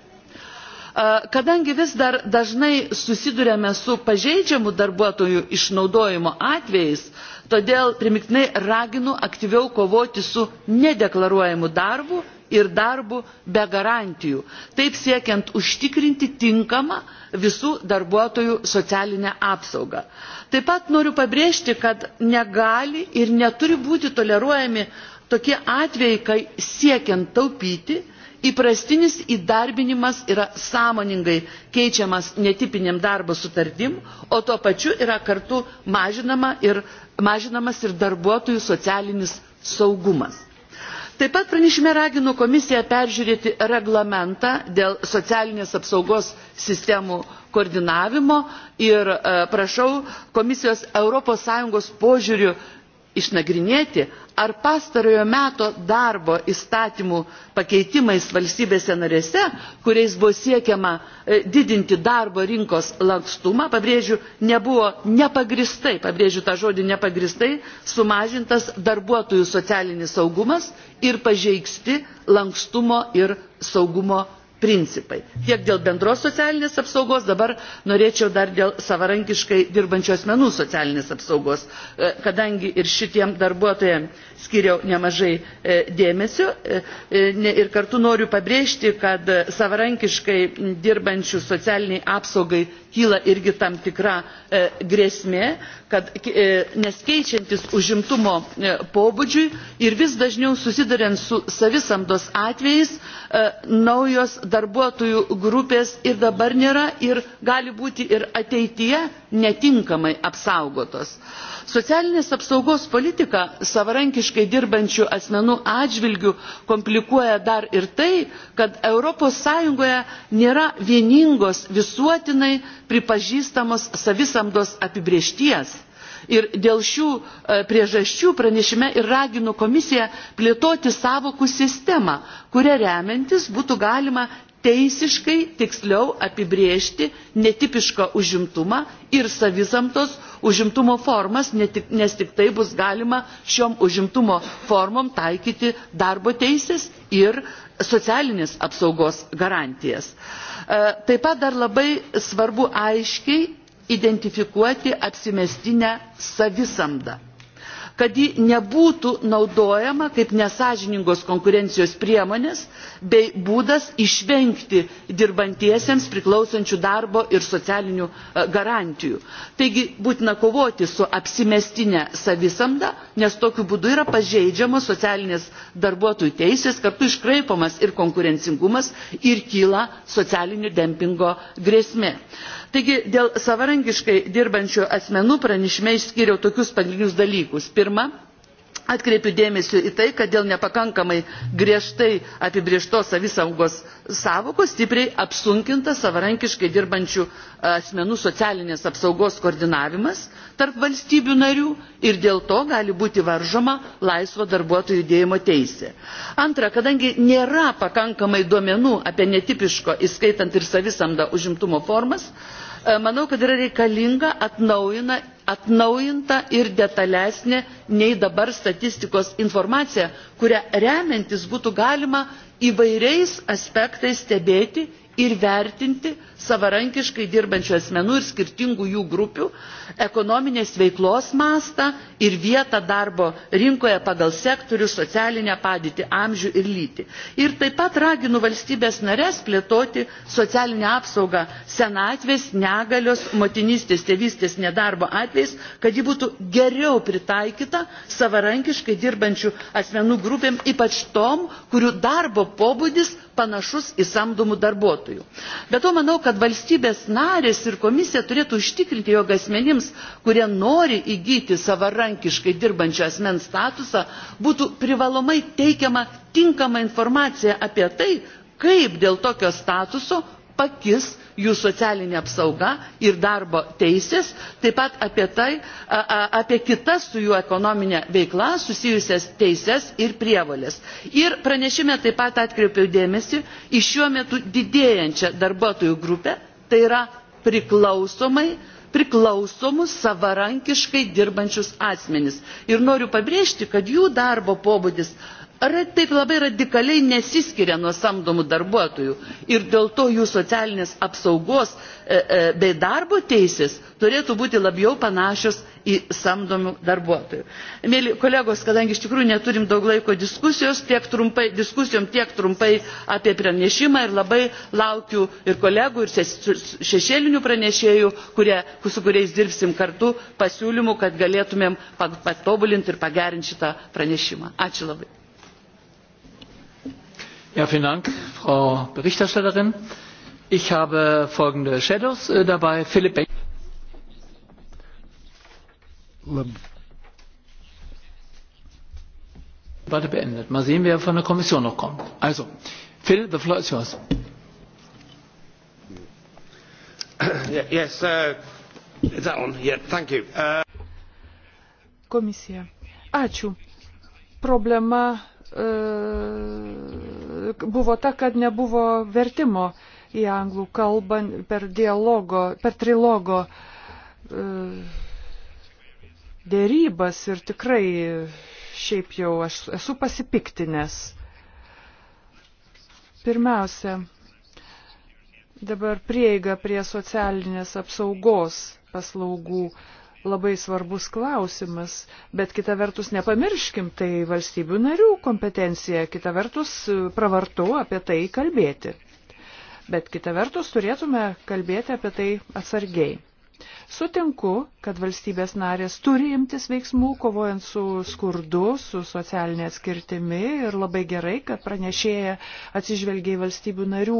kadangi vis dar dažnai susiduriame su pažeidžiamų darbuotojų išnaudojimo atvejais todėl primiktinai raginu aktyviau kovoti su nedeklaruojamu darbu ir darbu be garantijų taip siekiant užtikrinti tinkamą visų darbuotojų socialinę apsaugą. taip pat noriu pabrėžti kad negali ir neturi būti toleruojami tokie atvejai kai siekiant taupyti Įprastinis įdarbinimas yra sąmoningai keičiamas netipiniam darbo sutartim, o tuo pačiu yra kartu mažinama ir, mažinamas ir darbuotojų socialinis saugumas. Taip pat pranešime raginu komisiją peržiūrėti reglamentą dėl socialinės apsaugos sistemų koordinavimo ir e, prašau komisijos ES požiūrių išnagrinėti, ar pastarojo meto darbo įstatymų pakeitimais valstybėse narėse kuriais buvo siekiama e, didinti darbo rinkos lankstumą pabrėžiu nebuvo nepagristai pabrėžiu tą žodį nepagristai sumažintas darbuotojų socialinis saugumas ir pažeisti lankstumo ir saugumo principai. Tiek dėl bendros socialinės apsaugos, dabar norėčiau dar dėl savarankiškai dirbančių asmenų socialinės apsaugos, e, kadangi ir šitiem darbuotojams skiriau nemažai e, dėmesio e, ir kartu noriu pabrėžti, kad savarankiškai dirbančių socialiniai apsaugai kyla irgi tam tikra e, grėsmė, kad e, nes keičiantis užimtumo e, pobūdžiui ir vis dažniau susidariant su savisamdos atvejais naujos darbuotojų grupės ir dabar nėra ir gali būti ir ateityje netinkamai apsaugotos. Socialinės apsaugos politika savarankiškai dirbančių asmenų atžvilgių komplikuoja dar ir tai, kad ES nėra vieningos visuotinai pripažįstamos savisamdos apibriešties. Ir dėl šių e, priežasčių pranešime ir raginu komisiją plėtoti savokų sistemą, kuria remiantis būtų galima teisiškai tiksliau apibriežti netipišką užimtumą ir savisamtos užimtumo formas, nes tik tai bus galima šiom užimtumo formom taikyti darbo teisės ir socialinės apsaugos garantijas. E, taip pat dar labai svarbu aiškiai identifikuoti apsimestinę savisamdą kad ji nebūtų naudojama kaip nesažiningos konkurencijos priemonės bei būdas išvengti dirbantiesiems priklausančių darbo ir socialinių e, garantijų. Taigi būtina kovoti su apsimestinė savisamda, nes tokiu būdu yra pažeidžiamos socialinės darbuotojų teisės, kartu iškraipomas ir konkurencingumas ir kyla socialinio dempingo grėsmė taigi dėl savarankiškai dirbančių asmenų pranešime išskyriau tokius pagrindinius dalykus pirma atkreipiu dėmesį į tai kad dėl nepakankamai griežtai apibrėžtos savisaugos sąvokos stipriai apsunkintas savarankiškai dirbančių asmenų socialinės apsaugos koordinavimas tarp valstybių narių ir dėl to gali būti varžoma laisvo darbuotojų judėjimo teisė. antra kadangi nėra pakankamai duomenų apie netipiško įskaitant ir savisamdą užimtumo formas E, manau kad yra reikalinga atnaujina, atnaujinta ir detalesnė nei dabar statistikos informacija, kurią remiantis būtų galima įvairiais aspektais stebėti ir vertinti savarankiškai dirbančių asmenų ir skirtingų jų grupių ekonominės veiklos mastą ir vietą darbo rinkoje pagal sektorių socialinę padėtį amžių ir lytį ir taip pat raginu valstybes nares plėtoti socialinę apsaugą senatvės negalios motinystės tėvystės nedarbo atvejais kad ji būtų geriau pritaikyta savarankiškai dirbančių asmenų grupėms ypač tom kurių darbo pobūdis panašus į samdomų darbuotojų. be to manau kad kad valstybės narės ir komisija turėtų užtikrinti, jog asmenims, kurie nori įgyti savarankiškai dirbančio asmens statusą, būtų privalomai teikiama tinkama informacija apie tai, kaip dėl tokio statuso pakis jų socialinė apsauga ir darbo teisės, taip pat apie, tai, apie kitas su jų ekonominė veikla susijusias teises ir prievalės. Ir pranešime taip pat atkreipiau dėmesį į šiuo metu didėjančią darbuotojų grupę, tai yra priklausomai priklausomus savarankiškai dirbančius asmenis. Ir noriu pabrėžti, kad jų darbo pobūdis ar taip labai radikaliai nesiskiria nuo samdomų darbuotojų ir dėl to jų socialinės apsaugos e, e, bei darbo teisės turėtų būti labiau panašios į samdomų darbuotojų. Mėly kolegos, kadangi iš tikrųjų neturim daug laiko diskusijos, tiek trumpai, diskusijom tiek trumpai apie pranešimą ir labai laukiu ir kolegų, ir šešėlinių pranešėjų, kurie, su kuriais dirbsim kartu, pasiūlymų, kad galėtumėm patobulinti ir pagerinti šitą pranešimą. Ačiū labai. Ja, vielen Dank, Frau Berichterstatterin. Ich habe folgende Shadows äh, dabei. Philipp Beck. Lab Debatte beendet. Mal sehen, wer von der Kommission noch kommt. Also, Phil, the floor is yours. Yes, uh, is that on? Yeah, thank you. Uh... Komisija. Ačiū. Problema E, buvo ta, kad nebuvo vertimo į anglų kalbą per dialogo, per trilogo e, dėrybas ir tikrai šiaip jau aš esu pasipiktinęs. Pirmiausia, dabar prieiga prie socialinės apsaugos paslaugų labai svarbus klausimas, bet kita vertus nepamirškim, tai valstybių narių kompetencija, kita vertus pravartu apie tai kalbėti. Bet kita vertus turėtume kalbėti apie tai atsargiai. Sutinku, kad valstybės narės turi imtis veiksmų, kovojant su skurdu, su socialinė atskirtimi ir labai gerai, kad pranešėja atsižvelgia į valstybių narių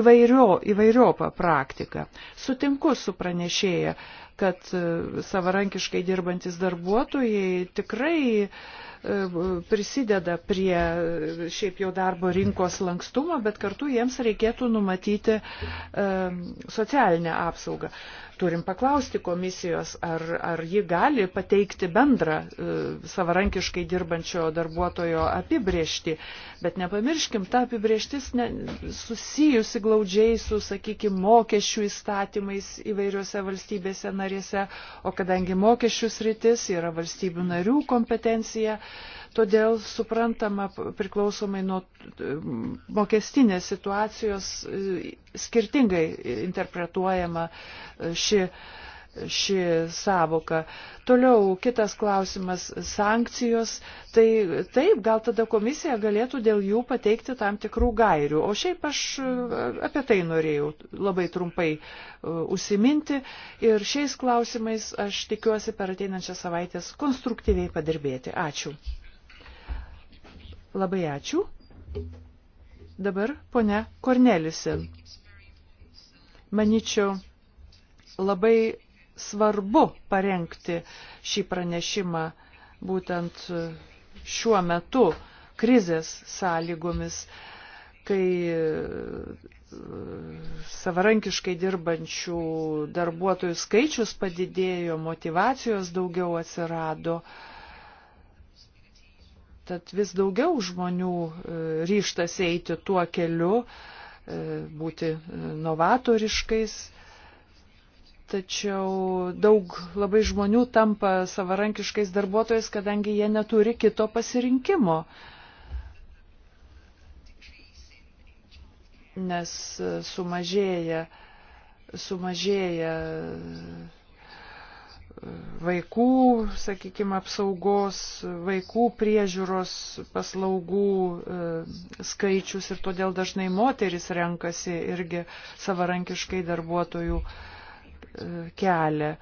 įvairio, įvairiopą praktiką. Sutinku su pranešėja, kad e, savarankiškai dirbantis darbuotojai tikrai e, prisideda prie e, šiaip jau darbo rinkos lankstumo, bet kartu jiems reikėtų numatyti socialinę apsaugą. Turim paklausti komisijos, ar, ar ji gali pateikti bendrą savarankiškai dirbančio darbuotojo apibriešti, bet nepamirškim, ta apibrieštis ne, susijusi glaudžiai su, sakykime, mokesčių įstatymais įvairiuose valstybėse narėse narėse, o kadangi mokesčių sritis yra valstybių narių kompetencija, todėl suprantama priklausomai nuo e, mokestinės situacijos e, skirtingai interpretuojama e, ši ši savoka. Toliau kitas klausimas - sankcijos. Tai taip, gal tada komisija galėtų dėl jų pateikti tam tikrų gairių. O šiaip aš e, apie tai norėjau labai trumpai e, užsiminti ir šiais klausimais aš tikiuosi per ateinančią savaitę konstruktyviai padirbėti. Ačiū. Labai ačiū. Dabar ponia Kornelisen. Maničiau, labai svarbu parengti šį pranešimą būtent šiuo metu krizės sąlygomis, kai e, savarankiškai dirbančių darbuotojų skaičius padidėjo, motivacijos daugiau atsirado. Tad vis daugiau žmonių e, ryštas eiti tuo keliu, e, būti novatoriškais, tačiau daug labai žmonių tampa savarankiškais darbuotojais, kadangi jie neturi kito pasirinkimo. Nes sumažėja, sumažėja e, vaikų, sakykime, apsaugos, vaikų priežiūros paslaugų e, skaičius ir todėl dažnai moteris renkasi irgi savarankiškai darbuotojų kelią.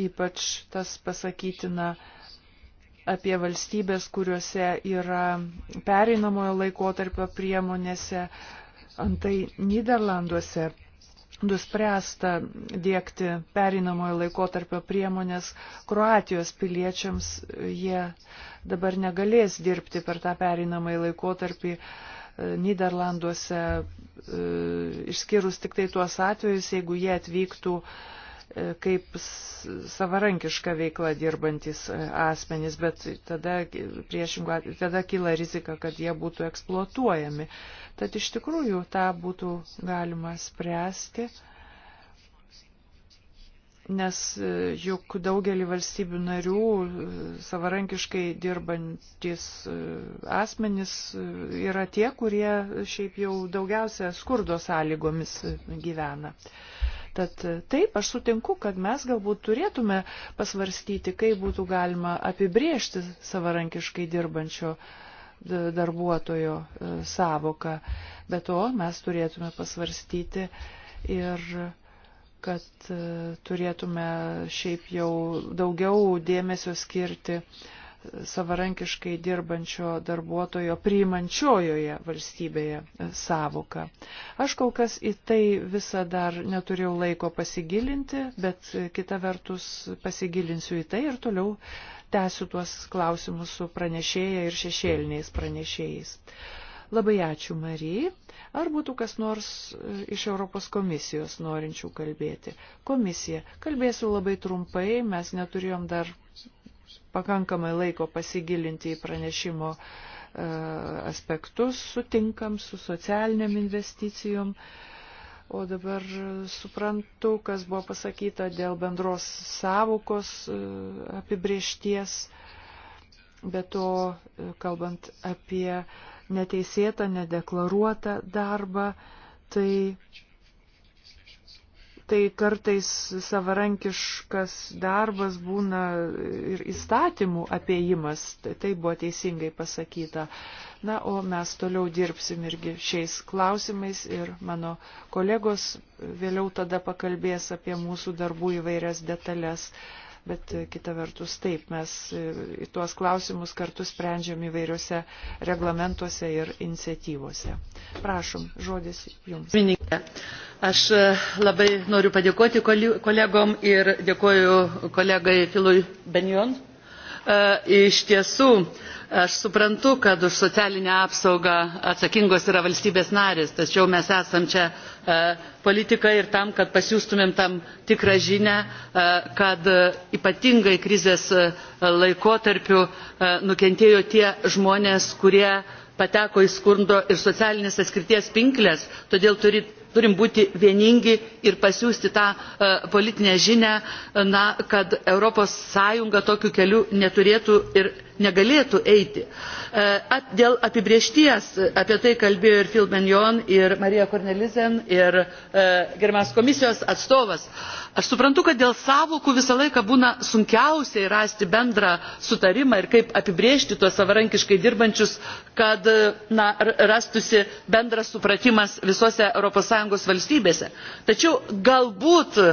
Ypač tas pasakytina apie valstybės, kuriuose yra pereinamojo laikotarpio priemonėse, antai Niderlanduose nuspręsta dėkti pereinamojo laikotarpio priemonės Kroatijos piliečiams, jie dabar negalės dirbti per tą pereinamąjį laikotarpį Niderlanduose, e, išskyrus tik tai tuos atvejus, jeigu jie atvyktų e, kaip savarankiška veikla dirbantis e, asmenys, bet tada, priešingų, tada kyla rizika, kad jie būtų eksploatuojami. Tad iš tikrųjų tą būtų galima spręsti. Uh, nes e, juk daugelį valstybių narių e, savarankiškai dirbantis e, asmenys yra tie, kurie šiaip jau daugiausia skurdo sąlygomis gyvena. Tad taip, aš sutinku, kad mes galbūt turėtume pasvarstyti, kaip būtų galima apibriežti savarankiškai dirbančio darbuotojo savoką. Be to, mes turėtume pasvarstyti ir kad e, turėtume šiaip jau daugiau dėmesio skirti e, savarankiškai dirbančio darbuotojo priimančiojoje valstybėje e, savoką. Aš kol kas į tai visą dar neturėjau laiko pasigilinti, bet kita vertus pasigilinsiu į tai ir toliau tęsiu tuos klausimus su pranešėja ir šešėliniais pranešėjais. Labai ačiū, Marijai. Ar būtų kas nors e, iš Europos komisijos norinčių kalbėti? Komisija. Kalbėsiu labai trumpai, mes neturėjom dar pakankamai laiko pasigilinti į pranešimo e, aspektus, sutinkam su socialiniam investicijom. O dabar suprantu, kas buvo pasakyta dėl bendros savukos e, apibriešties, bet to kalbant apie neteisėtą, nedeklaruotą darbą, tai, tai kartais savarankiškas darbas būna ir įstatymų apėjimas, tai, tai buvo teisingai pasakyta. Na, o mes toliau dirbsim irgi šiais klausimais ir mano kolegos vėliau tada pakalbės apie mūsų darbų įvairias detalės bet e, kita vertus taip, mes e, į tuos klausimus kartu sprendžiam įvairiuose reglamentuose ir iniciatyvose. Prašom, žodis jums. Minikė. Aš e, labai noriu padėkoti kolegom ir dėkoju kolegai Filui Benjon E, iš tiesų aš suprantu kad už socialinę apsaugą atsakingos yra valstybės narės tačiau mes esame čia e, politikai ir tam kad pasiųstumėm tam tikrą žinią e, kad ypatingai krizės laikotarpiu nukentėjo tie žmonės kurie pateko į skurdo ir socialinės atskirties pinkles todėl turi turim būti vieningi ir pasiūsti tą e, politinę žinę, e, na, kad Europos Sąjunga tokiu keliu neturėtų ir negalėtų eiti. E, at, dėl apibriešties, apie tai kalbėjo ir Phil Benjon, ir Marija Kornelizen, ir e, gerimas komisijos atstovas. Aš suprantu, kad dėl savokų visą laiką būna sunkiausiai rasti bendrą sutarimą ir kaip apibriežti tuos savarankiškai dirbančius, kad na, rastusi bendras supratimas visose ES sąjungos valstybėse tačiau galbūt e,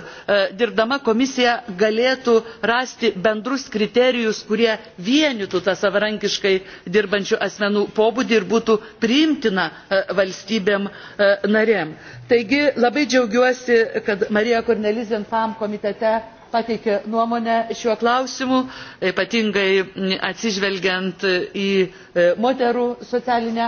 dirbdama komisija galėtų rasti bendrus kriterijus kurie vienytų tą savarankiškai dirbančių asmenų pobūdį ir būtų priimtina e, valstybėms e, narėms. taigi labai džiaugiuosi kad marija kornelizen femm komitete pateikė nuomonę šiuo klausimu ypatingai atsižvelgiant e, į e, moterų socialinę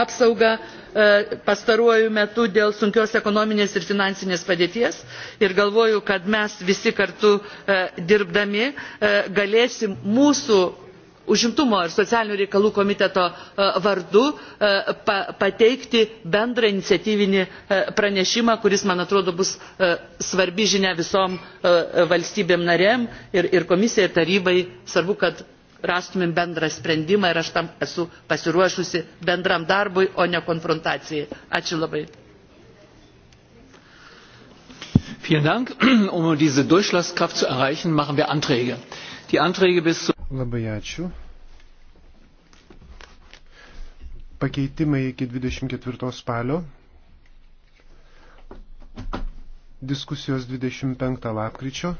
apsaugą e, pastaruoju metu dėl sunkios ekonominės ir finansinės padėties ir galvoju kad mes visi kartu dirbdami galėsime mūsų užimtumo ir socialinių reikalų komiteto e, vardu e, pateikti bendrą iniciatyvinį e, pranešimą kuris man atrodo bus svarbi žinia visom valstybėm narėm ir, ir komisijai ir tarybai svarbu kad rastumėm bendrą sprendimą ir aš tam esu pasiruošusi bendram darbui o ne konfrontacijai. ačiū labai. Vielen Dank. Um diese Durchschlagskraft zu erreichen, machen wir Anträge. Die Anträge bis zu. Labai ačiū. Pakeitimai iki 24 spalio. Diskusijos 25 lapkričio.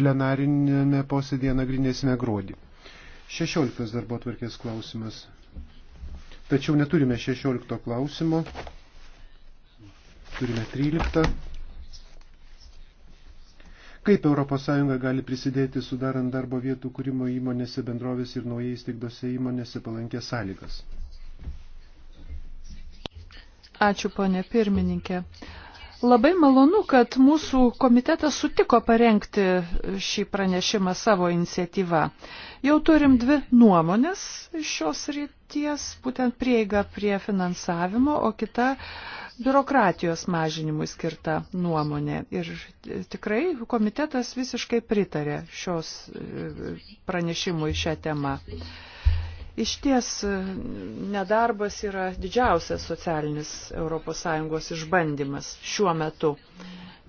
plenarinėme posėdėje nagrinėsime gruodį. 16 darbo tvarkės klausimas. Tačiau neturime 16 klausimo. Turime 13. Kaip ES gali prisidėti sudarant darbo vietų kūrimo įmonėse bendrovės ir naujai įsteigdose įmonėse palankės sąlygas? Ačiū, ponė pirmininkė. Labai malonu, kad mūsų komitetas sutiko parengti šį pranešimą savo iniciatyvą. Jau turim dvi nuomonės iš šios ryties, būtent prieiga prie finansavimo, o kita biurokratijos mažinimui skirta nuomonė. Ir tikrai komitetas visiškai pritarė šios e, pranešimui šią temą. Iš ties e, nedarbas yra didžiausias socialinis ES išbandymas šiuo metu.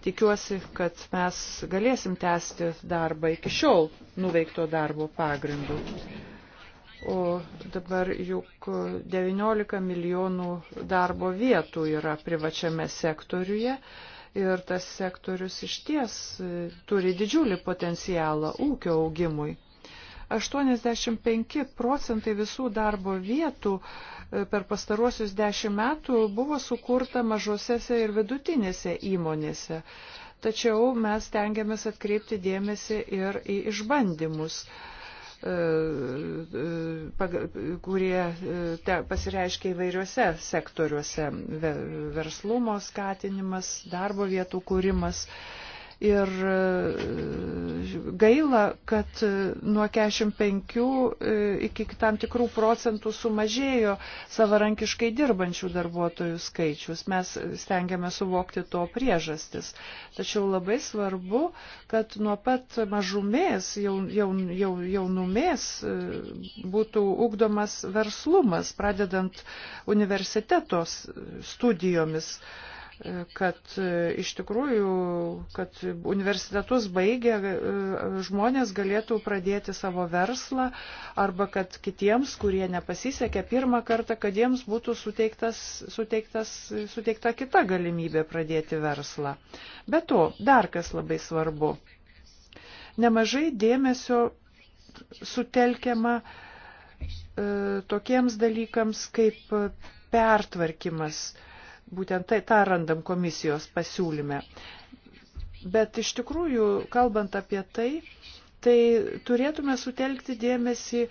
Tikiuosi, kad mes galėsim tęsti darbą iki šiol nuveikto darbo pagrindu. O dabar juk 19 milijonų darbo vietų yra privačiame sektoriuje ir tas sektorius iš ties e, turi didžiulį potencialą ūkio augimui. 85 procentai visų darbo vietų e, per pastaruosius 10 metų buvo sukurta mažosėse ir vidutinėse įmonėse. Tačiau mes tengiamės atkreipti dėmesį ir į išbandymus. E, e, kurie e, pasireiškia įvairiuose sektoriuose - verslumo skatinimas, darbo vietų kūrimas. Ir e, gaila, kad e, nuo 45 e, iki tam tikrų procentų sumažėjo savarankiškai dirbančių darbuotojų skaičius. Mes stengiame suvokti to priežastis. Tačiau labai svarbu, kad nuo pat mažumės, jaun, jaun, jaun, jaunumės būtų ugdomas verslumas, pradedant universitetos studijomis kad e, iš tikrųjų, kad universitetus baigę e, žmonės galėtų pradėti savo verslą arba kad kitiems, kurie nepasisekė pirmą kartą, kad jiems būtų suteiktas, suteiktas, suteikta kita galimybė pradėti verslą. Be to, dar kas labai svarbu. Nemažai dėmesio sutelkiama e, tokiems dalykams kaip pertvarkimas. E, Būtent tai tą randam komisijos pasiūlyme. Bet iš tikrųjų, kalbant apie tai, tai turėtume sutelkti dėmesį e,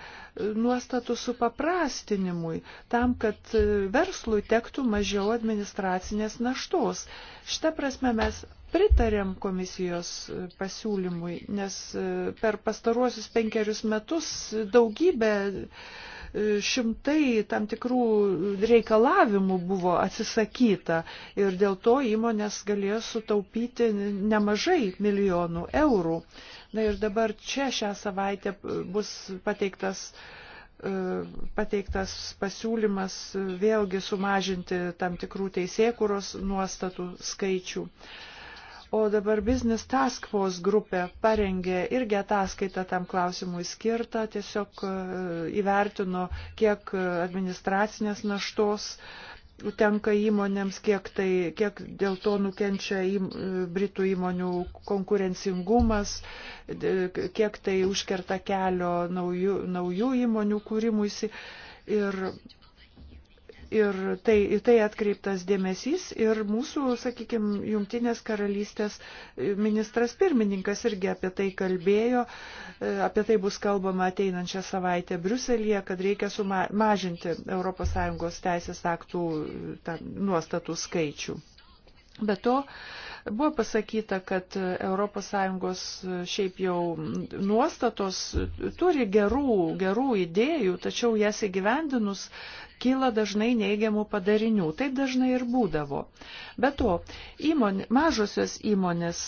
nuostatų supaprastinimui, tam, kad e, verslui tektų mažiau administracinės naštos. Šitą prasme mes pritarėm komisijos e, pasiūlymui, nes per pastaruosius penkerius metus daugybė šimtai tam tikrų reikalavimų buvo atsisakyta ir dėl to įmonės galėjo sutaupyti nemažai milijonų eurų. Na ir dabar čia šią savaitę bus pateiktas e, pateiktas pasiūlymas vėlgi sumažinti tam tikrų teisėkuros nuostatų skaičių. Uh, O dabar Business Task Force grupė parengė irgi ataskaitą tam klausimui skirtą, tiesiog e, įvertino, kiek administracinės naštos tenka įmonėms, kiek, tai, kiek dėl to nukenčia į, e, Britų įmonių konkurencingumas, kiek tai užkerta kelio naujų, naujų įmonių kūrimuisi. Ir Ir tai, į tai atkreiptas dėmesys ir mūsų, sakykime, Jungtinės karalystės ministras pirmininkas irgi apie tai kalbėjo, e, apie tai bus kalbama ateinančią savaitę Briuselėje, kad reikia sumažinti ES teisės aktų e, ta, nuostatų skaičių. Be to, buvo pasakyta, kad ES šiaip jau nuostatos turi gerų, gerų idėjų, tačiau jas įgyvendinus kyla dažnai neigiamų padarinių. Taip dažnai ir būdavo. Be to, įmonė, mažosios įmonės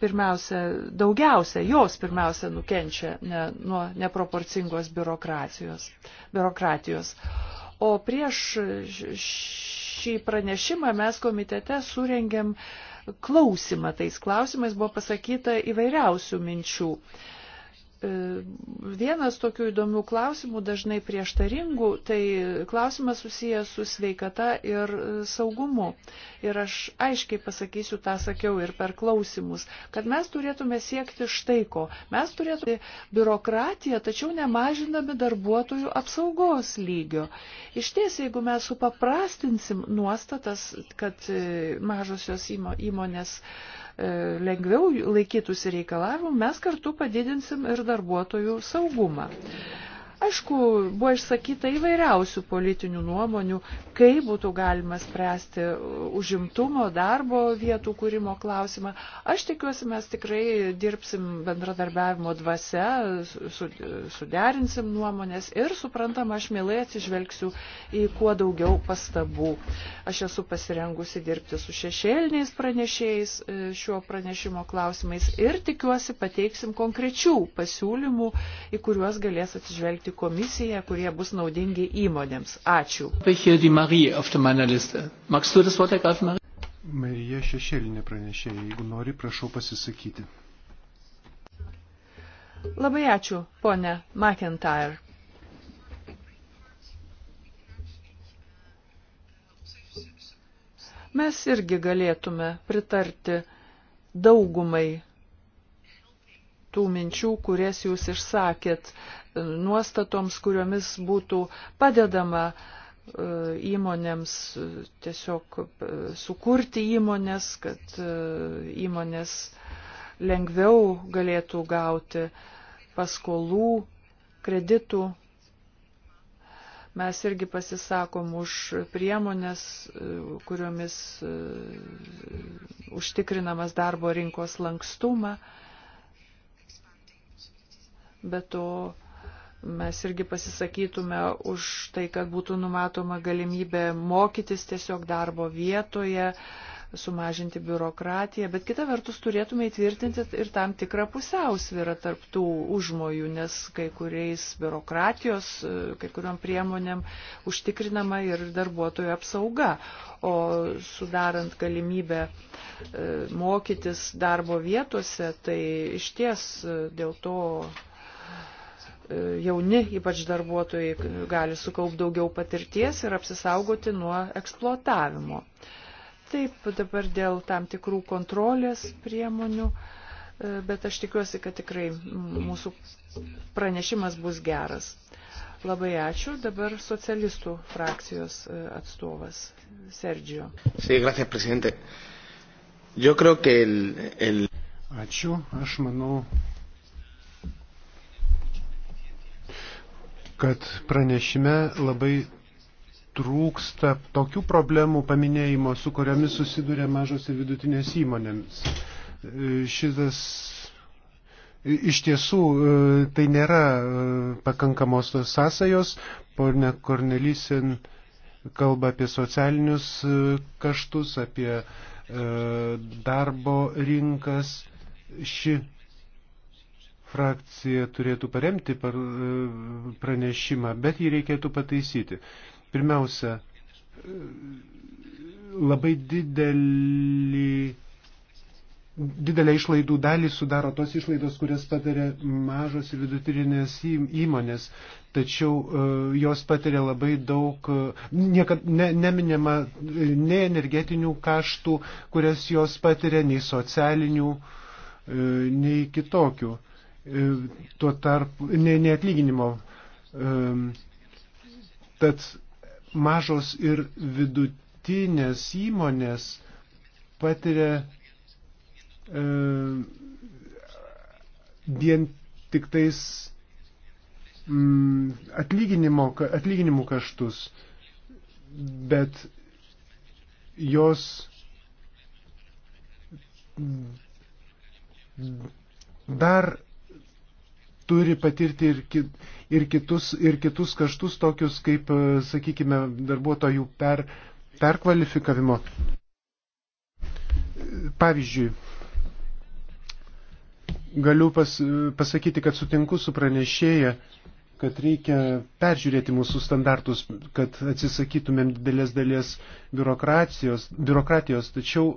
pirmiausia, daugiausia, jos pirmiausia nukenčia ne, nuo neproporcingos biurokratijos. biurokratijos. O prieš šį pranešimą mes komitete surengėm klausimą. Tais klausimais buvo pasakyta įvairiausių minčių. Uh, E, vienas tokių įdomių klausimų, dažnai prieštaringų, tai klausimas susijęs su sveikata ir saugumu. Ir aš aiškiai pasakysiu, tą sakiau ir per klausimus, kad mes turėtume siekti štai ko. Mes turėtume biurokratiją, tačiau nemažinami darbuotojų apsaugos lygio. Iš ties, jeigu mes supaprastinsim nuostatas, kad e, mažosios įmonės E, lengviau laikytųsi reikalavimų, mes kartu padidinsim ir darbuotojų saugumą. Aišku, buvo išsakyta įvairiausių politinių nuomonių, kaip būtų galima spręsti užimtumo, darbo vietų kūrimo klausimą. Aš tikiuosi, mes tikrai dirbsim bendradarbiavimo dvasia, su, suderinsim nuomonės ir, suprantam, aš mielai atsižvelgsiu į kuo daugiau pastabų. Aš esu pasirengusi dirbti su šešėliniais pranešėjais e, šiuo pranešimo klausimais ir tikiuosi pateiksim konkrečių pasiūlymų, į kuriuos galės atsižvelgti komisiją, kurie bus naudingi įmonėms. Ačiū. Marija Šešėlinė pranešė, jeigu nori, prašau pasisakyti. Labai ačiū, ponė McIntyre. Mes irgi galėtume pritarti daugumai tų minčių, kurias jūs išsakėt nuostatoms, kuriomis būtų padedama e, įmonėms e, tiesiog e, sukurti įmonės, kad įmonės lengviau galėtų gauti paskolų, kreditų. Mes irgi pasisakom už priemonės, kuriomis užtikrinamas darbo rinkos lankstumą. Bet to mes irgi pasisakytume už tai, kad būtų numatoma galimybė mokytis tiesiog darbo vietoje, sumažinti biurokratiją, bet kita vertus turėtume įtvirtinti ir tam tikrą pusiausvyrą tarptų užmojų, nes kai kuriais biurokratijos, kai kuriuom priemonėm užtikrinama ir darbuotojų apsauga, o sudarant galimybę e, mokytis darbo vietose, tai iš ties e, dėl to E, jauni ypač darbuotojai gali sukaupti daugiau patirties ir apsisaugoti nuo eksploatavimo. Taip, dabar dėl tam tikrų kontrolės priemonių, e, bet aš tikiuosi, kad tikrai mūsų pranešimas bus geras. Labai ačiū. Dabar socialistų frakcijos e, atstovas Sergio. Sí, gracias, presidente. Yo creo que el, el... Ačiū. Aš manau, kad pranešime labai trūksta tokių problemų paminėjimo, su kuriamis susiduria mažos ir vidutinės įmonėmis. E, šitas iš tiesų e, tai nėra e, pakankamos sąsajos, ponė Kornelysin kalba apie socialinius kaštus, apie darbo rinkas. Ši frakcija turėtų paremti par, e, pranešimą, bet jį reikėtų pataisyti. Pirmiausia, e, labai didelį, didelę išlaidų dalį sudaro tos išlaidos, kurias patiria mažos ir vidutinės įmonės, tačiau e, jos patiria labai daug, niekad ne, neminima nei energetinių kaštų, kurias jos patiria, nei socialinių, nei kitokių. E, tuo tarpu, ne, ne atlyginimo. E, tad mažos ir vidutinės įmonės patiria e, vien tik tais mm, atlyginimo, atlyginimų kaštus, bet jos dar turi patirti ir, ki, ir, kitus, ir kitus kaštus, tokius kaip, e, sakykime, darbuotojų per, perkvalifikavimo. Pavyzdžiui, galiu pas, pasakyti, kad sutinku su pranešėja, kad reikia peržiūrėti mūsų standartus, kad atsisakytumėm didelės dalies biurokratijos, biurokratijos tačiau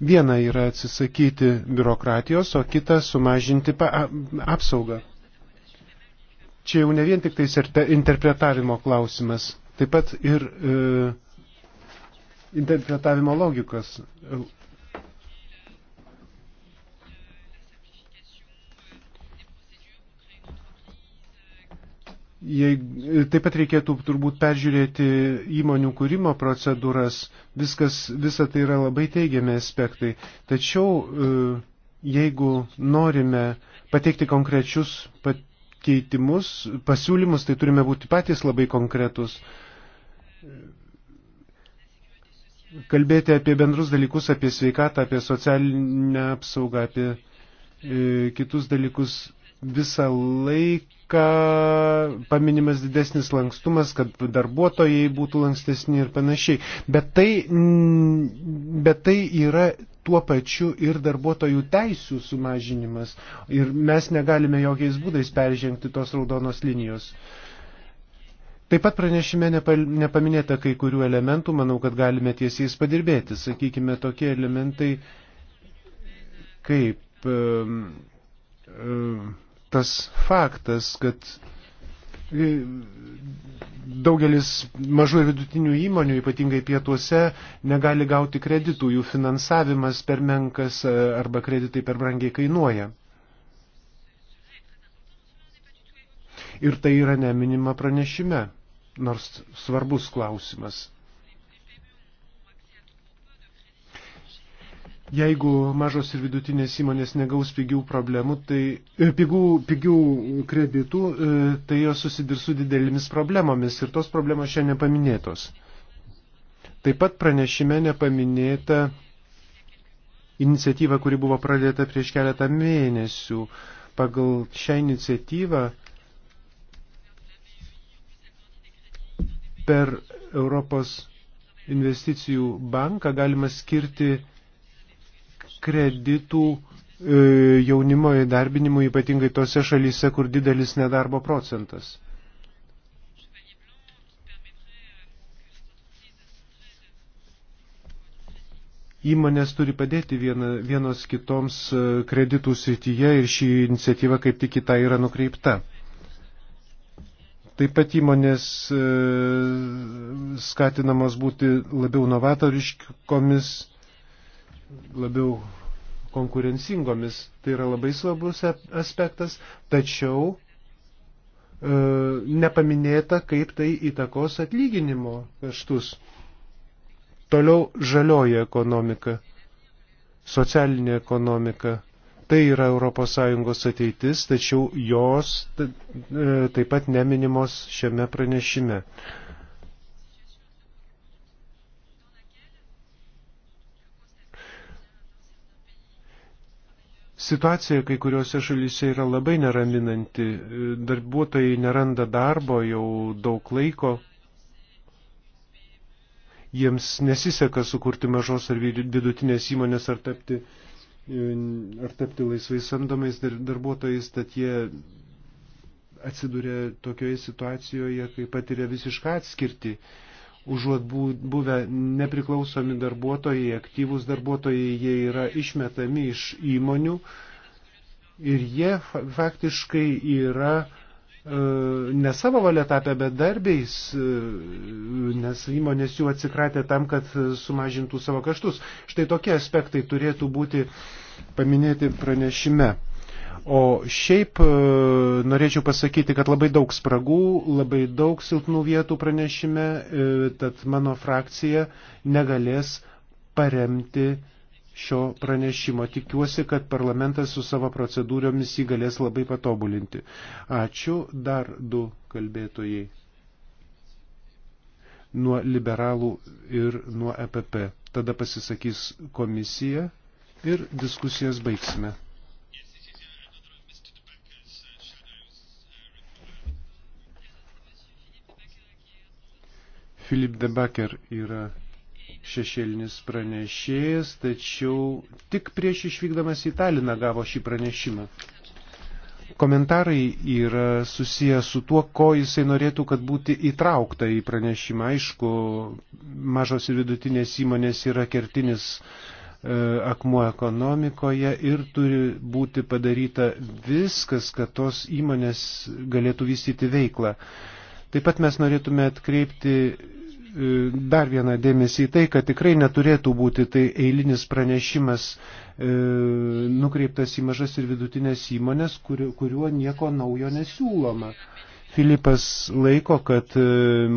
Viena yra atsisakyti biurokratijos, o kita sumažinti apsaugą. Čia jau ne vien tik tai interpretavimo klausimas, taip pat ir e, interpretavimo logikos. E, Jei, taip pat reikėtų turbūt peržiūrėti įmonių kūrimo procedūras, viskas, visa tai yra labai teigiami aspektai. Tačiau e, jeigu norime pateikti konkrečius pakeitimus, pasiūlymus, tai turime būti patys labai konkretus. Kalbėti apie bendrus dalykus, apie sveikatą, apie socialinę apsaugą, apie e, kitus dalykus visą laiką paminimas didesnis lankstumas, kad darbuotojai būtų lankstesni ir panašiai. Bet tai, bet tai yra tuo pačiu ir darbuotojų teisų sumažinimas. Ir mes negalime jokiais būdais peržengti tos raudonos linijos. Taip pat pranešime nepaminėta kai kurių elementų, manau, kad galime tiesiais padirbėti. Sakykime, tokie elementai kaip. Um, um, tas faktas, kad daugelis mažų ir vidutinių įmonių, ypatingai pietuose, negali gauti kreditų, jų finansavimas per menkas e, arba kreditai per brangiai kainuoja. Ir tai yra neminima pranešime, nors svarbus klausimas. Jeigu mažos ir vidutinės įmonės negaus pigių problemų, tai e, pigių, pigių kreditų, e, tai jos susidirs su didelėmis problemomis ir tos problemos šiandien nepaminėtos. Taip pat pranešime nepaminėta iniciatyva, kuri buvo pradėta prieš keletą mėnesių. Pagal šią iniciatyvą per Europos investicijų banką galima skirti kreditų e, jaunimo įdarbinimui, ypatingai tose šalyse, kur didelis nedarbo procentas. Įmonės turi padėti viena, vienos kitoms e, kreditų srityje ir ši iniciatyva kaip tik į tą yra nukreipta. Taip pat įmonės e, skatinamos būti labiau novatoriškomis labiau konkurencingomis. Tai yra labai svarbus aspektas, tačiau e, nepaminėta, kaip tai įtakos atlyginimo kaštus. Toliau žalioji ekonomika, socialinė ekonomika. Tai yra ES ateitis, tačiau jos e, taip pat neminimos šiame pranešime. E, Situacija kai kuriuose šalyse yra labai neraminanti. Darbuotojai neranda darbo jau daug laiko. Jiems nesiseka sukurti mažos ar vidutinės įmonės ar tapti, ar tapti laisvai samdomais darbuotojais, tad jie atsiduria tokioje situacijoje, kai patiria visišką atskirti užuot buvę nepriklausomi darbuotojai, aktyvūs darbuotojai, jie yra išmetami iš įmonių ir jie faktiškai yra e, ne savo valia tapę bedarbiais, e, nes įmonės jų atsikratė tam, kad sumažintų savo kaštus. Štai tokie aspektai turėtų būti paminėti pranešime. O šiaip e, norėčiau pasakyti, kad labai daug spragų, labai daug silpnų vietų pranešime, e, tad mano frakcija negalės paremti šio pranešimo. Tikiuosi, kad parlamentas su savo procedūromis jį galės labai patobulinti. Ačiū. Dar du kalbėtojai nuo liberalų ir nuo EPP. Tada pasisakys komisija ir diskusijas baigsime. Filip Debaker yra šešėlinis pranešėjas, tačiau tik prieš išvykdamas į Taliną gavo šį pranešimą. Komentarai yra susiję su tuo, ko jisai norėtų, kad būti įtraukta į pranešimą. Aišku, mažos ir vidutinės įmonės yra kertinis e, akmuo ekonomikoje ir turi būti padaryta viskas, kad tos įmonės galėtų vystyti veiklą. Taip pat mes norėtume atkreipti e, dar vieną dėmesį į tai, kad tikrai neturėtų būti tai eilinis pranešimas e, nukreiptas į mažas ir vidutinės įmonės, kuriu, kuriuo nieko naujo nesiūloma. Filipas laiko, kad e,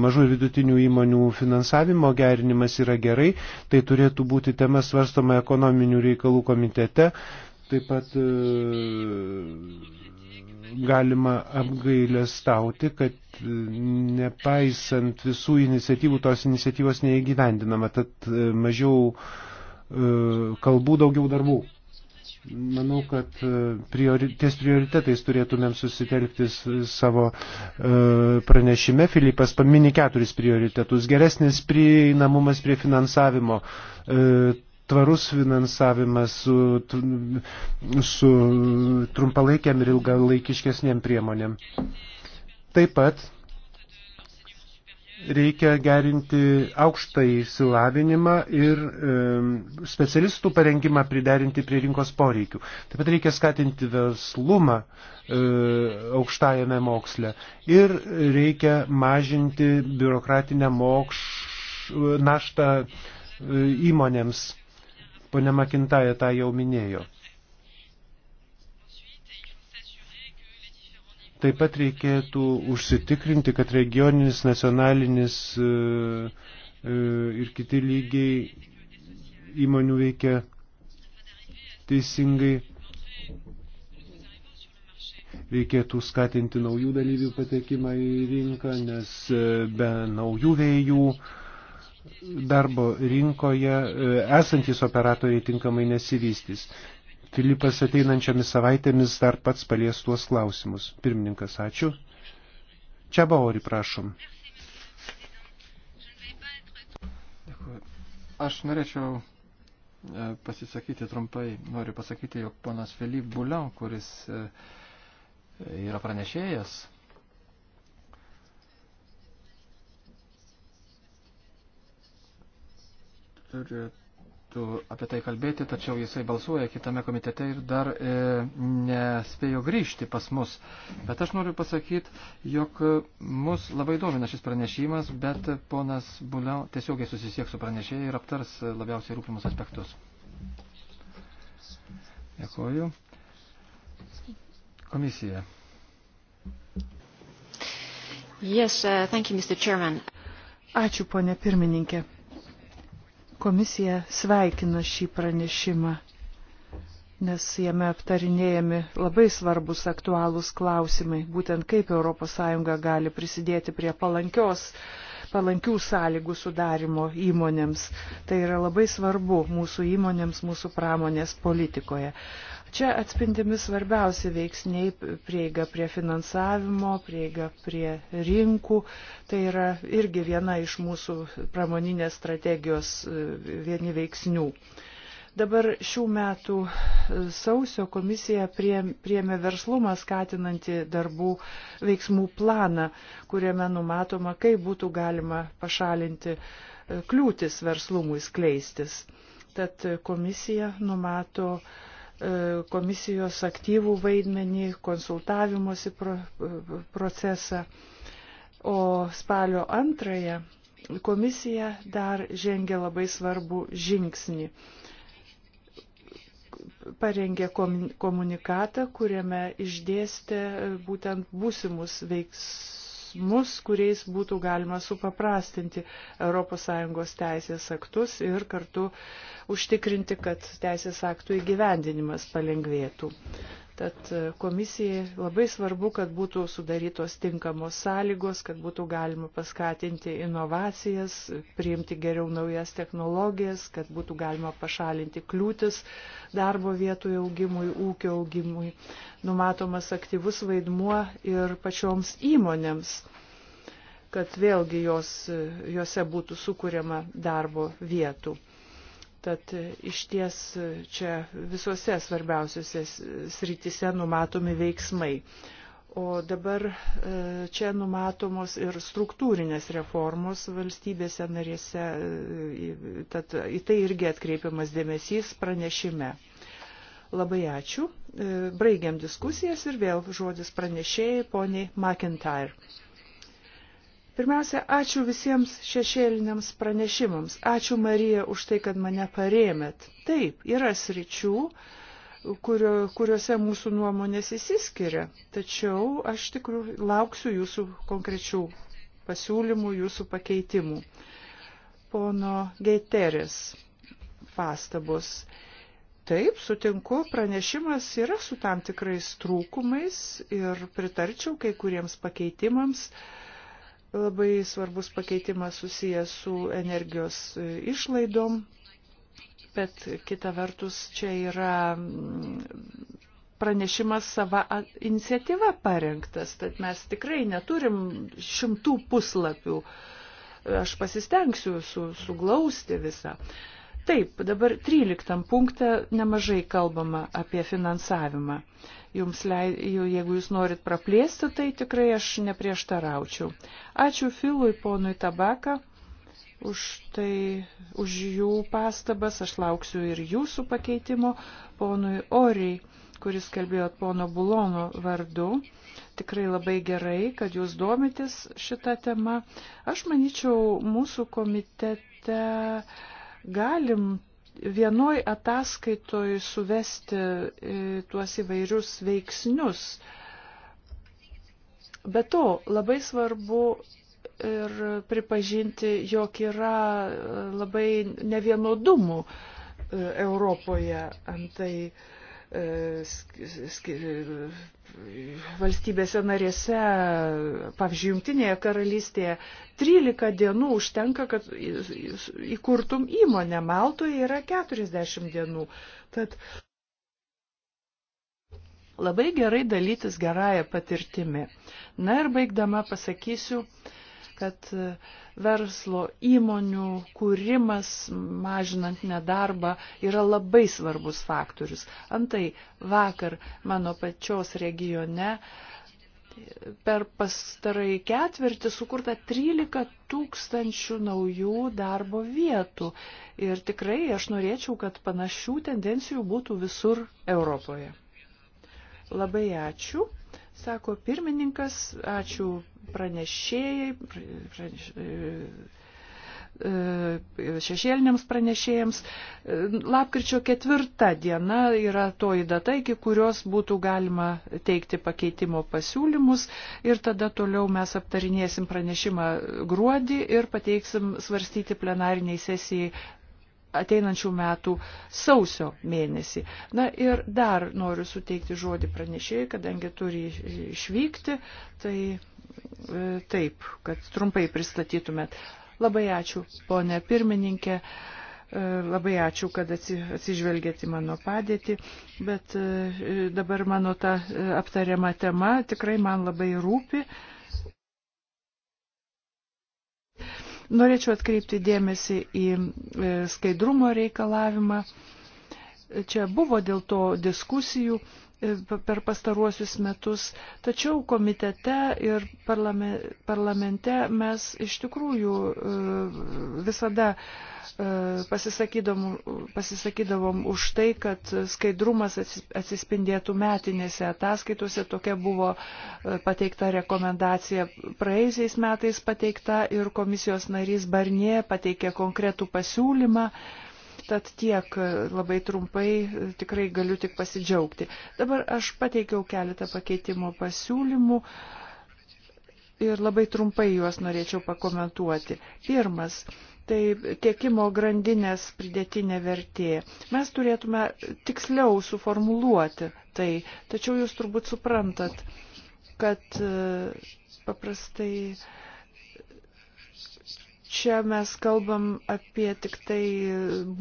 mažų ir vidutinių įmonių finansavimo gerinimas yra gerai, tai turėtų būti tema svarstoma ekonominių reikalų komitete, taip pat e, galima apgailestauti, kad nepaisant visų iniciatyvų, tos iniciatyvos neįgyvendinama, tad e, mažiau e, kalbų, daugiau darbų. Manau, kad e, priori, ties prioritetais turėtumėm susitelkti savo e, pranešime. Filipas pamini keturis prioritetus. Geresnis prieinamumas prie finansavimo, e, tvarus finansavimas su, su trumpalaikiam ir ilgalaikiškesniem priemonėm. Taip pat reikia gerinti aukštąjį silavinimą ir e, specialistų parengimą priderinti prie rinkos poreikių. Taip pat reikia skatinti verslumą e, aukštajame moksle ir reikia mažinti biurokratinę mokš, naštą e, įmonėms. E, Pone Makintaja tą jau minėjo. Taip pat reikėtų užsitikrinti, kad regioninis, nacionalinis e, e, ir kiti lygiai įmonių veikia teisingai. Reikėtų skatinti naujų dalyvių patekimą į rinką, nes e, be naujų vėjų uh, darbo rinkoje e, esantys operatoriai tinkamai nesivystys. Filipas ateinančiamis savaitėmis dar pats palies tuos klausimus. Pirmininkas, ačiū. Čia Baori, prašom. Aš norėčiau e, pasisakyti trumpai. Noriu pasakyti, jog ponas Filip Buliau, kuris e, yra pranešėjas turėtų apie tai kalbėti, tačiau jisai balsuoja kitame komitete ir dar e, nespėjo grįžti pas mus. Bet aš noriu pasakyti, jog mus labai domina šis pranešimas, bet ponas Buliau tiesiogiai susisieks su pranešėjai ir aptars labiausiai rūpimus aspektus. Dėkuoju. Komisija. Yes, uh, thank you, Mr. Chairman. Ačiū, ponė pirmininkė. Komisija sveikina šį pranešimą, nes jame aptarinėjami labai svarbus aktualūs klausimai, būtent kaip ES gali prisidėti prie palankios palankių sąlygų sudarimo įmonėms. Tai yra labai svarbu mūsų įmonėms, mūsų pramonės politikoje. Čia atspindimi svarbiausi veiksniai - prieiga prie finansavimo, prieiga prie rinkų. Tai yra irgi viena iš mūsų pramoninės strategijos e, vieni veiksnių. Dabar šių metų e, sausio komisija priėmė verslumą skatinantį darbų veiksmų planą, kuriame numatoma, kaip būtų galima pašalinti e, kliūtis verslumui skleistis. Tad komisija numato uh, E, komisijos aktyvų vaidmenį, konsultavimosi pro, e, procesą. O spalio antrąją komisija dar žengė labai svarbų žingsnį. Parengė komunikatą, kuriame išdėstė būtent būsimus veiks, veiksmus, kuriais būtų galima supaprastinti ES teisės aktus ir kartu užtikrinti, kad teisės aktų įgyvendinimas palengvėtų. Tad e, komisijai labai svarbu, kad būtų sudarytos tinkamos sąlygos, kad būtų galima paskatinti inovacijas, priimti geriau naujas technologijas, kad būtų galima pašalinti kliūtis darbo vietų augimui, ūkio augimui. Numatomas aktyvus vaidmuo ir pačioms įmonėms kad vėlgi jos, e, jose būtų sukūriama darbo vietų. Tad iš ties čia visuose svarbiausiuose srityse numatomi veiksmai. O dabar e, čia numatomos ir struktūrinės reformos valstybėse narėse, e, tad į tai irgi atkreipiamas dėmesys pranešime. Labai ačiū. E, Braigiam diskusijas ir vėl žodis pranešėjai poniai McIntyre. Pirmiausia, ačiū visiems šešėliniams pranešimams. Ačiū Marija už tai, kad mane parėmėt. Taip, yra sričių, kurio, kuriuose mūsų nuomonės įsiskiria, tačiau aš tikrųjų lauksiu jūsų konkrečių pasiūlymų, jūsų pakeitimų. Pono Geiteris pastabos. Taip, sutinku, pranešimas yra su tam tikrais trūkumais ir pritarčiau kai kuriems pakeitimams. Uh, Labai svarbus pakeitimas susijęs su energijos e, išlaidom, bet kita vertus čia yra mm, pranešimas sava iniciatyva parengtas, tad mes tikrai neturim šimtų puslapių. Aš pasistengsiu suglausti su visą. Taip, dabar 13 punkte nemažai kalbama apie finansavimą. Jums leid, jeigu jūs norit praplėsti, tai tikrai aš neprieštaraučiau. Ačiū Filui, ponui Tabaka, už, tai, už jų pastabas. Aš lauksiu ir jūsų pakeitimo, ponui Oriai, kuris kalbėjo pono Bulono vardu tikrai labai gerai, kad jūs domitės šitą temą. Aš manyčiau, mūsų komitete galim vienoj ataskaitoj suvesti e, tuos įvairius veiksnius. Be to, labai svarbu ir pripažinti, jog yra e, labai nevienodumų e, Europoje. Antai, uh, E, valstybėse narėse, pavyzdžiui, Junktinėje karalystėje, 13 dienų užtenka, kad įkurtum įmonę, Maltoje yra 40 dienų. Tad labai gerai dalytis gerąją patirtimi. Na ir baigdama pasakysiu, uh, kad e, verslo įmonių kūrimas, mažinant nedarbą, yra labai svarbus faktorius. Antai vakar mano pačios regione per pastarai ketvirtį sukurta 13 tūkstančių naujų darbo vietų. Ir tikrai aš norėčiau, kad panašių tendencijų būtų visur Europoje. Labai ačiū. Sako pirmininkas, ačiū pranešėjai, praneš, e, e, šešėliniams pranešėjams. E, lapkričio ketvirta diena yra toji data, iki kurios būtų galima teikti pakeitimo pasiūlymus ir tada toliau mes aptarinėsim pranešimą gruodį ir pateiksim svarstyti plenariniai sesijai ateinančių metų sausio mėnesį. Na ir dar noriu suteikti žodį pranešėjai, kadangi turi išvykti, tai e, taip, kad trumpai pristatytumėt. Labai ačiū, ponė pirmininkė. E, labai ačiū, kad atsižvelgėte į mano padėtį, bet e, dabar mano ta aptariama tema tikrai man labai rūpi. Norėčiau atkreipti dėmesį į e, skaidrumo reikalavimą. Čia buvo dėl to diskusijų E, per pastaruosius metus. Tačiau komitete ir parlamente mes iš tikrųjų e, visada e, pasisakydavom už tai, kad skaidrumas atsispindėtų metinėse ataskaitose. Tokia buvo pateikta rekomendacija praeisiais metais pateikta ir komisijos narys Barnie pateikė konkretų pasiūlymą Tad tiek labai trumpai tikrai galiu tik pasidžiaugti. Dabar aš pateikiau keletą pakeitimo pasiūlymų ir labai trumpai juos norėčiau pakomentuoti. Pirmas. Tai tiekimo grandinės pridėtinė vertė. Mes turėtume tiksliau suformuluoti tai, tačiau jūs turbūt suprantat, kad e, paprastai uh, čia mes kalbam apie tik tai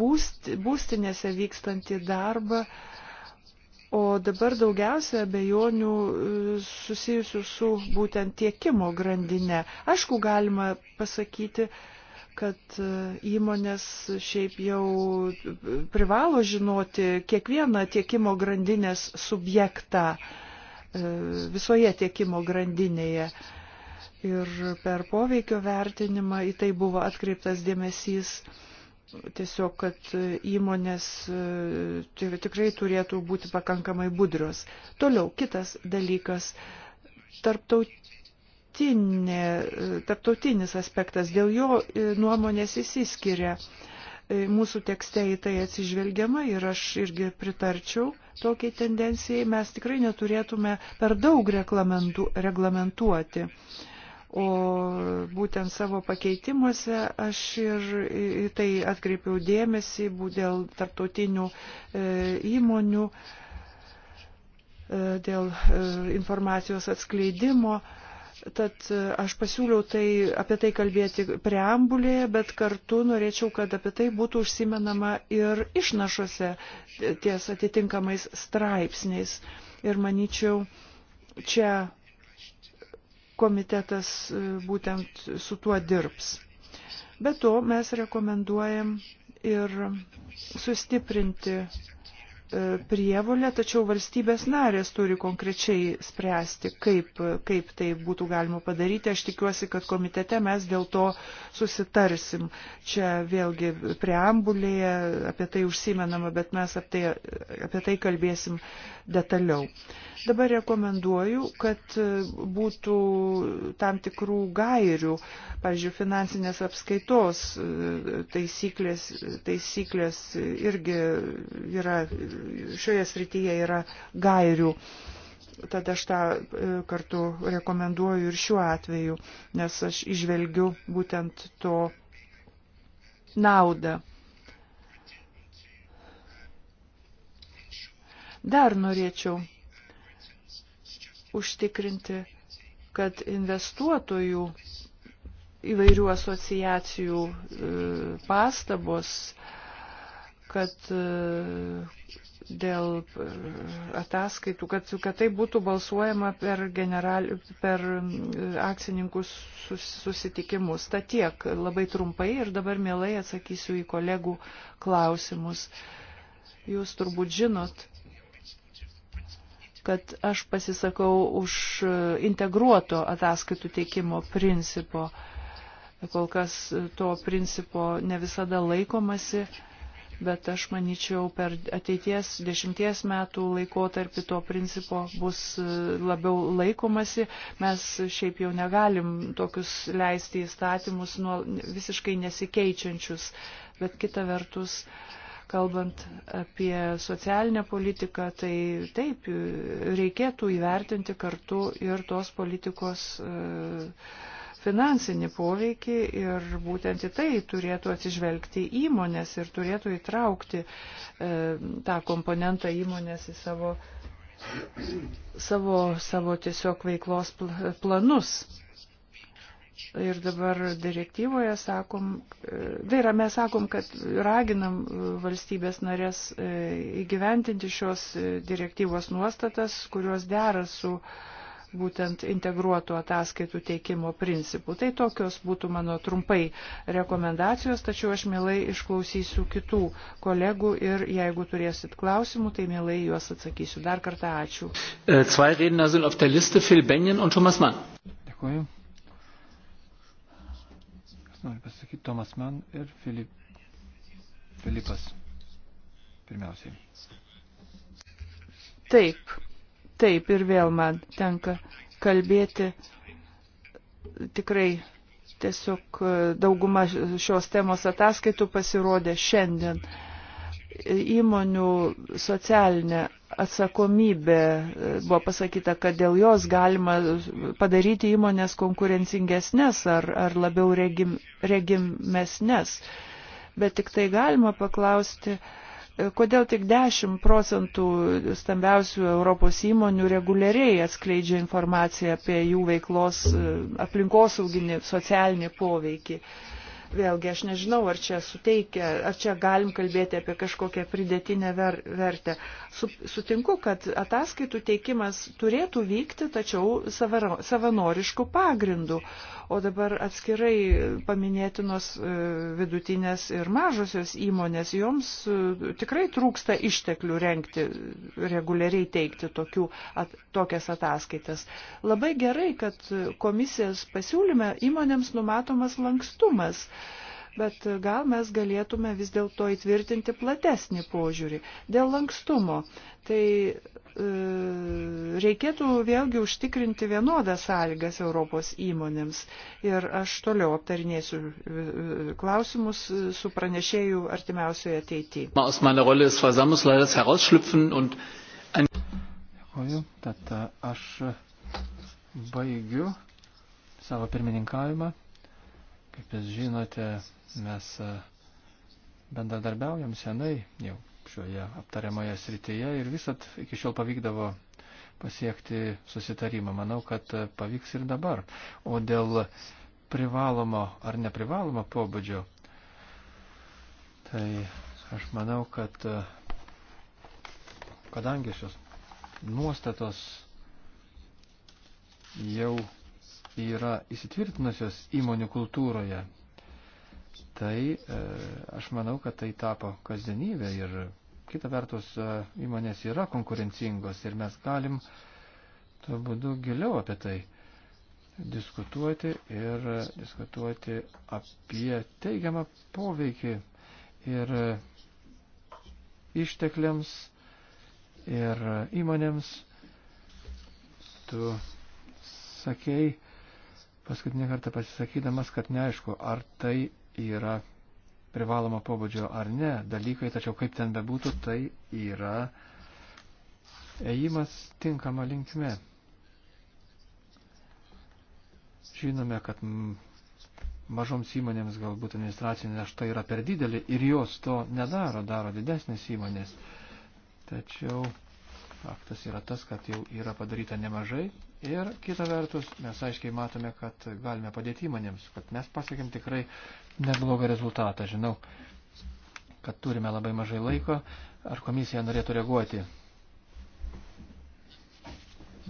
būst, būstinėse vykstantį darbą, o dabar daugiausia abejonių e, susijusių su būtent tiekimo grandinė. Aišku, galima pasakyti, kad e, įmonės šiaip jau privalo žinoti kiekvieną tiekimo grandinės subjektą e, visoje tiekimo grandinėje ir per poveikio vertinimą į tai buvo atkreiptas dėmesys. Tiesiog, kad įmonės e, tai tikrai turėtų būti pakankamai budrios. Toliau, kitas dalykas - tarptautinė, e, tarptautinis aspektas. Dėl jo e, nuomonės įsiskiria. Mūsų tekste į tai atsižvelgiama ir aš irgi pritarčiau tokiai tendencijai. Mes tikrai neturėtume per daug reglamentuoti. reglamentuoti O būtent savo pakeitimuose aš ir į tai atkreipiau dėmesį dėl tarptautinių e, įmonių, e, dėl e, informacijos atskleidimo. Tad aš pasiūliau tai, apie tai kalbėti preambulėje, bet kartu norėčiau, kad apie tai būtų užsimenama ir išnašose ties atitinkamais straipsniais. Ir manyčiau, čia komitetas e, būtent su tuo dirbs. Be to mes rekomenduojam ir sustiprinti e, prievolę, tačiau valstybės narės turi konkrečiai spręsti, kaip, kaip tai būtų galima padaryti. Aš tikiuosi, kad komitete mes dėl to susitarsim. Čia vėlgi preambulėje apie tai užsimenama, bet mes apie tai, apie tai kalbėsim detaliau. Uh, Dabar rekomenduoju, kad e, būtų tam tikrų gairių, pavyzdžiui, finansinės apskaitos e, taisyklės, taisyklės irgi yra, šioje srityje yra gairių tad aš tą e, kartu rekomenduoju ir šiuo atveju, nes aš išvelgiu būtent to naudą. Dar norėčiau užtikrinti, kad investuotojų įvairių asociacijų e, pastabos, kad e, dėl e, ataskaitų, kad, kad tai būtų balsuojama per, general, per akcininkų sus, susitikimus. Ta tiek labai trumpai ir dabar mielai atsakysiu į kolegų klausimus. Jūs turbūt žinot, kad aš pasisakau už integruoto ataskaitų teikimo principo. Kol kas to principo ne visada laikomasi, bet aš manyčiau, per ateities dešimties metų laikotarpį to principo bus labiau laikomasi. Mes šiaip jau negalim tokius leisti įstatymus nuo visiškai nesikeičiančius, bet kita vertus. Uh, Kalbant apie socialinę politiką, tai taip, reikėtų įvertinti kartu ir tos politikos e, finansinį poveikį ir būtent į tai turėtų atsižvelgti įmonės ir turėtų įtraukti e, tą komponentą įmonės į savo, savo, savo tiesiog veiklos planus. Ir dabar direktyvoje sakom, e, tai yra mes sakom, kad raginam e, valstybės narės e, įgyventinti šios direktyvos nuostatas, kurios dera su būtent integruotų ataskaitų teikimo principų. Tai tokios būtų mano trumpai rekomendacijos, tačiau aš mielai išklausysiu kitų kolegų ir jeigu turėsit klausimų, tai mielai juos atsakysiu. Dar kartą ačiū. Äh, Dėkuoju nori pasakyti Tomas Man ir Filip, Filipas pirmiausiai. Taip, taip ir vėl man tenka kalbėti tikrai tiesiog e, dauguma šios temos ataskaitų pasirodė šiandien. Uh, įmonių socialinė atsakomybė. E, buvo pasakyta, kad dėl jos galima padaryti įmonės konkurencingesnės ar, ar labiau regim, regimesnės. Bet tik tai galima paklausti, e, kodėl tik 10 procentų stambiausių Europos įmonių reguliariai atskleidžia informaciją apie jų veiklos e, aplinkosauginį socialinį poveikį. Uh, Vėlgi, aš nežinau, ar čia suteikia, ar čia galim kalbėti apie kažkokią pridėtinę ver, vertę. Su, sutinku, kad ataskaitų teikimas turėtų vykti, tačiau savanoriškų pagrindų, O dabar atskirai paminėtinos e, vidutinės ir mažosios įmonės, joms e, tikrai trūksta išteklių renkti, reguliariai teikti tokių, at, tokias ataskaitas. Labai gerai, kad komisijos pasiūlyme įmonėms numatomas lankstumas. Uh, bet gal mes galėtume vis dėlto įtvirtinti platesnį požiūrį dėl lankstumo. Tai e, reikėtų vėlgi užtikrinti vienodas sąlygas Europos įmonėms. Ir aš toliau aptarinėsiu e, e, klausimus su pranešėjų artimiausioje ateityje. Dėkoju, tad e, aš baigiu savo pirmininkavimą. Kaip jūs žinote, Mes e, bendradarbiaujam senai jau šioje aptariamoje srityje ir visat iki šiol pavykdavo pasiekti susitarimą. Manau, kad e, pavyks ir dabar. O dėl privalomo ar neprivalomo pobūdžio, tai aš manau, kad e, kadangi šios nuostatos jau yra įsitvirtinusios įmonių kultūroje, tai e, aš manau, kad tai tapo kasdienybė ir kita vertus e, įmonės yra konkurencingos ir mes galim tuo būdu giliau apie tai diskutuoti ir diskutuoti apie teigiamą poveikį ir ištekliams ir įmonėms. Tu sakei paskutinį kartą pasisakydamas, kad neaišku, ar tai yra privaloma pobūdžio ar ne dalykai, tačiau kaip ten bebūtų, tai yra ėjimas tinkama linkme. Žinome, kad mažoms įmonėms galbūt administracinė našta yra per didelė ir jos to nedaro, daro didesnės įmonės. Tačiau Faktas yra tas, kad jau yra padaryta nemažai ir kita vertus mes aiškiai matome, kad galime padėti įmonėms, kad mes pasiekėm tikrai neblogą rezultatą. Žinau, kad turime labai mažai laiko. Ar komisija norėtų reaguoti?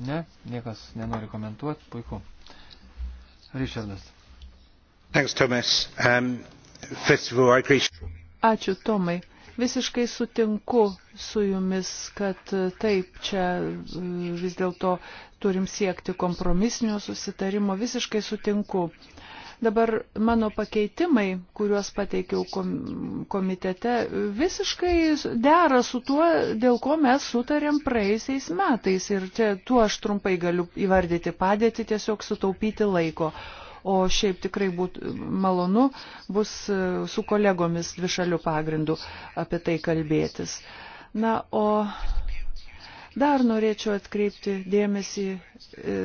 Ne, niekas nenori komentuoti. Puiku. Richardas. Thanks, Thomas. Um, first of all, I agree. Ačiū, Tomai. Visiškai sutinku su jumis, kad taip, čia e, vis dėlto turim siekti kompromisinio susitarimo. Visiškai sutinku. Dabar mano pakeitimai, kuriuos pateikiau komitete, visiškai dera su tuo, dėl ko mes sutarėm praeisiais metais. Ir čia tuo aš trumpai galiu įvardyti padėtį, tiesiog sutaupyti laiko o šiaip tikrai būtų malonu bus e, su kolegomis dvišalių pagrindų apie tai kalbėtis. Na, o dar norėčiau atkreipti dėmesį, e,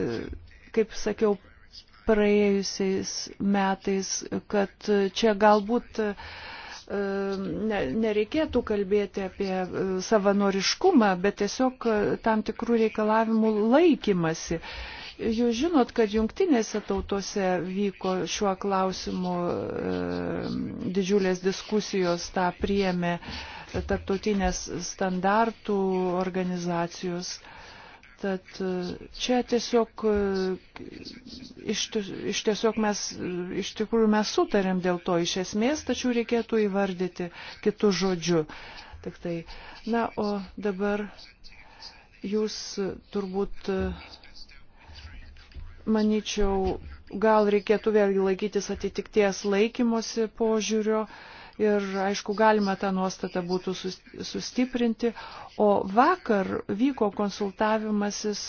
kaip sakiau, praėjusiais metais, kad čia galbūt e, ne, nereikėtų kalbėti apie savanoriškumą, bet tiesiog tam tikrų reikalavimų laikymasi. Jūs žinot, kad jungtinėse tautose vyko šiuo klausimu e, didžiulės diskusijos, tą priemė tarptautinės standartų organizacijos. Tad e, čia tiesiog, e, iš, iš tiesiog mes, e, iš tikrųjų mes sutarėm dėl to iš esmės, tačiau reikėtų įvardyti kitų žodžių. Tik tai, na, o dabar jūs turbūt manyčiau, gal reikėtų vėlgi laikytis atitikties laikymosi požiūrio. Uh, ir, aišku, galima tą nuostatą būtų sustiprinti. O vakar vyko konsultavimasis,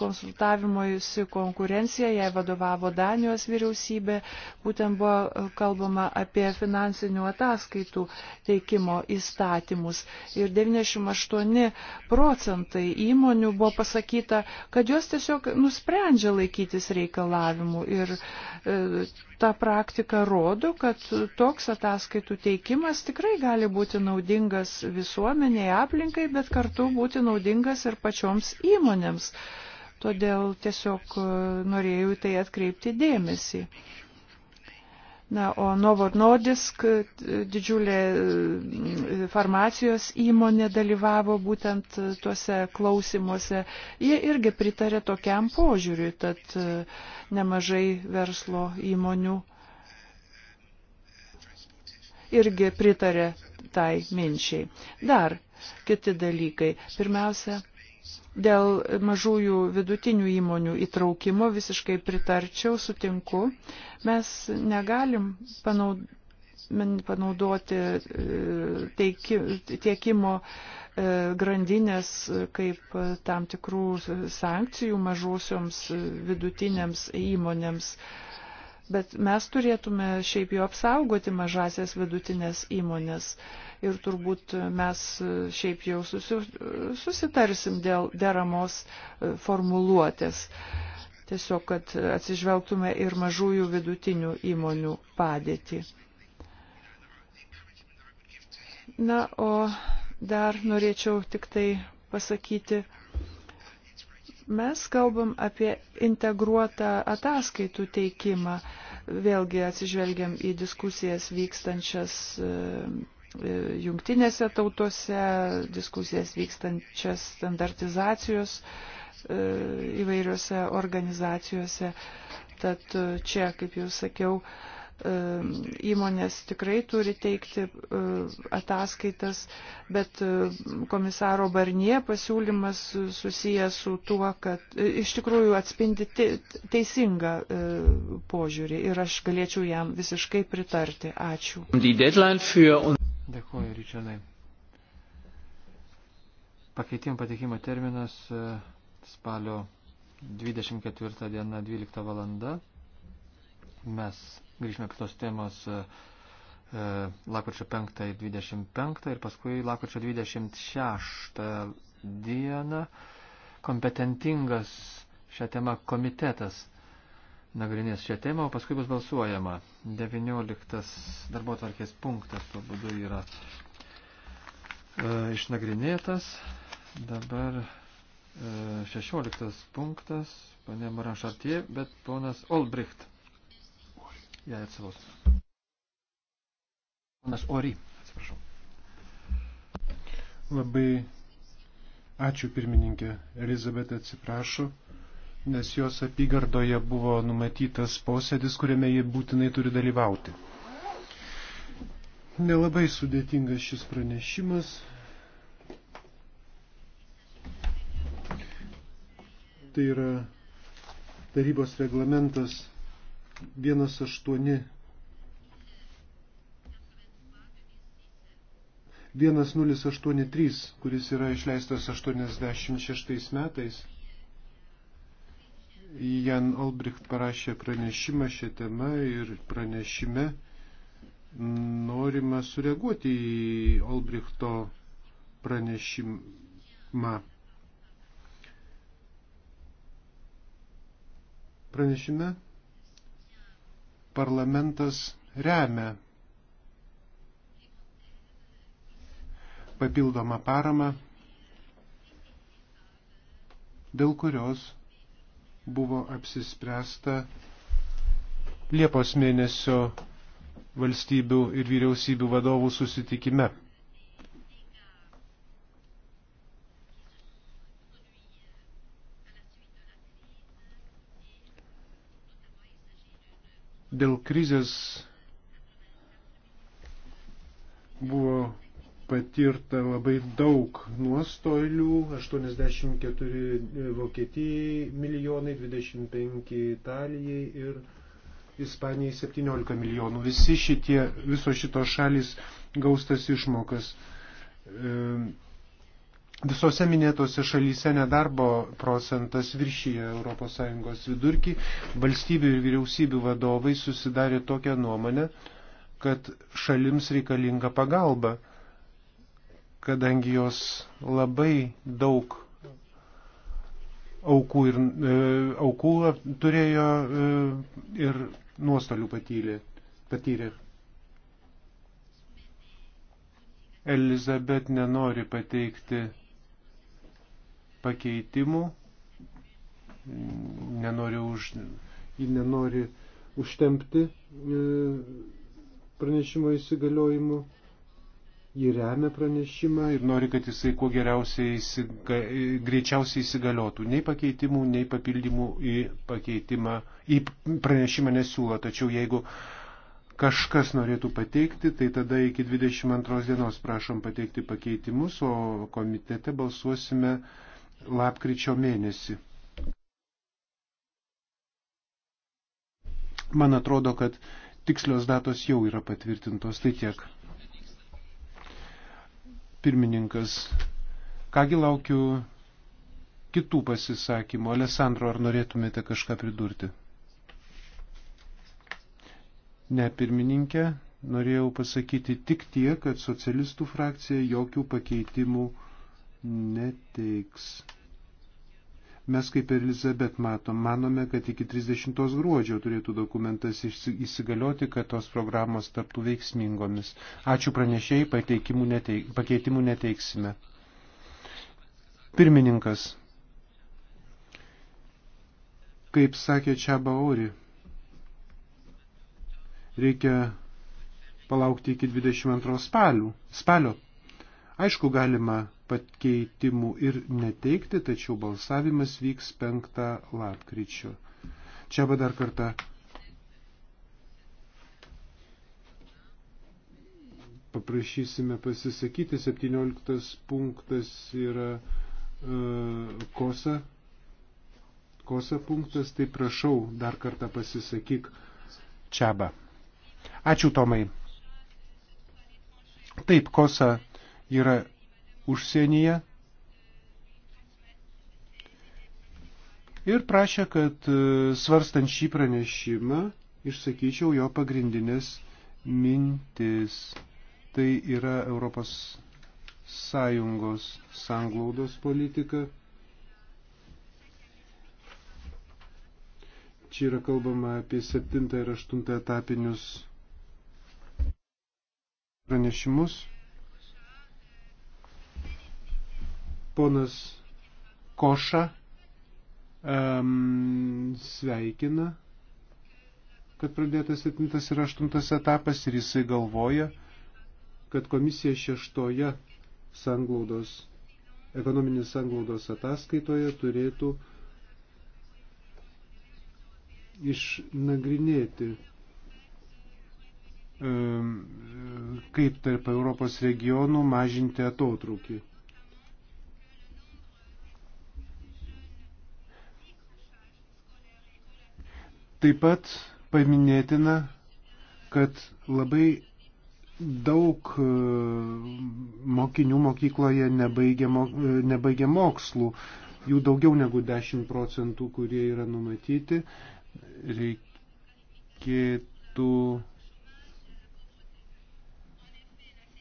konsultavimojusi konkurencija, jai vadovavo Danijos vyriausybė, būtent buvo e, kalbama apie finansinių ataskaitų teikimo įstatymus. Ir 98 procentai įmonių buvo pasakyta, kad jos tiesiog nusprendžia laikytis reikalavimų. Ir, e, ta praktika rodo, kad toks ataskaitų teikimas tikrai gali būti naudingas visuomeniai, aplinkai, bet kartu būti naudingas ir pačioms įmonėms. Todėl tiesiog e, norėjau tai atkreipti dėmesį. Na, o Novornodisk, didžiulė mm, farmacijos įmonė dalyvavo būtent tuose klausimuose. Jie irgi pritarė tokiam požiūriui, tad e, nemažai verslo įmonių irgi pritarė tai minčiai. Dar kiti dalykai. Pirmiausia, Dėl mažųjų vidutinių įmonių įtraukimo visiškai pritarčiau, sutinku. Mes negalim panaudoti e, tiekimo e, grandinės kaip tam tikrų sankcijų mažosioms vidutinėms įmonėms. Bet mes turėtume šiaip jau apsaugoti mažasias vidutinės įmonės. Uh, ir turbūt mes šiaip jau susi, susitarsim dėl deramos e, formuluotės. Tiesiog, kad atsižvelgtume ir mažųjų vidutinių įmonių padėtį. Na, o dar norėčiau tik tai pasakyti, mes kalbam apie integruotą ataskaitų teikimą. Vėlgi atsižvelgiam į diskusijas vykstančias e, E, jungtinėse tautose, diskusijas vykstančias standartizacijos e, įvairiose organizacijose. Tad e, čia, kaip jau sakiau, įmonės tikrai turi teikti ataskaitas, bet komisaro Barnie pasiūlymas susijęs su tuo, kad iš tikrųjų atspindi teisingą požiūrį ir aš galėčiau jam visiškai pritarti. Ačiū. Dėkuoju, Ričardai. Pakeitimo pateikimo terminas e, spalio 24 diena 12 valanda. Mes grįžime prie tos temos e, e, lakrčio 5 ir 25 ir paskui lakrčio 26 dieną kompetentingas šią temą komitetas nagrinės šią temą, o paskui bus balsuojama. 19 darbo tvarkės punktas tuo būdu yra e, išnagrinėtas. Dabar e, 16 punktas, panė Maran Šartie, bet ponas Olbricht. Jei atsivaus. Ponas Ori, atsiprašau. Labai ačiū pirmininkė. Elizabet atsiprašo nes jos apygardoje buvo numatytas posėdis, kuriame ji būtinai turi dalyvauti. Nelabai sudėtingas šis pranešimas. Tai yra tarybos reglamentas 18. 1083, kuris yra išleistas 86 metais Jan Olbricht parašė pranešimą šią temą ir pranešime norima sureaguoti į Olbrichto pranešimą. Pranešime parlamentas remia papildomą paramą, dėl kurios buvo apsispręsta Liepos mėnesio valstybių ir vyriausybių vadovų susitikime. Dėl krizės buvo patirta labai daug nuostolių, 84 e, Vokietijai milijonai, 25 Italijai ir Ispanijai 17 milijonų. Visi šitie, viso šitos šalis gaustas išmokas. E, visose minėtose šalyse nedarbo procentas viršyje ES vidurkį. Valstybių ir vyriausybių vadovai susidarė tokią nuomonę, kad šalims reikalinga pagalba kadangi jos labai daug aukų, ir, e, aukų turėjo e, ir nuostolių patyrė. patyrė. Elizabet nenori pateikti pakeitimų, nenori, už, nenori užtempti e, pranešimo įsigaliojimų ji remia pranešimą ir nori, kad jisai kuo geriausiai įsiga, greičiausiai įsigaliotų. Nei pakeitimų, nei papildymų į, pakeitimą, į pranešimą nesiūlo. Tačiau jeigu kažkas norėtų pateikti, tai tada iki 22 dienos prašom pateikti pakeitimus, o komitete balsuosime lapkričio mėnesį. Man atrodo, kad tikslios datos jau yra patvirtintos, tai tiek. Pirmininkas, kągi laukiu kitų pasisakymų. Alessandro, ar norėtumėte kažką pridurti? Ne, pirmininkė, norėjau pasakyti tik tie, kad socialistų frakcija jokių pakeitimų neteiks. Mes kaip ir Elizabet matom, manome, kad iki 30 gruodžio turėtų dokumentas įsigalioti, kad tos programos taptų veiksmingomis. Ačiū pranešėjai, neteik, pakeitimų neteiksime. Pirmininkas. Kaip sakė Čiabaori, reikia palaukti iki 22 spalių, spalio. Aišku, galima pakeitimų ir neteikti, tačiau balsavimas vyks 5 lapkričio. Čia bet dar kartą paprašysime pasisakyti. 17 punktas yra e, kosa. Kosa punktas, tai prašau dar kartą pasisakyk. Čiaba. Ačiū Tomai. Taip, kosa yra užsienyje ir prašė, kad e, svarstant šį pranešimą išsakyčiau jo pagrindinės mintis. Tai yra Europos Sąjungos sanglaudos politika. Čia yra kalbama apie 7 ir 8 etapinius pranešimus. Ponas Koša um, sveikina, kad pradėtas 7 ir 8 etapas ir jisai galvoja, kad komisija šeštoje sanglaudos, ekonominės sanglaudos ataskaitoje turėtų išnagrinėti kaip tarp Europos regionų mažinti atotrūkį. Taip pat paminėtina, kad labai daug e, mokinių mokykloje nebaigia, e, nebaigia mokslų, jų daugiau negu 10 procentų, kurie yra numatyti. Reikėtų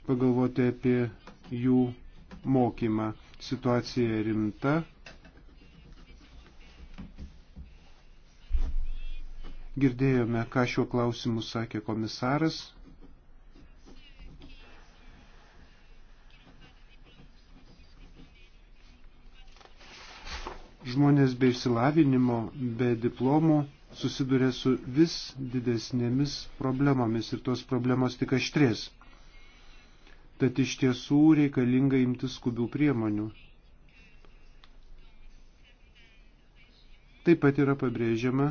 pagalvoti apie jų mokymą. Situacija rimta, Girdėjome, ką šiuo klausimu sakė komisaras. Žmonės be išsilavinimo, be diplomų susiduria su vis didesnėmis problemomis ir tos problemos tik aštrės. Tad iš tiesų reikalinga imtis skubių priemonių. Taip pat yra pabrėžiama,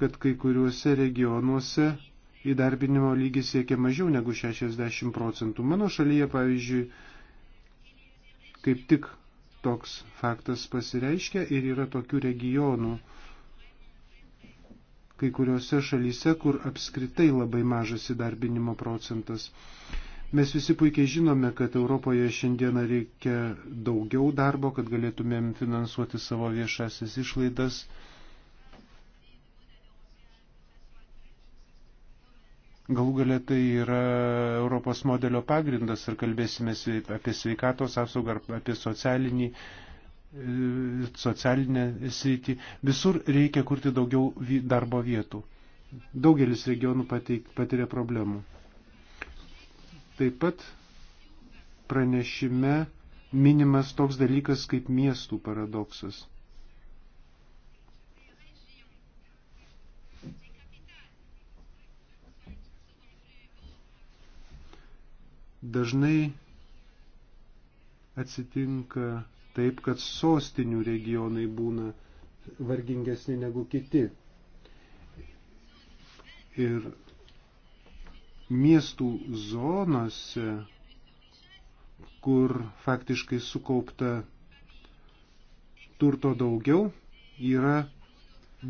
kad kai kuriuose regionuose įdarbinimo lygis siekia mažiau negu 60 procentų. Mano šalyje, pavyzdžiui, kaip tik toks faktas pasireiškia ir yra tokių regionų, kai kuriuose šalyse, kur apskritai labai mažas įdarbinimo procentas. Mes visi puikiai žinome, kad Europoje šiandieną reikia daugiau darbo, kad galėtumėm finansuoti savo viešasis išlaidas Galų galia tai yra Europos modelio pagrindas ir kalbėsime apie sveikatos apsaugą, apie socialinį, e, socialinę sritį. Visur reikia kurti daugiau darbo vietų. Daugelis regionų patiria problemų. Taip pat pranešime minimas toks dalykas kaip miestų paradoksas. Dažnai atsitinka taip, kad sostinių regionai būna vargingesni negu kiti. Ir miestų zonose, kur faktiškai sukaupta turto daugiau, yra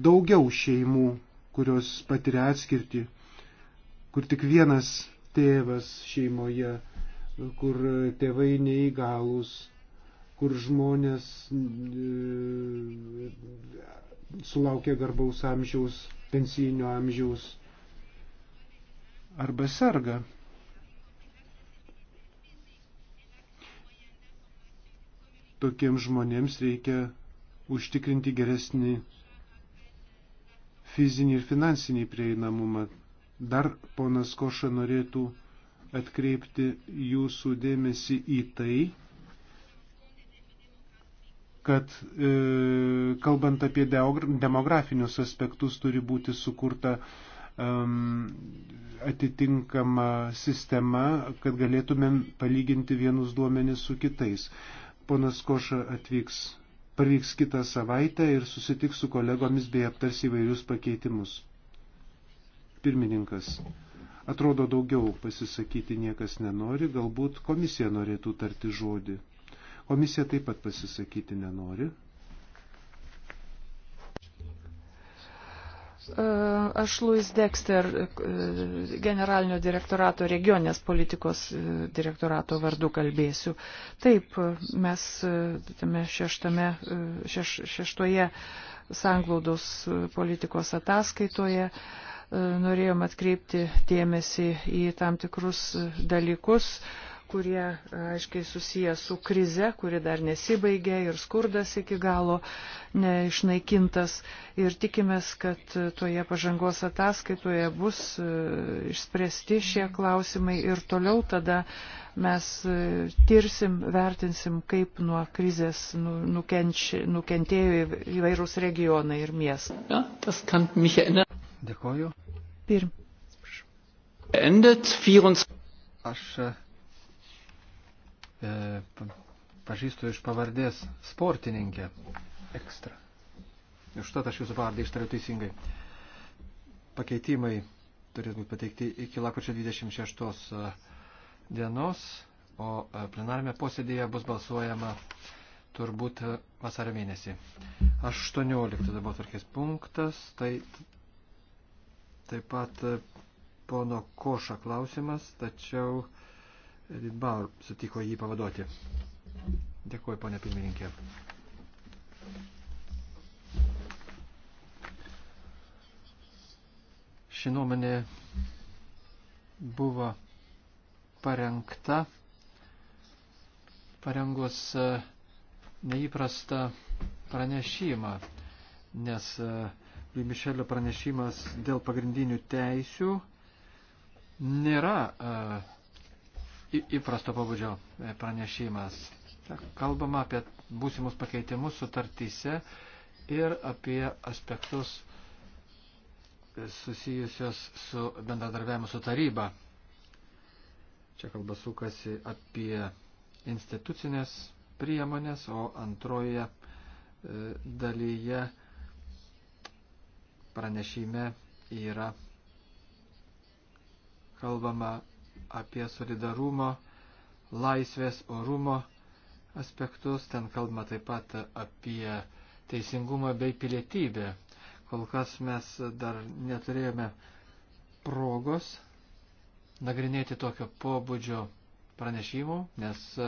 daugiau šeimų, kurios patiria atskirti, kur tik vienas tėvas šeimoje, kur tėvai neįgalus, kur žmonės e, sulaukia garbaus amžiaus, pensijinio amžiaus arba serga. Tokiems žmonėms reikia užtikrinti geresnį fizinį ir finansinį prieinamumą Dar ponas Koša norėtų atkreipti jūsų dėmesį į tai, kad e, kalbant apie demografinius aspektus turi būti sukurta um, atitinkama sistema, kad galėtumėm palyginti vienus duomenis su kitais. Ponas Koša atvyks, parvyks kitą savaitę ir susitiks su kolegomis bei aptars įvairius pakeitimus. Pirmininkas. Atrodo, daugiau pasisakyti niekas nenori, galbūt komisija norėtų tarti žodį. Komisija taip pat pasisakyti nenori. E, aš Louis Dexter, e, generalinio direktorato regionės politikos e, direktorato vardu kalbėsiu. Taip, mes tame šeštame, šeš, šeštoje sanglaudos politikos ataskaitoje norėjom atkreipti dėmesį į tam tikrus dalykus, kurie aiškiai susiję su krize, kuri dar nesibaigė ir skurdas iki galo neišnaikintas. Ir tikimės, kad toje pažangos ataskaitoje bus išspręsti šie klausimai ir toliau tada mes tirsim, vertinsim, kaip nuo krizės nu, nukenči, nukentėjo įvairūs regionai ir miestai. Ja, Dėkoju. Pirm. Endet 24. Aš E, pažįstu iš pavardės sportininkę ekstra. Užtat aš jūsų pavardę ištariu teisingai. Pakeitimai turės būti pateikti iki lakučio 26 e, dienos, o e, plenarime posėdėje bus balsuojama turbūt vasario mėnesį. 18 dabar tvarkės punktas, tai taip pat pono Koša klausimas, tačiau Edith Bauer sutiko jį pavaduoti. Dėkuoju, ponė pirmininkė. Ši nuomonė buvo parengta, parengus e, neįprastą pranešimą, nes e, Mišelio pranešimas dėl pagrindinių teisių nėra uh, įprasto pabudžio e, pranešimas. Kalbama apie būsimus pakeitimus sutartyse ir apie aspektus e, susijusios su bendradarbiavimu su taryba. Čia kalba sukasi apie institucinės priemonės, o antroje e, dalyje pranešime yra kalbama apie solidarumo, laisvės, orumo aspektus, ten kalbama taip pat apie teisingumą bei pilietybę. Kol kas mes dar neturėjome progos nagrinėti tokio pobūdžio pranešimų, nes e,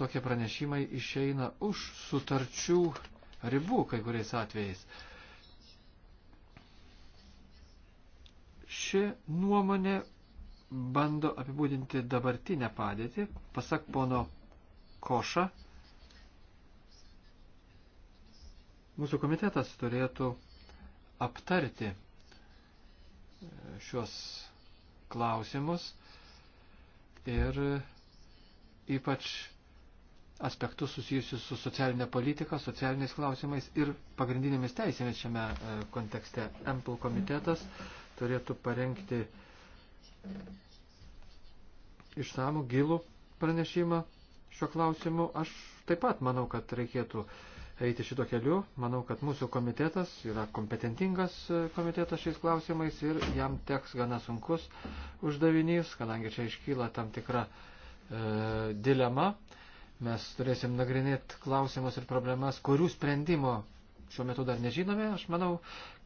tokie pranešimai išeina už sutarčių ribų kai kuriais atvejais. Ši nuomonė bando apibūdinti dabartinę padėtį, pasak pono Koša, mūsų komitetas turėtų aptarti e, šios klausimus ir e, ypač aspektus susijusius su socialinė politika, socialiniais klausimais ir pagrindinėmis teisėmis šiame e, kontekste. MPL komitetas turėtų parengti uh, išsamų gilų pranešimą šiuo klausimu. Aš taip pat manau, kad reikėtų eiti šito keliu. Manau, kad mūsų komitetas yra kompetentingas komitetas šiais klausimais ir jam teks gana sunkus uždavinys, kadangi čia iškyla tam tikra e, dilema. Mes turėsim nagrinėti klausimus ir problemas, kurių sprendimo šiuo metu dar nežinome. Aš manau,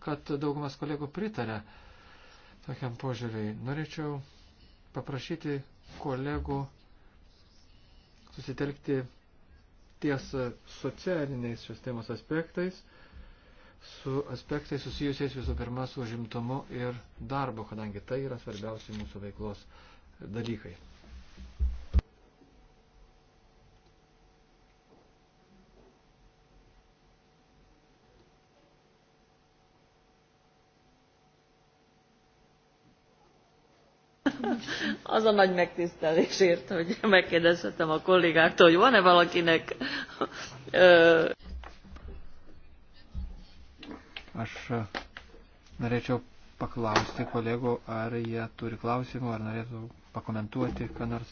kad daugumas kolegų pritarė uh, tokiam požiūriui. Norėčiau paprašyti kolegų susitelkti ties socialiniais šios temos aspektais, su aspektais susijusiais visų pirma su žimtumu ir darbu, kadangi tai yra svarbiausi mūsų veiklos dalykai. az a nagy megtisztelésért, hogy megkérdezhetem a kollégáktól, hogy van-e valakinek... Aš norėčiau paklausti kolegų, ar jie turi klausimų, ar norėtų pakomentuoti, ką nors.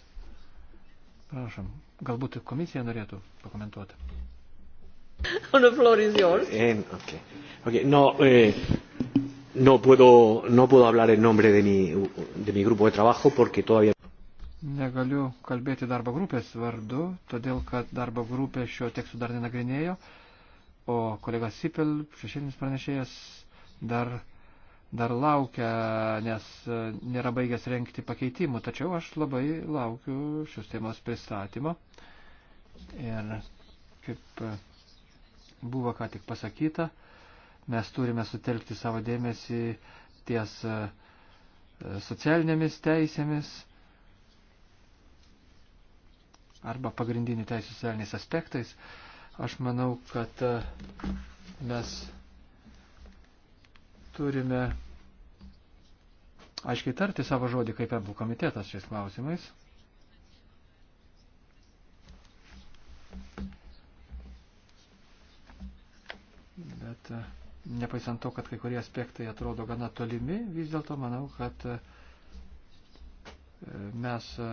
Prašom, galbūt komisija norėtų pakomentuoti. On the floor is yours. And, eh, okay. Okay. No, eh, no puedo, no puedo hablar en nombre de mi, de mi grupo de trabajo porque todavía. Negaliu kalbėti darbo grupės vardu, todėl kad darbo grupė šio teksto dar nenagrinėjo, o kolega Sipel, šešėlinis pranešėjas, dar, dar laukia, nes nėra baigęs renkti pakeitimų, tačiau aš labai laukiu šios temos pristatymo. Ir kaip buvo ką tik pasakyta, Mes turime sutelkti savo dėmesį ties e, socialinėmis teisėmis arba pagrindinių teisų socialiniais aspektais. Aš manau, kad e, mes turime aiškiai tarti savo žodį kaip Apple komitetas šiais klausimais. Bet uh, nepaisant to, kad kai kurie aspektai atrodo gana tolimi, vis dėlto manau, kad e, mes e,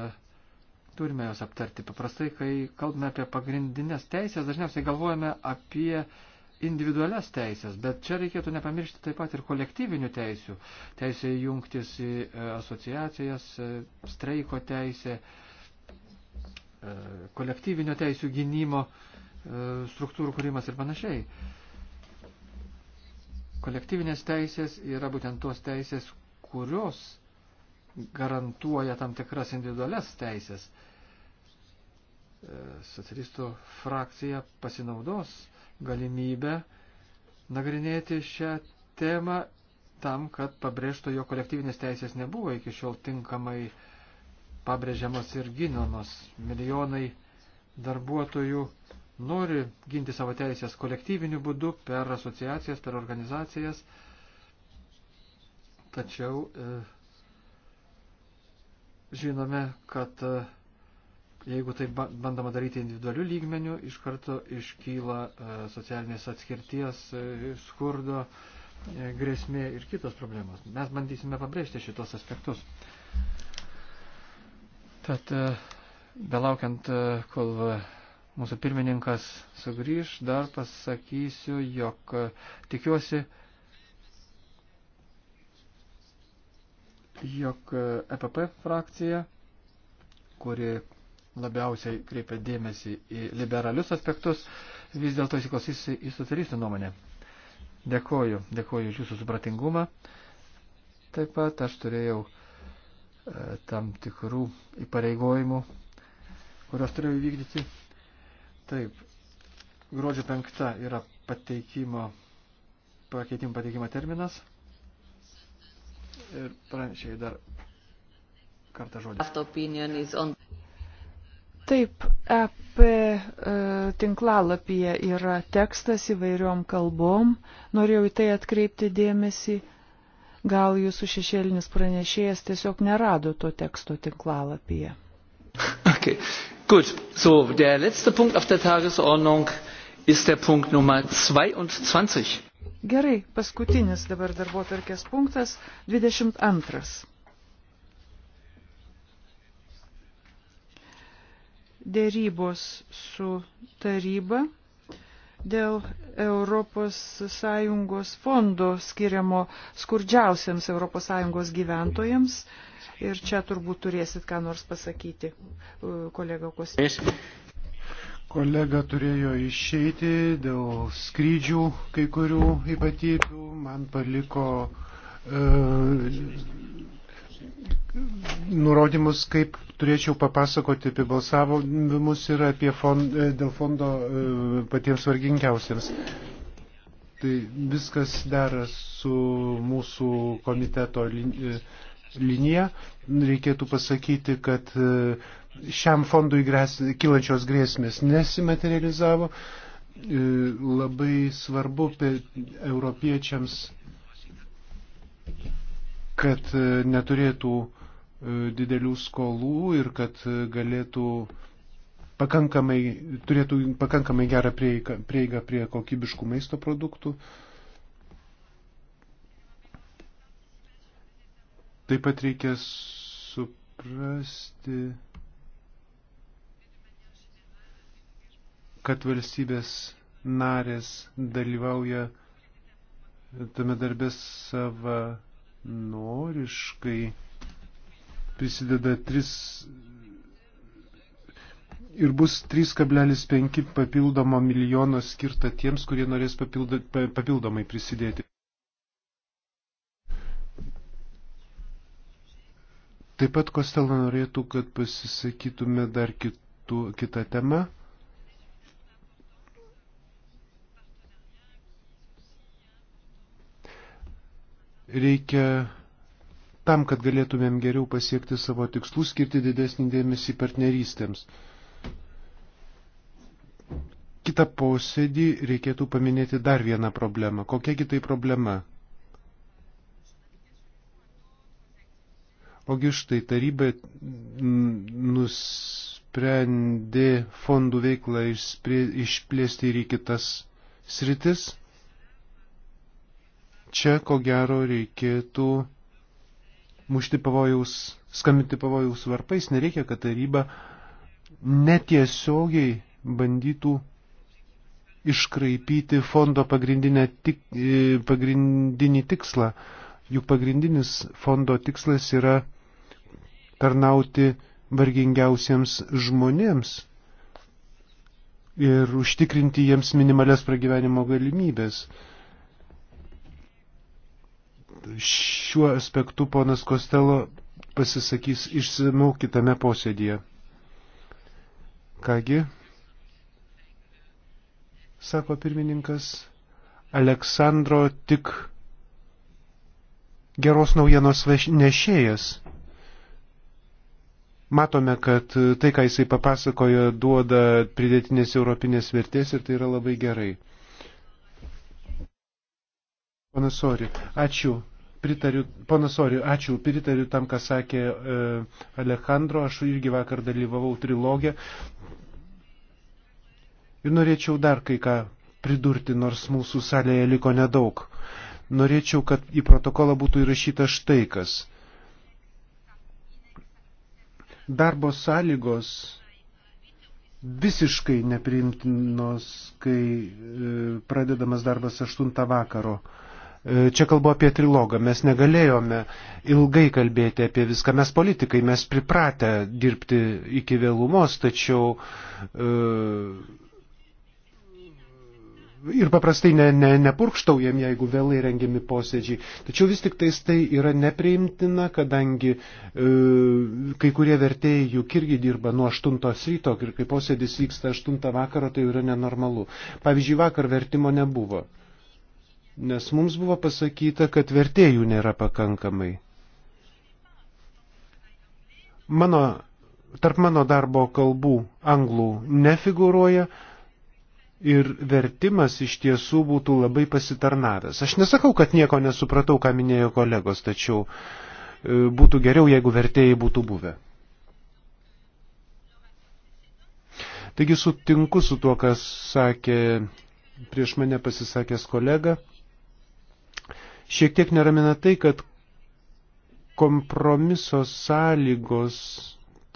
turime jos aptarti. Paprastai, kai kalbame apie pagrindinės teisės, dažniausiai galvojame apie individualias teisės, bet čia reikėtų nepamiršti taip pat ir kolektyvinių teisių. Teisė jungtis į e, asociacijas, streiko teisė, kolektyvinio teisų gynimo struktūrų kūrimas ir panašiai. Kolektyvinės teisės yra būtent tos teisės, kurios garantuoja tam tikras individualias teisės. Socialistų frakcija pasinaudos galimybę nagrinėti šią temą tam, kad pabrėžto jo kolektyvinės teisės nebuvo iki šiol tinkamai pabrėžiamos ir ginamos. Milijonai darbuotojų nori ginti savo teisės kolektyviniu būdu, per asociacijas, per organizacijas, tačiau e, žinome, kad e, jeigu tai bandoma daryti individualių lygmenių, iš karto iškyla e, socialinės atskirties, e, skurdo, e, grėsmė ir kitos problemos. Mes bandysime pabrėžti šitos aspektus. Tad, e, belaukiant, e, kol e, mūsų pirmininkas sugrįž, dar pasakysiu, jog tikiuosi, jog EPP frakcija, kuri labiausiai kreipia dėmesį į liberalius aspektus, vis dėlto įsiklausys į socialistų nuomonę. Dėkoju, dėkoju už jūsų supratingumą. Taip pat aš turėjau e, tam tikrų įpareigojimų, kurios turėjau vykdyti. Taip, gruodžio penkta yra pateikimo, pakeitimo pateikimo terminas. Ir pranešėjai dar kartą žodį. Taip, EP e, tinklalapyje yra tekstas įvairiom kalbom. Norėjau į tai atkreipti dėmesį. Gal jūsų šešėlinis pranešėjas tiesiog nerado to teksto tinklalapyje. Okay. Gut, so der letzte Punkt auf der Tagesordnung ist der Punkt Nummer 22. Gerai, paskutinis dabar darbo tarkės punktas 22. Dėrybos su taryba dėl ES fondo skiriamo skurdžiausiams ES gyventojams Ir čia turbūt turėsit ką nors pasakyti, kolega Kostis. Kolega turėjo išeiti dėl skrydžių kai kurių ypatybių, man paliko e, nurodymus, kaip turėčiau papasakoti apie balsavimus ir apie fond, e, dėl fondo e, patiems vargingiausiems. Tai viskas dera su mūsų komiteto liniją. Reikėtų pasakyti, kad e, šiam fondui grės, kilančios grėsmės nesimaterializavo. E, labai svarbu europiečiams, kad e, neturėtų didelių skolų ir kad galėtų pakankamai, turėtų pakankamai gerą prieigą, prieigą prie kokybiškų maisto produktų. Uh, Taip pat reikia suprasti, kad valstybės narės dalyvauja tame darbe savanoriškai, prisideda 3 ir bus 3,5 papildomo milijono skirta tiems, kurie norės papildomai prisidėti. Taip pat Kostelą norėtų, kad pasisakytume dar kitų, kitą temą. Reikia tam, kad galėtumėm geriau pasiekti savo tikslų, skirti didesnį dėmesį partnerystėms. Kita posėdį reikėtų paminėti dar vieną problemą. Kokiagi tai problema? Ogi štai taryba mm, nusprendė fondų veiklą išplėsti ir į kitas sritis. Čia, ko gero, reikėtų mušti pavojaus, skambinti pavojaus varpais. Nereikia, kad taryba netiesiogiai bandytų iškraipyti fondo tik, e, pagrindinį tikslą. Juk pagrindinis fondo tikslas yra tarnauti vargingiausiems žmonėms ir užtikrinti jiems minimales pragyvenimo galimybės. Šiuo aspektu ponas Kostelo pasisakys išsimiau kitame posėdėje. Kągi, sako pirmininkas, Aleksandro tik geros naujienos nešėjas. Matome, kad tai, ką jisai papasakojo, duoda pridėtinės europinės vertės ir tai yra labai gerai. Ponas Sori, ačiū. Pritariu, ponas Sori, ačiū, pritariu tam, ką sakė e, Alejandro, aš irgi vakar dalyvavau trilogę. Ir norėčiau dar kai ką pridurti, nors mūsų salėje liko nedaug. Norėčiau, kad į protokolą būtų įrašyta štai kas – Darbo sąlygos visiškai nepriimtinos, kai e, pradedamas darbas 8 vakaro. E, čia kalbu apie trilogą. Mes negalėjome ilgai kalbėti apie viską. Mes politikai, mes pripratę dirbti iki vėlumos, tačiau e, ir paprastai ne, ne, nepurkštaujam, jeigu vėlai rengiami posėdžiai. Tačiau vis tik tais tai yra nepriimtina, kadangi e, kai kurie vertėjai juk irgi dirba nuo 8 ryto ir kai posėdis vyksta 8 vakaro, tai yra nenormalu. Pavyzdžiui, vakar vertimo nebuvo, nes mums buvo pasakyta, kad vertėjų nėra pakankamai. Mano, tarp mano darbo kalbų anglų nefiguruoja, ir vertimas iš tiesų būtų labai pasitarnavęs. Aš nesakau, kad nieko nesupratau, ką minėjo kolegos, tačiau e, būtų geriau, jeigu vertėjai būtų buvę. Taigi sutinku su tuo, kas sakė prieš mane pasisakęs kolega. Šiek tiek neramina tai, kad kompromiso sąlygos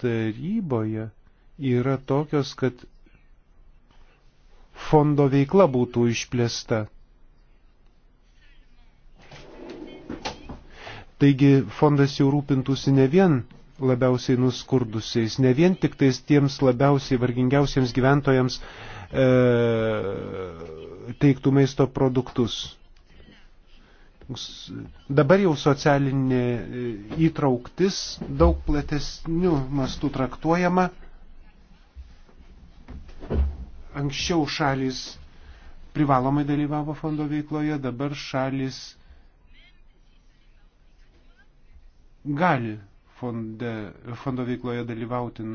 taryboje yra tokios, kad fondo veikla būtų išplėsta. Taigi fondas jau rūpintųsi ne vien labiausiai nuskurdusiais, ne vien tik tais tiems labiausiai vargingiausiems gyventojams e, teiktų maisto produktus. Dabar jau socialinė e, įtrauktis daug platesnių mastų traktuojama Anksčiau šalis privalomai dalyvavo fondo veikloje, dabar šalis gali fonde, fondo veikloje dalyvauti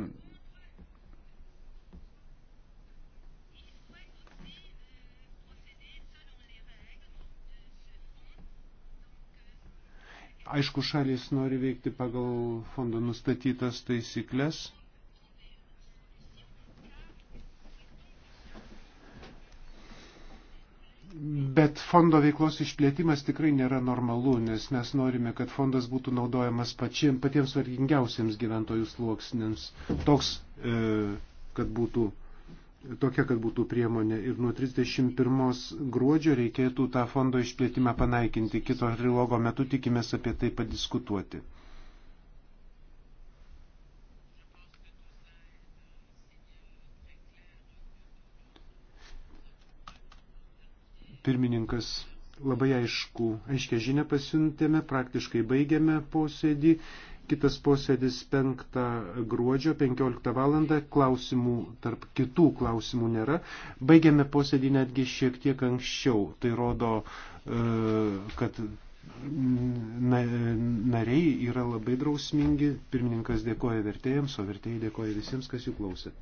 Aišku, šalis nori veikti pagal fondo nustatytas taisyklės. Bet fondo veiklos išplėtimas tikrai nėra normalu, nes mes norime, kad fondas būtų naudojamas pačiem, patiems vargingiausiems gyventojų sluoksnėms. Toks, e, kad būtų, tokia, kad būtų priemonė. Ir nuo 31 gruodžio reikėtų tą fondo išplėtimą panaikinti. Kito trilogo metu tikimės apie tai padiskutuoti. pirmininkas labai aišku, aiškia žinia pasiuntėme, praktiškai baigėme posėdį. Kitas posėdis 5 gruodžio 15 val. Klausimų tarp kitų klausimų nėra. Baigėme posėdį netgi šiek tiek anksčiau. Tai rodo, e, kad nariai yra labai drausmingi. Pirmininkas dėkoja vertėjams, o vertėjai dėkoja visiems, kas jų klausė.